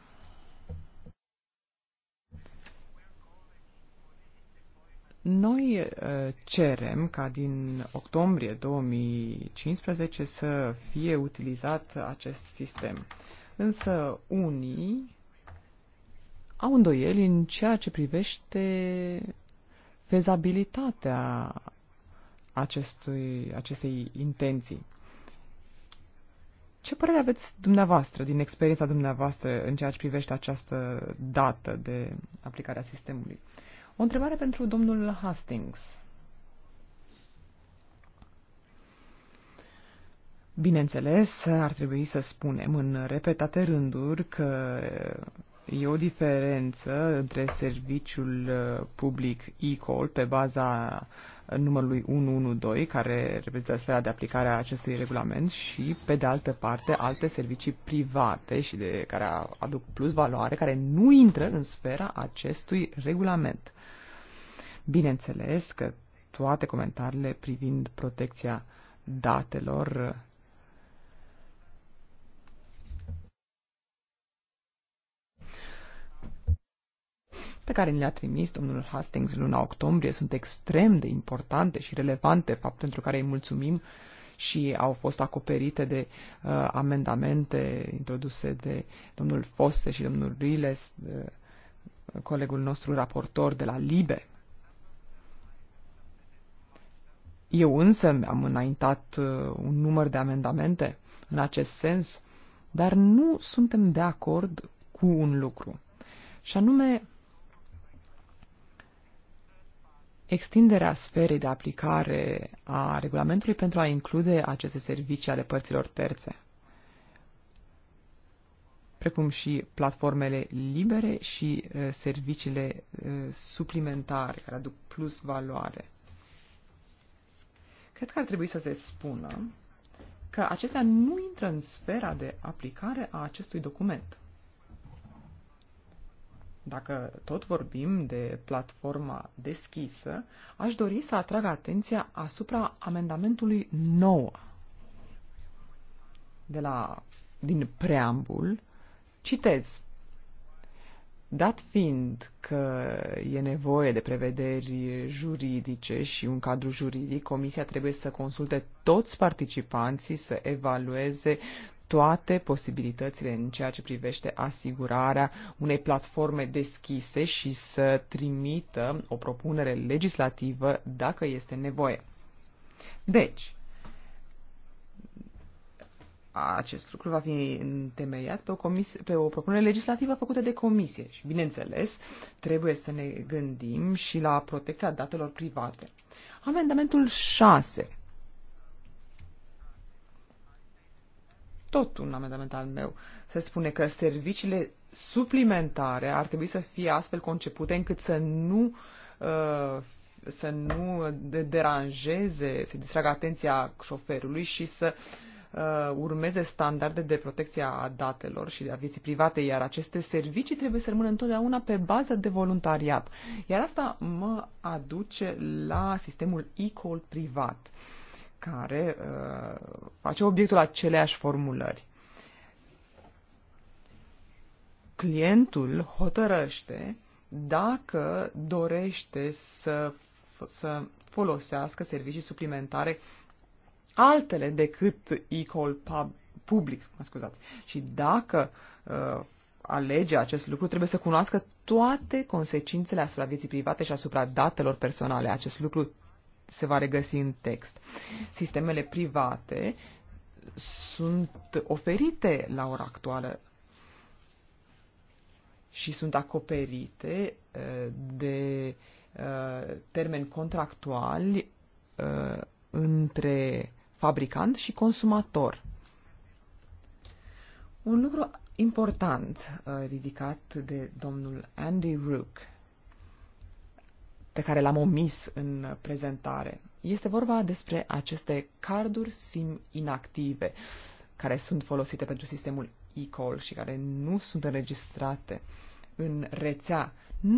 Speaker 3: Noi uh, cerem ca din octombrie 2015 să fie utilizat acest sistem. Însă unii au îndoieli în ceea ce privește fezabilitatea acestui, acestei intenții. Ce părere aveți dumneavoastră, din experiența dumneavoastră, în ceea ce privește această dată de aplicare a sistemului? O întrebare pentru domnul Hastings. Bineînțeles, ar trebui să spunem în repetate rânduri că e o diferență între serviciul public e-call pe baza uh, numărului 112, care reprezintă sfera de aplicare a acestui regulament și, pe de altă parte, alte servicii private și de care aduc plus valoare, care nu intră în sfera acestui regulament. Bineînțeles că toate comentariile privind protecția datelor pe care ni le-a trimis domnul Hastings luna octombrie sunt extrem de importante și relevante, fapt pentru care îi mulțumim și au fost acoperite de uh, amendamente introduse de domnul Fosse și domnul Riles, uh, colegul nostru raportor de la LIBE. Eu însă am înaintat uh, un număr de amendamente în acest sens, dar nu suntem de acord cu un lucru, și anume extinderea sferei de aplicare a regulamentului pentru a include aceste servicii ale părților terțe, precum și platformele libere și uh, serviciile uh, suplimentare care aduc plus valoare. Cred că ar trebui să se spună că acestea nu intră în sfera de aplicare a acestui document. Dacă tot vorbim de platforma deschisă, aș dori să atrag atenția asupra amendamentului 9 de la, din preambul. Citez. Dat fiind că e nevoie de prevederi juridice și un cadru juridic, Comisia trebuie să consulte toți participanții, să evalueze toate posibilitățile în ceea ce privește asigurarea unei platforme deschise și să trimită o propunere legislativă dacă este nevoie. Deci, acest lucru va fi întemeiat pe o, comis- pe o propunere legislativă făcută de comisie și, bineînțeles, trebuie să ne gândim și la protecția datelor private. Amendamentul 6 tot un amendament al meu. Se spune că serviciile suplimentare ar trebui să fie astfel concepute încât să nu uh, să nu deranjeze, să distragă atenția șoferului și să uh, urmeze standarde de protecție a datelor și a vieții private, iar aceste servicii trebuie să rămână întotdeauna pe bază de voluntariat. Iar asta mă aduce la sistemul e-call privat. Uh, care uh, face obiectul aceleași formulări. Clientul hotărăște dacă dorește să, să folosească servicii suplimentare altele decât e-call pub, public, mă scuzați. Și dacă uh, alege acest lucru, trebuie să cunoască toate consecințele asupra vieții private și asupra datelor personale. Acest lucru se va regăsi în text. Sistemele private sunt oferite la ora actuală și sunt acoperite uh, de uh, termeni contractuali uh, între fabricant și consumator. Un lucru important ridicat de domnul Andy Rook pe care l-am omis în prezentare. Este vorba despre aceste carduri SIM inactive care sunt folosite pentru sistemul e-call și care nu sunt înregistrate în rețea.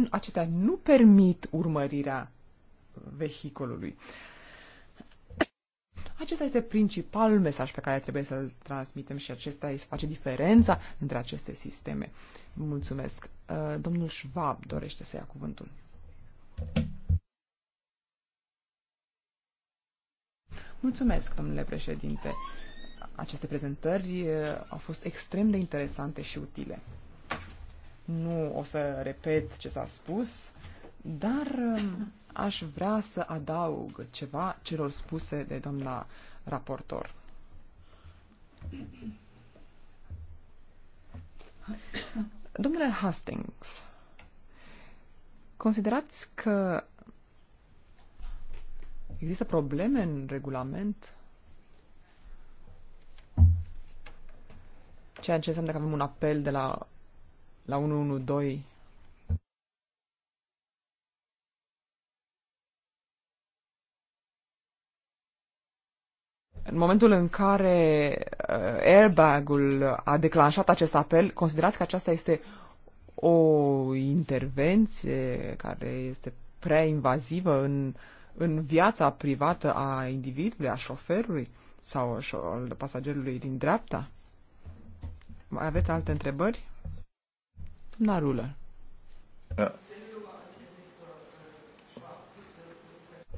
Speaker 3: Acestea nu permit urmărirea vehiculului. Acesta este principalul mesaj pe care trebuie să-l transmitem și acesta îi face diferența între aceste sisteme. Mulțumesc. Uh, domnul Schwab dorește să ia cuvântul. Mulțumesc, domnule președinte. Aceste prezentări eh, au fost extrem de interesante și utile. Nu o să repet ce s-a spus, dar eh, aș vrea să adaug ceva celor spuse de doamna raportor. Domnule Hastings, considerați că Există probleme în regulament? Ceea ce înseamnă că avem un apel de la, la 112 În momentul în care uh, airbag-ul a declanșat acest apel, considerați că aceasta este o intervenție care este prea invazivă în uh, în viața privată a individului, a șoferului sau al pasagerului din dreapta? Mai aveți alte întrebări? Doamna Rulă. Da.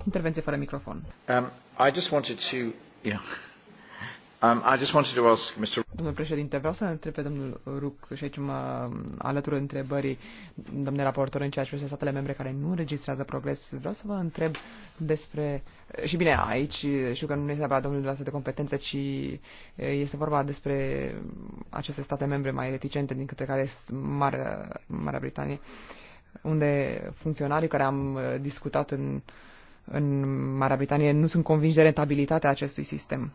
Speaker 3: Intervenție fără microfon.
Speaker 1: Um, I just wanted to, yeah. Um,
Speaker 3: domnul președinte, vreau să întreb pe domnul Ruc și aici mă alătură întrebării, domnule raportor, în ceea ce privește statele membre care nu înregistrează progres. Vreau să vă întreb despre... Și bine, aici știu că nu este vorba domnul dumneavoastră de competență, ci este vorba despre aceste state membre mai reticente, din către care Marea, Marea Britanie, unde funcționarii care am discutat în, în Marea Britanie nu sunt convinși de rentabilitatea acestui sistem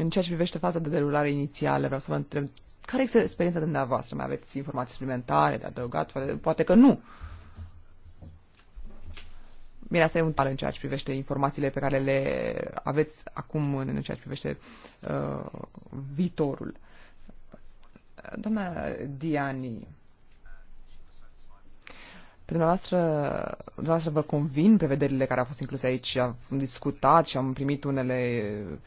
Speaker 3: În ceea ce privește faza de derulare inițială, vreau să vă întreb, care este experiența dumneavoastră? Mai aveți informații suplimentare de adăugat? Poate, poate că nu. Bine, asta e un tal în ceea ce privește informațiile pe care le aveți acum în ceea ce privește uh, viitorul. Doamna Diani, pe dumneavoastră, dumneavoastră vă convin prevederile care au fost incluse aici? Am discutat și am primit unele uh,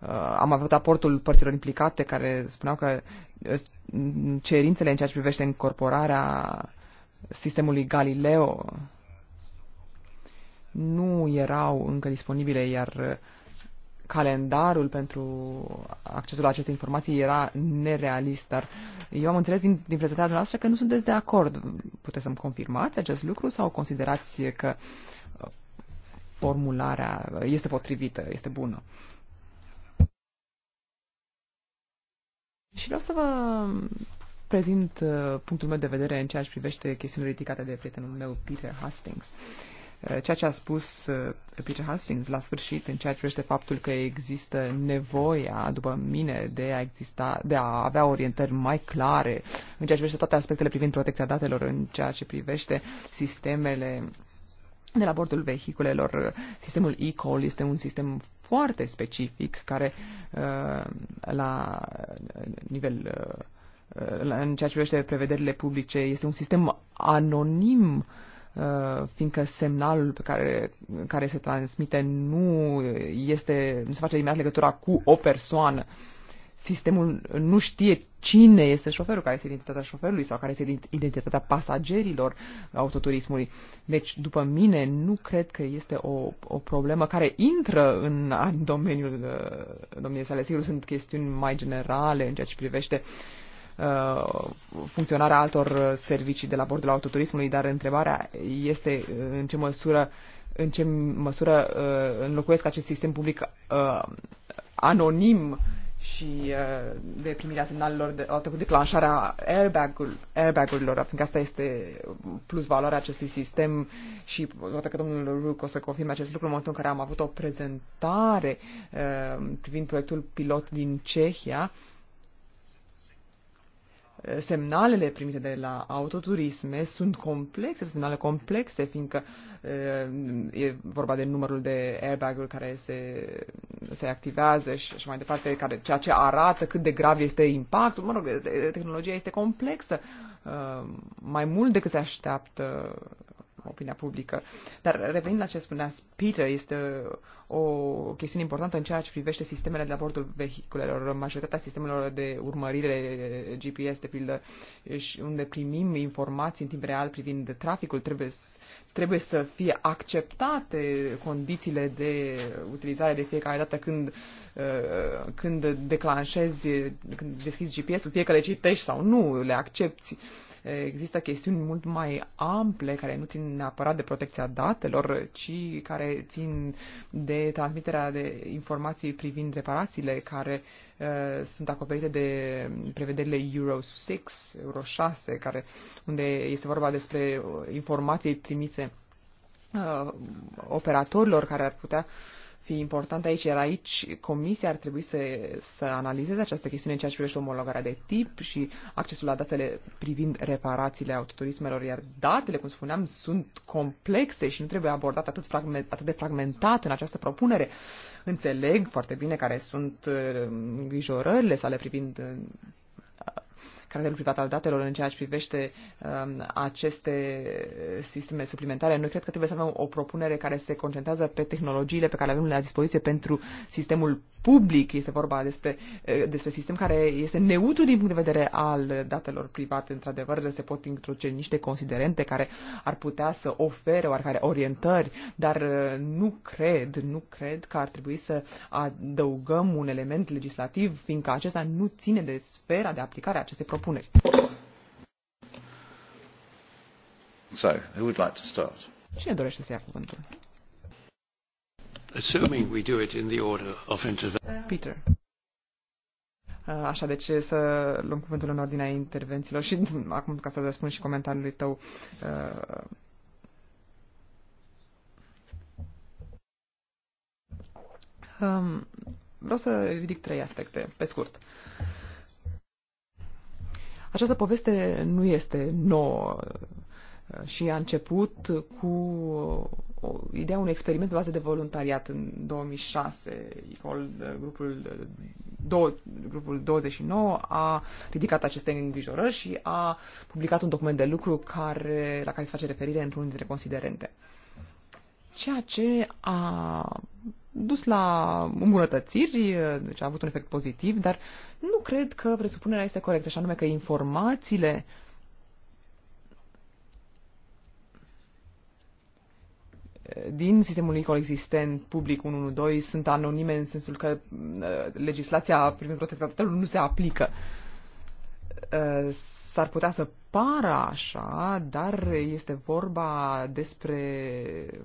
Speaker 3: Uh, am avut aportul părților implicate care spuneau că uh, cerințele în ceea ce privește incorporarea sistemului Galileo nu erau încă disponibile, iar calendarul pentru accesul la aceste informații era nerealist, dar eu am înțeles din, din prezentarea noastră că nu sunteți de acord. Puteți să-mi confirmați acest lucru sau considerați că formularea este potrivită, este bună? Uh, Și vreau să vă prezint uh, punctul meu de vedere în ceea ce privește chestiunile ridicate de prietenul meu, Peter Hastings. Uh, ceea ce a spus uh, Peter Hastings la sfârșit în ceea ce privește faptul că există nevoia, după mine, de a, exista, de a avea orientări mai clare în ceea ce privește toate aspectele privind protecția datelor, în ceea ce privește sistemele de la bordul vehiculelor. Sistemul e-call este un sistem foarte specific care uh, la nivel uh, în ceea ce privește prevederile publice este un sistem anonim uh, fiindcă semnalul pe care, care se transmite nu este, nu se face imediat legătura cu o persoană. Uh, sistemul nu știe cine este șoferul, care este identitatea șoferului sau care este identitatea pasagerilor autoturismului. Deci, după mine, nu cred că este o, o problemă care intră în, în domeniul uh, domniei sale. Sigur, sunt chestiuni mai generale în ceea ce privește uh, funcționarea altor servicii de la bordul autoturismului, dar întrebarea este în ce măsură în ce măsură uh, înlocuiesc acest sistem public anonim și uh, de primirea semnalelor de, au cu declanșarea airbag urilor airbag-urilor, fiindcă asta este plus valoarea acestui sistem și odată că domnul Ruc o să confirme acest lucru în momentul în care am avut o prezentare uh, privind proiectul pilot din Cehia, semnalele primite de la autoturisme sunt complexe, semnale complexe, fiindcă eh, e vorba de numărul de airbag-uri care se, se activează și așa mai departe, care, ceea ce arată cât de grav este impactul. Mă rog, eh, eh, tehnologia este complexă, mai mult decât se așteaptă opinia publică. Dar revenind la ce spunea Peter, este o chestiune importantă în ceea ce privește sistemele de abordul vehiculelor. Majoritatea sistemelor de urmărire GPS, de pildă, unde primim informații în timp real privind traficul, trebuie, trebuie să fie acceptate condițiile de utilizare de fiecare dată când, uh, când declanșezi, când deschizi GPS-ul, fie că le citești sau nu, le accepti există chestiuni mult mai ample care nu țin neapărat de protecția datelor, ci care țin de transmiterea de informații privind reparațiile care uh, sunt acoperite de prevederile Euro 6, Euro 6, care, unde este vorba despre uh, informații trimise uh, operatorilor care ar putea uh, fi important aici, iar aici comisia ar trebui să, să analizeze această chestiune în ceea ce privește omologarea de tip și accesul la datele privind reparațiile autoturismelor, iar datele, cum spuneam, sunt complexe și nu trebuie abordate atât, fragment, atât de fragmentat în această propunere. Înțeleg foarte bine care sunt uh, îngrijorările sale privind uh, caracterul privat al datelor în ceea ce privește um, aceste sisteme suplimentare. Noi cred că trebuie să avem o propunere care se concentrează pe tehnologiile pe care le avem la dispoziție pentru sistemul public. Este vorba despre, eh, despre sistem care este neutru din punct de vedere al datelor private. Într-adevăr, se pot introduce niște considerente care ar putea să ofere oarecare orientări, dar eh, nu cred, nu cred că ar trebui să adăugăm un element legislativ, fiindcă acesta nu ține de sfera de aplicare a acestei propuneri propuneri.
Speaker 1: So, who would like to start?
Speaker 3: Cine dorește să ia cuvântul?
Speaker 1: Assuming we do it in the order of intervention. Peter.
Speaker 3: Așa, deci să luăm cuvântul în ordinea intervențiilor și acum ca să răspund și comentariului tău. Uh, um, vreau să ridic trei aspecte, pe scurt. Această poveste nu este nouă uh, și a început cu uh, o, ideea unui experiment pe bază de voluntariat în 2006. Uh, grupul, do, grupul 29 a ridicat aceste îngrijorări și a publicat un document de lucru care, la care se face referire într-unul dintre considerente. Ceea ce a dus la îmbunătățiri, deci a avut un efect pozitiv, dar nu cred că presupunerea este corectă, așa anume că informațiile din sistemul ICOL existent, public 112, sunt anonime în sensul că uh, legislația privind protecția datelor nu se aplică. Uh, s-ar putea să pară așa, dar este vorba despre uh,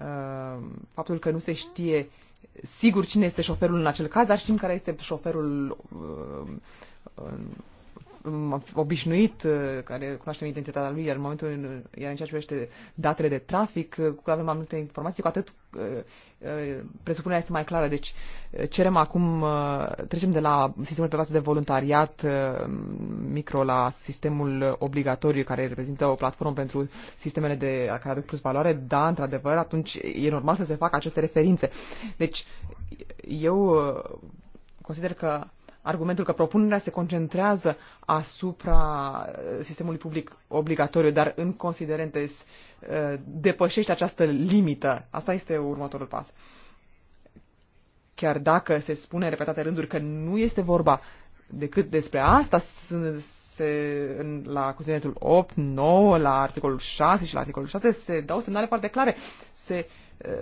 Speaker 3: Uh, faptul că nu se știe sigur cine este șoferul în acel caz, dar știm care este șoferul uh, obișnuit, uh, care cunoaștem identitatea lui, iar în momentul în, iar în ceea ce privește datele de trafic, uh, cu avem mai multe informații, cu atât uh, presupunerea este mai clară. Deci cerem acum, trecem de la sistemul pe bază de voluntariat micro la sistemul obligatoriu care reprezintă o platformă pentru sistemele de care aduc plus valoare. Da, într-adevăr, atunci e normal să se facă aceste referințe. Deci eu consider că argumentul că propunerea se concentrează asupra uh, sistemului public obligatoriu, dar în considerente uh, depășește această limită. Asta este următorul pas. Chiar dacă se spune în repetate rânduri că nu este vorba decât despre asta, se, la considerentul 8, 9, la articolul 6 și la articolul 6 se dau semnale foarte clare. Se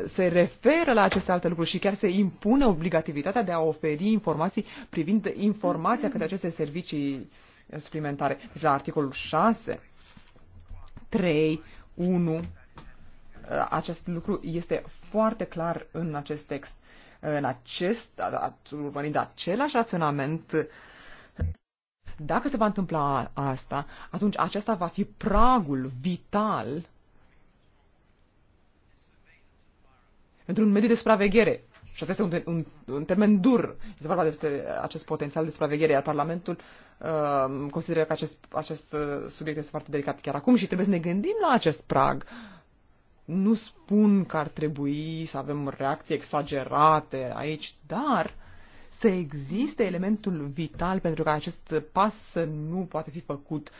Speaker 3: se referă la aceste alte lucruri și chiar se impune obligativitatea de a oferi informații privind informația către aceste servicii suplimentare. Deci la articolul 6, 3, 1, acest lucru este foarte clar în acest text. În acest, urmărind același raționament, dacă se va întâmpla asta, atunci acesta va fi pragul vital într-un mediu de supraveghere. Și acesta este un, un, un termen dur. Este vorba despre acest potențial de supraveghere, iar Parlamentul uh, consideră că acest, acest uh, subiect este foarte delicat chiar acum și trebuie să ne gândim la acest prag. Nu spun că ar trebui să avem reacții exagerate aici, dar să existe elementul vital pentru că acest pas nu poate fi făcut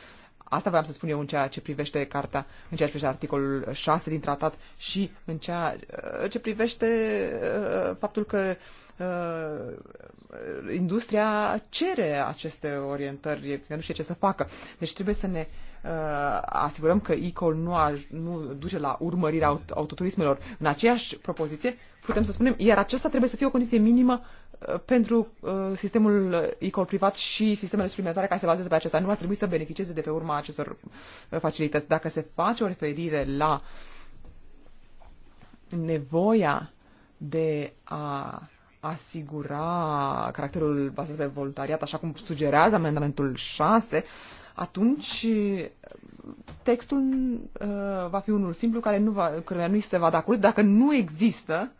Speaker 3: Asta voiam să spun eu în ceea ce privește cartea, în ceea ce privește articolul 6 din tratat și în ceea uh, ce privește uh, faptul că uh, industria cere aceste orientări, că nu știe ce să facă. Deci trebuie să ne uh, asigurăm că ICOL nu, aj- nu duce la urmărirea autoturismelor. În aceeași propoziție putem să spunem, iar aceasta trebuie să fie o condiție minimă pentru uh, sistemul ICOL privat și sistemele suplimentare care se bazează pe acesta nu ar trebui să beneficieze de pe urma acestor uh, facilități. Dacă se face o referire la nevoia de a asigura caracterul bazat pe voluntariat, așa cum sugerează amendamentul 6, atunci uh, textul uh, va fi unul simplu care nu va, care nu se va da curs dacă nu există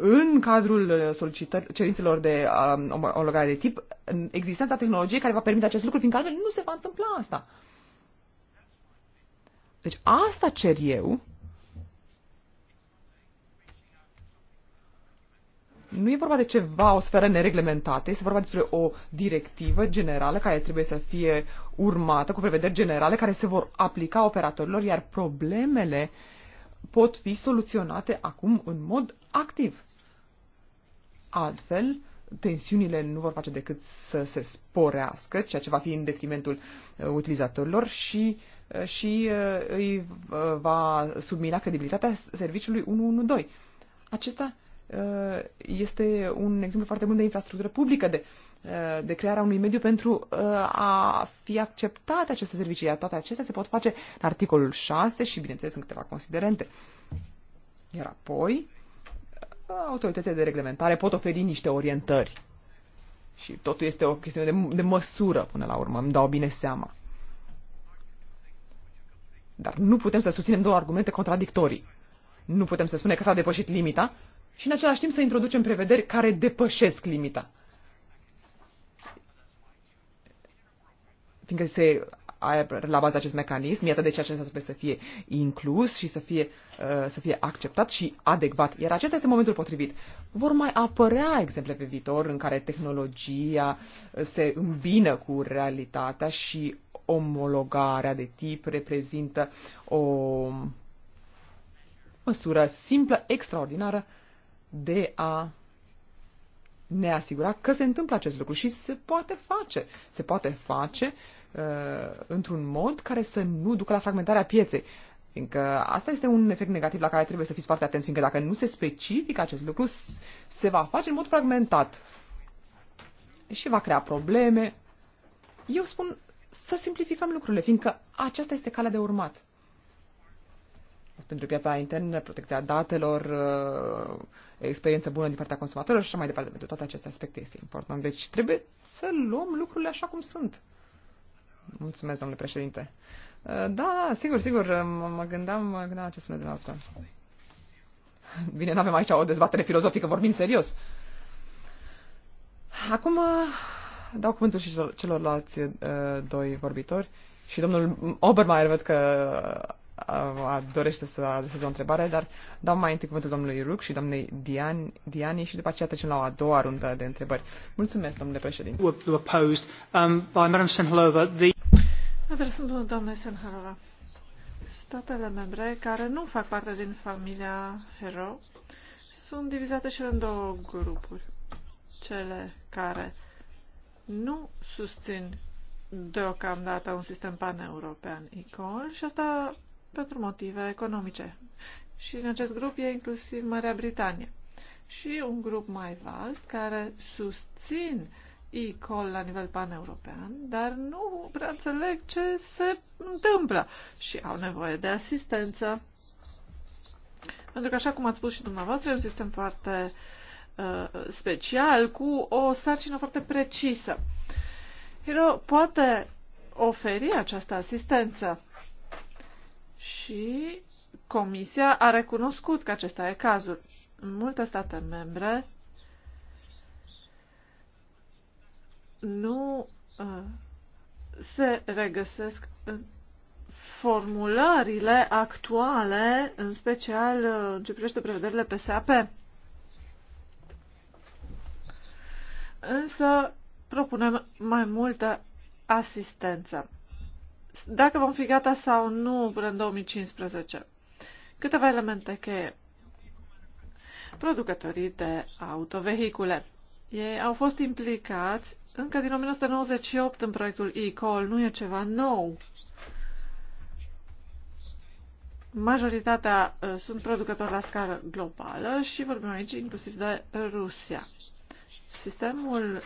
Speaker 3: în cadrul uh, cerințelor de um, omologare de tip existența tehnologiei care va permite acest lucru, fiindcă altfel nu se va întâmpla asta. Deci asta cer eu. Nu e vorba de ceva, o sferă nereglementată, este vorba despre o directivă generală care trebuie să fie urmată cu prevederi generale care se vor aplica operatorilor, iar problemele uh, pot fi soluționate acum în mod activ. Altfel, tensiunile nu vor face decât să se sporească, ceea ce va fi în detrimentul uh, utilizatorilor și, uh, și uh, îi va submina credibilitatea serviciului 112. Acesta este un exemplu foarte bun de infrastructură publică, de Uh, de crearea unui mediu pentru uh, a fi acceptate aceste servicii. Iar toate acestea se pot face în articolul 6 și, bineînțeles, în câteva considerente. Iar apoi, uh, autoritățile de reglementare pot oferi niște orientări. Și totul este o chestiune de, de măsură până la urmă, îmi dau bine seama. Dar nu putem să susținem două argumente contradictorii. Nu putem să spunem că s-a depășit limita și în același timp să introducem prevederi care depășesc limita. fiindcă se are la bază acest mecanism, iată de ce acesta trebuie să fie inclus și să fie, uh, să fie acceptat și adecvat. Iar acesta este momentul potrivit. Vor mai apărea exemple pe viitor în care tehnologia uh, se îmbină cu realitatea și omologarea de tip reprezintă o măsură simplă, extraordinară de a ne asigura că se întâmplă acest lucru și se poate face. Se poate face uh, Uh, într-un mod care să nu ducă la fragmentarea pieței. Fiindcă asta este un efect negativ la care trebuie să fiți foarte atenți, fiindcă dacă nu se specifică acest lucru, se va face în mod fragmentat și va crea probleme. Eu spun să simplificăm lucrurile, fiindcă aceasta este calea de urmat. Pentru piața internă, protecția datelor, uh, experiență bună din partea consumatorilor și așa mai departe. Pentru toate aceste aspecte este important. Deci trebuie să luăm lucrurile așa cum sunt. Mulțumesc, domnule președinte. Uh, da, da, sigur, sigur, uh, mă gândeam, mă gândeam ce spuneți dumneavoastră. Bine, nu avem aici o dezbatere filozofică, vorbim serios. Acum uh, dau cuvântul și celorlalți doi vorbitori și domnul Obermeier văd că dorește să adreseze o întrebare, dar dau mai întâi cuvântul domnului Ruc și domnului Diani, Diani și după aceea trecem la o a doua rundă de întrebări. Mulțumesc, domnule președinte. Um,
Speaker 4: Adresându-mă doamnei Senharova, statele membre care nu fac parte din familia Hero sunt divizate și în două grupuri. Cele care nu susțin deocamdată un sistem pan-european ICOL și asta pentru motive economice. Și în acest grup e inclusiv Marea Britanie. Și un grup mai vast care susțin uh, e-call la nivel pan-european, dar nu prea înțeleg ce se întâmplă și au nevoie de asistență. Pentru că, așa cum ați spus și dumneavoastră, e un sistem foarte uh, special, cu o sarcină foarte precisă. Hero poate oferi această asistență și Comisia a recunoscut că acesta e cazul. În multe state membre nu uh, se regăsesc în formulările actuale, în special uh, în ce privește prevederile PSAP. Însă propunem mai multă asistență. Dacă vom fi gata sau nu până în 2015. Câteva elemente cheie. Producătorii de autovehicule. Ei au fost implicați încă din 1998 în proiectul e-call, nu e ceva nou. Majoritatea uh, sunt producători la scară globală și vorbim aici inclusiv de Rusia. Sistemul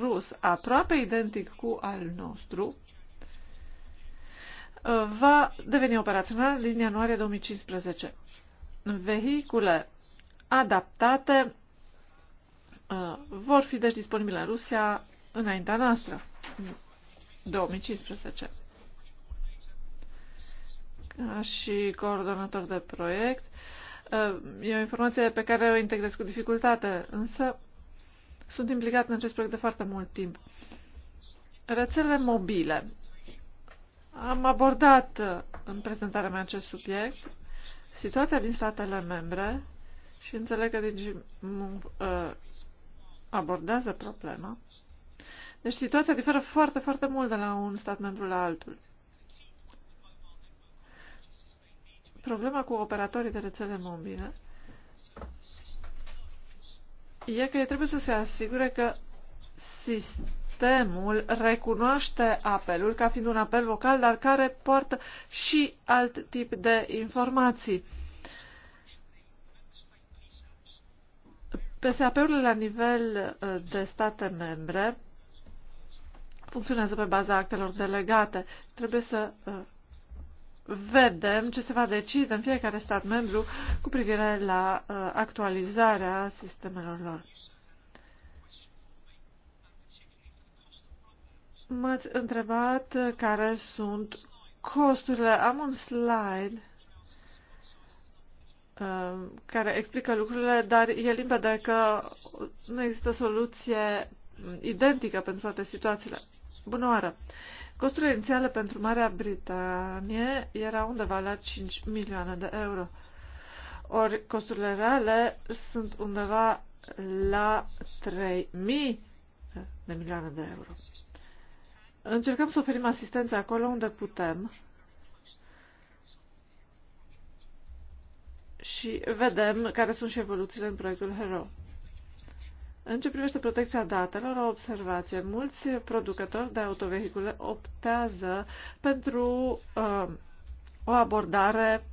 Speaker 4: rus, aproape identic cu al nostru, uh, va deveni operațional din ianuarie 2015. Vehicule adaptate Uh, vor fi deci disponibile în Rusia înaintea noastră, 2015. Ca și coordonator de proiect, uh, e o informație pe care o integrez cu dificultate, însă sunt implicat în acest proiect de foarte mult timp. Rețele mobile. Am abordat uh, în prezentarea mea acest subiect, situația din statele membre și înțeleg că din abordează problema. Deci situația diferă foarte, foarte mult de la un stat membru la altul. Problema cu operatorii de rețele mobile e că ei trebuie să se asigure că sistemul recunoaște apelul ca fiind un apel vocal, dar care poartă și alt tip de informații PSAP-urile la nivel uh, de state membre funcționează pe baza actelor delegate. Trebuie să uh, vedem ce se va decide în fiecare stat membru cu privire la uh, actualizarea sistemelor lor. M-ați întrebat care sunt costurile. Am un slide Um, care explică lucrurile, dar e limpede că nu există soluție identică pentru toate situațiile. Bună oară! Costurile inițiale pentru Marea Britanie era undeva la 5 milioane de euro, ori costurile reale sunt undeva la 3.000 de milioane de euro. Încercăm să oferim asistență acolo unde putem, și vedem care sunt și evoluțiile în proiectul HERO. În ce privește protecția datelor, o observație. Mulți producători de autovehicule optează pentru uh, o abordare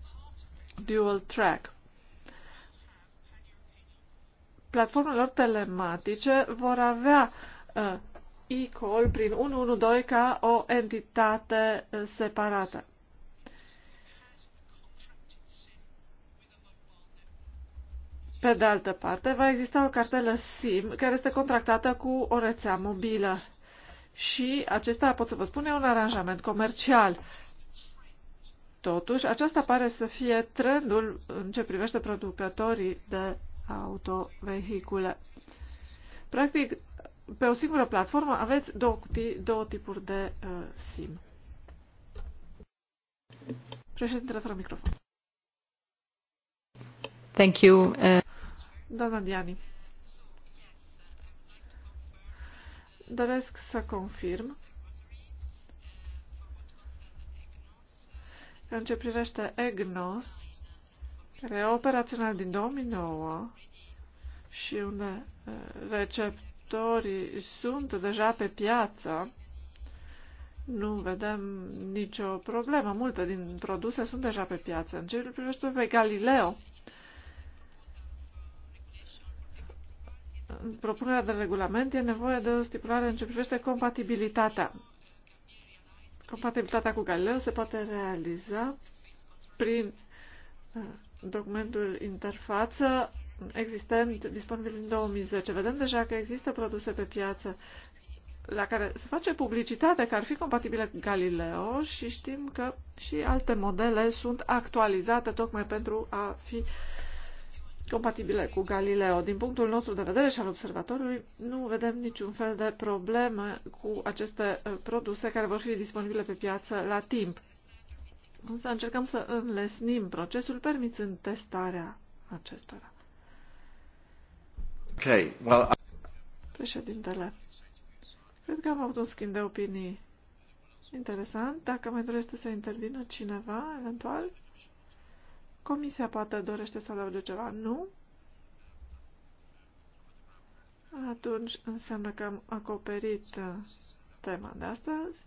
Speaker 4: dual track. lor telematice vor avea uh, e-call prin 112 ca o entitate uh, separată. Pe de altă parte, va exista o cartelă SIM care este contractată cu o rețea mobilă. Și acesta, pot să vă spun, e un aranjament comercial. Totuși, aceasta pare să fie trendul în ce privește producătorii de autovehicule. Practic, pe o singură platformă aveți două, cutii, două tipuri de uh, SIM. Președintele, fără microfon.
Speaker 2: Thank you. Uh...
Speaker 4: Doamna Diani. Doresc să confirm că în ce privește EGNOS, care e operațional din 2009 și unde receptorii sunt deja pe piață, nu vedem nicio problemă. Multe din produse sunt deja pe piață. În ce privește pe Galileo, În propunerea de regulament e nevoie de o stipulare în ce privește compatibilitatea. Compatibilitatea cu Galileo se poate realiza prin uh, documentul interfață existent, disponibil în 2010. Vedem deja că există produse pe piață la care se face publicitate că ar fi compatibile cu Galileo și știm că și alte modele sunt actualizate tocmai pentru a fi compatibile cu Galileo. Din punctul nostru de vedere și al observatorului, nu vedem niciun fel de probleme cu aceste uh, produse care vor fi disponibile pe piață la timp. Însă încercăm să înlesnim procesul permițând testarea acestora.
Speaker 1: Okay, well, I...
Speaker 4: Președintele, cred că am avut un schimb de opinii interesant. Dacă mai dorește să intervină cineva, eventual... Comisia poate dorește să adauge ceva? Nu? Atunci înseamnă că am acoperit tema de astăzi.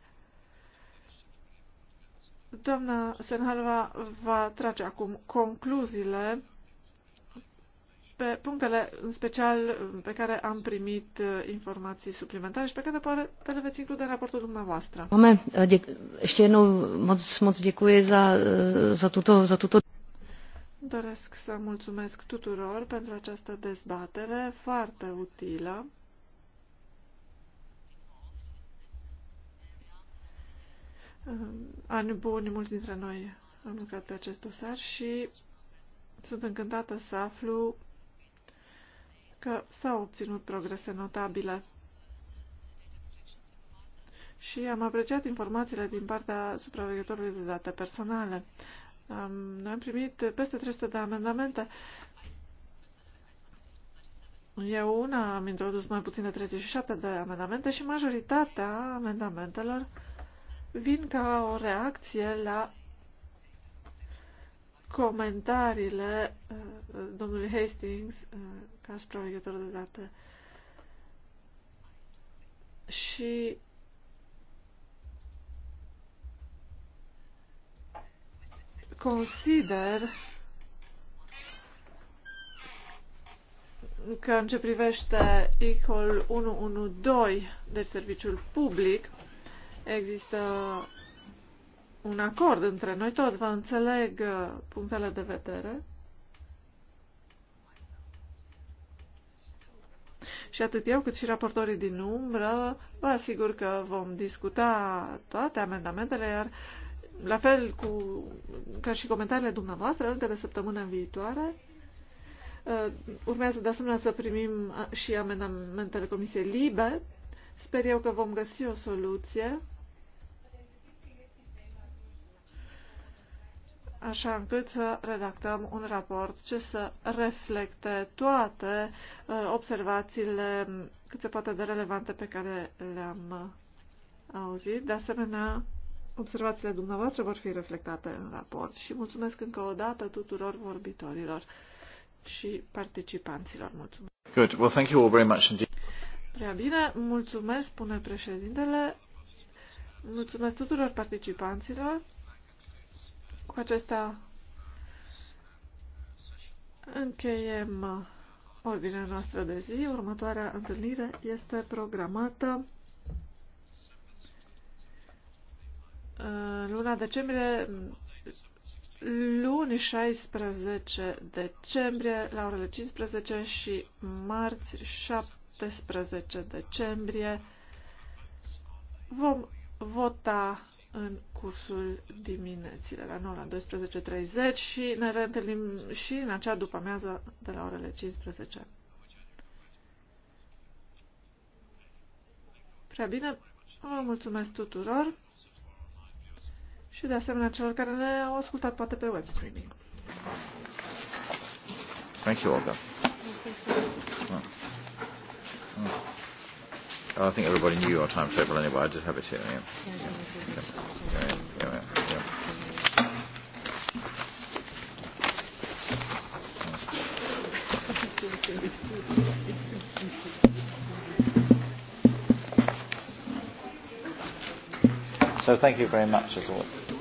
Speaker 4: Doamna Senhalva va trage acum concluziile pe punctele în special pe care am primit informații suplimentare și pe care poate le veți include în raportul dumneavoastră. Mulțumesc.
Speaker 2: ještě jednou moc, moc děkuji za, za, tuto, za tuto...
Speaker 4: Doresc să mulțumesc tuturor pentru această dezbatere foarte utilă. Ani buni, mulți dintre noi am lucrat pe acest dosar și sunt încântată să aflu că s-au obținut progrese notabile. Și am apreciat informațiile din partea supraveghetorului de date personale. Noi am primit peste 300 de amendamente. Eu una am introdus mai puțin de 37 de amendamente și majoritatea amendamentelor vin ca o reacție la comentariile uh, domnului Hastings uh, ca supraveghetor de date. Și Consider că în ce privește ICOL 112, deci serviciul public, există un acord între noi toți. Vă înțeleg uh, punctele de vedere. Și atât eu cât și raportorii din umbră vă asigur că vom discuta toate amendamentele, iar uh, la fel cu, ca și comentariile dumneavoastră, încă de săptămâna viitoare, uh, urmează de asemenea să primim uh, și amendamentele Comisiei Libe. Sper eu că vom găsi o soluție. așa încât să redactăm un raport ce să reflecte toate uh, observațiile cât se poate de relevante pe care le-am auzit. De asemenea, Observațiile dumneavoastră vor fi reflectate în raport și mulțumesc încă o dată tuturor vorbitorilor și participanților. Mulțumesc.
Speaker 1: Good. Well, thank you all very much indeed.
Speaker 4: Prea bine, mulțumesc, spune președintele. Mulțumesc tuturor participanților. Cu acesta încheiem ordinea noastră de zi. Următoarea întâlnire este programată luna decembrie, luni 16 decembrie la orele 15 și marți 17 decembrie vom vota în cursul dimineții de la 9 la 12.30 și ne reîntâlnim și în acea după amiază de la orele 15. Prea bine, vă mulțumesc tuturor! și de asemenea celor care ne-au ascultat poate pe web streaming.
Speaker 1: Thank you, Olga. Oh. Oh. I think everybody knew your timetable anyway. I just have it here. Yeah. Yeah. Yeah. Yeah.
Speaker 2: So thank you very much as always.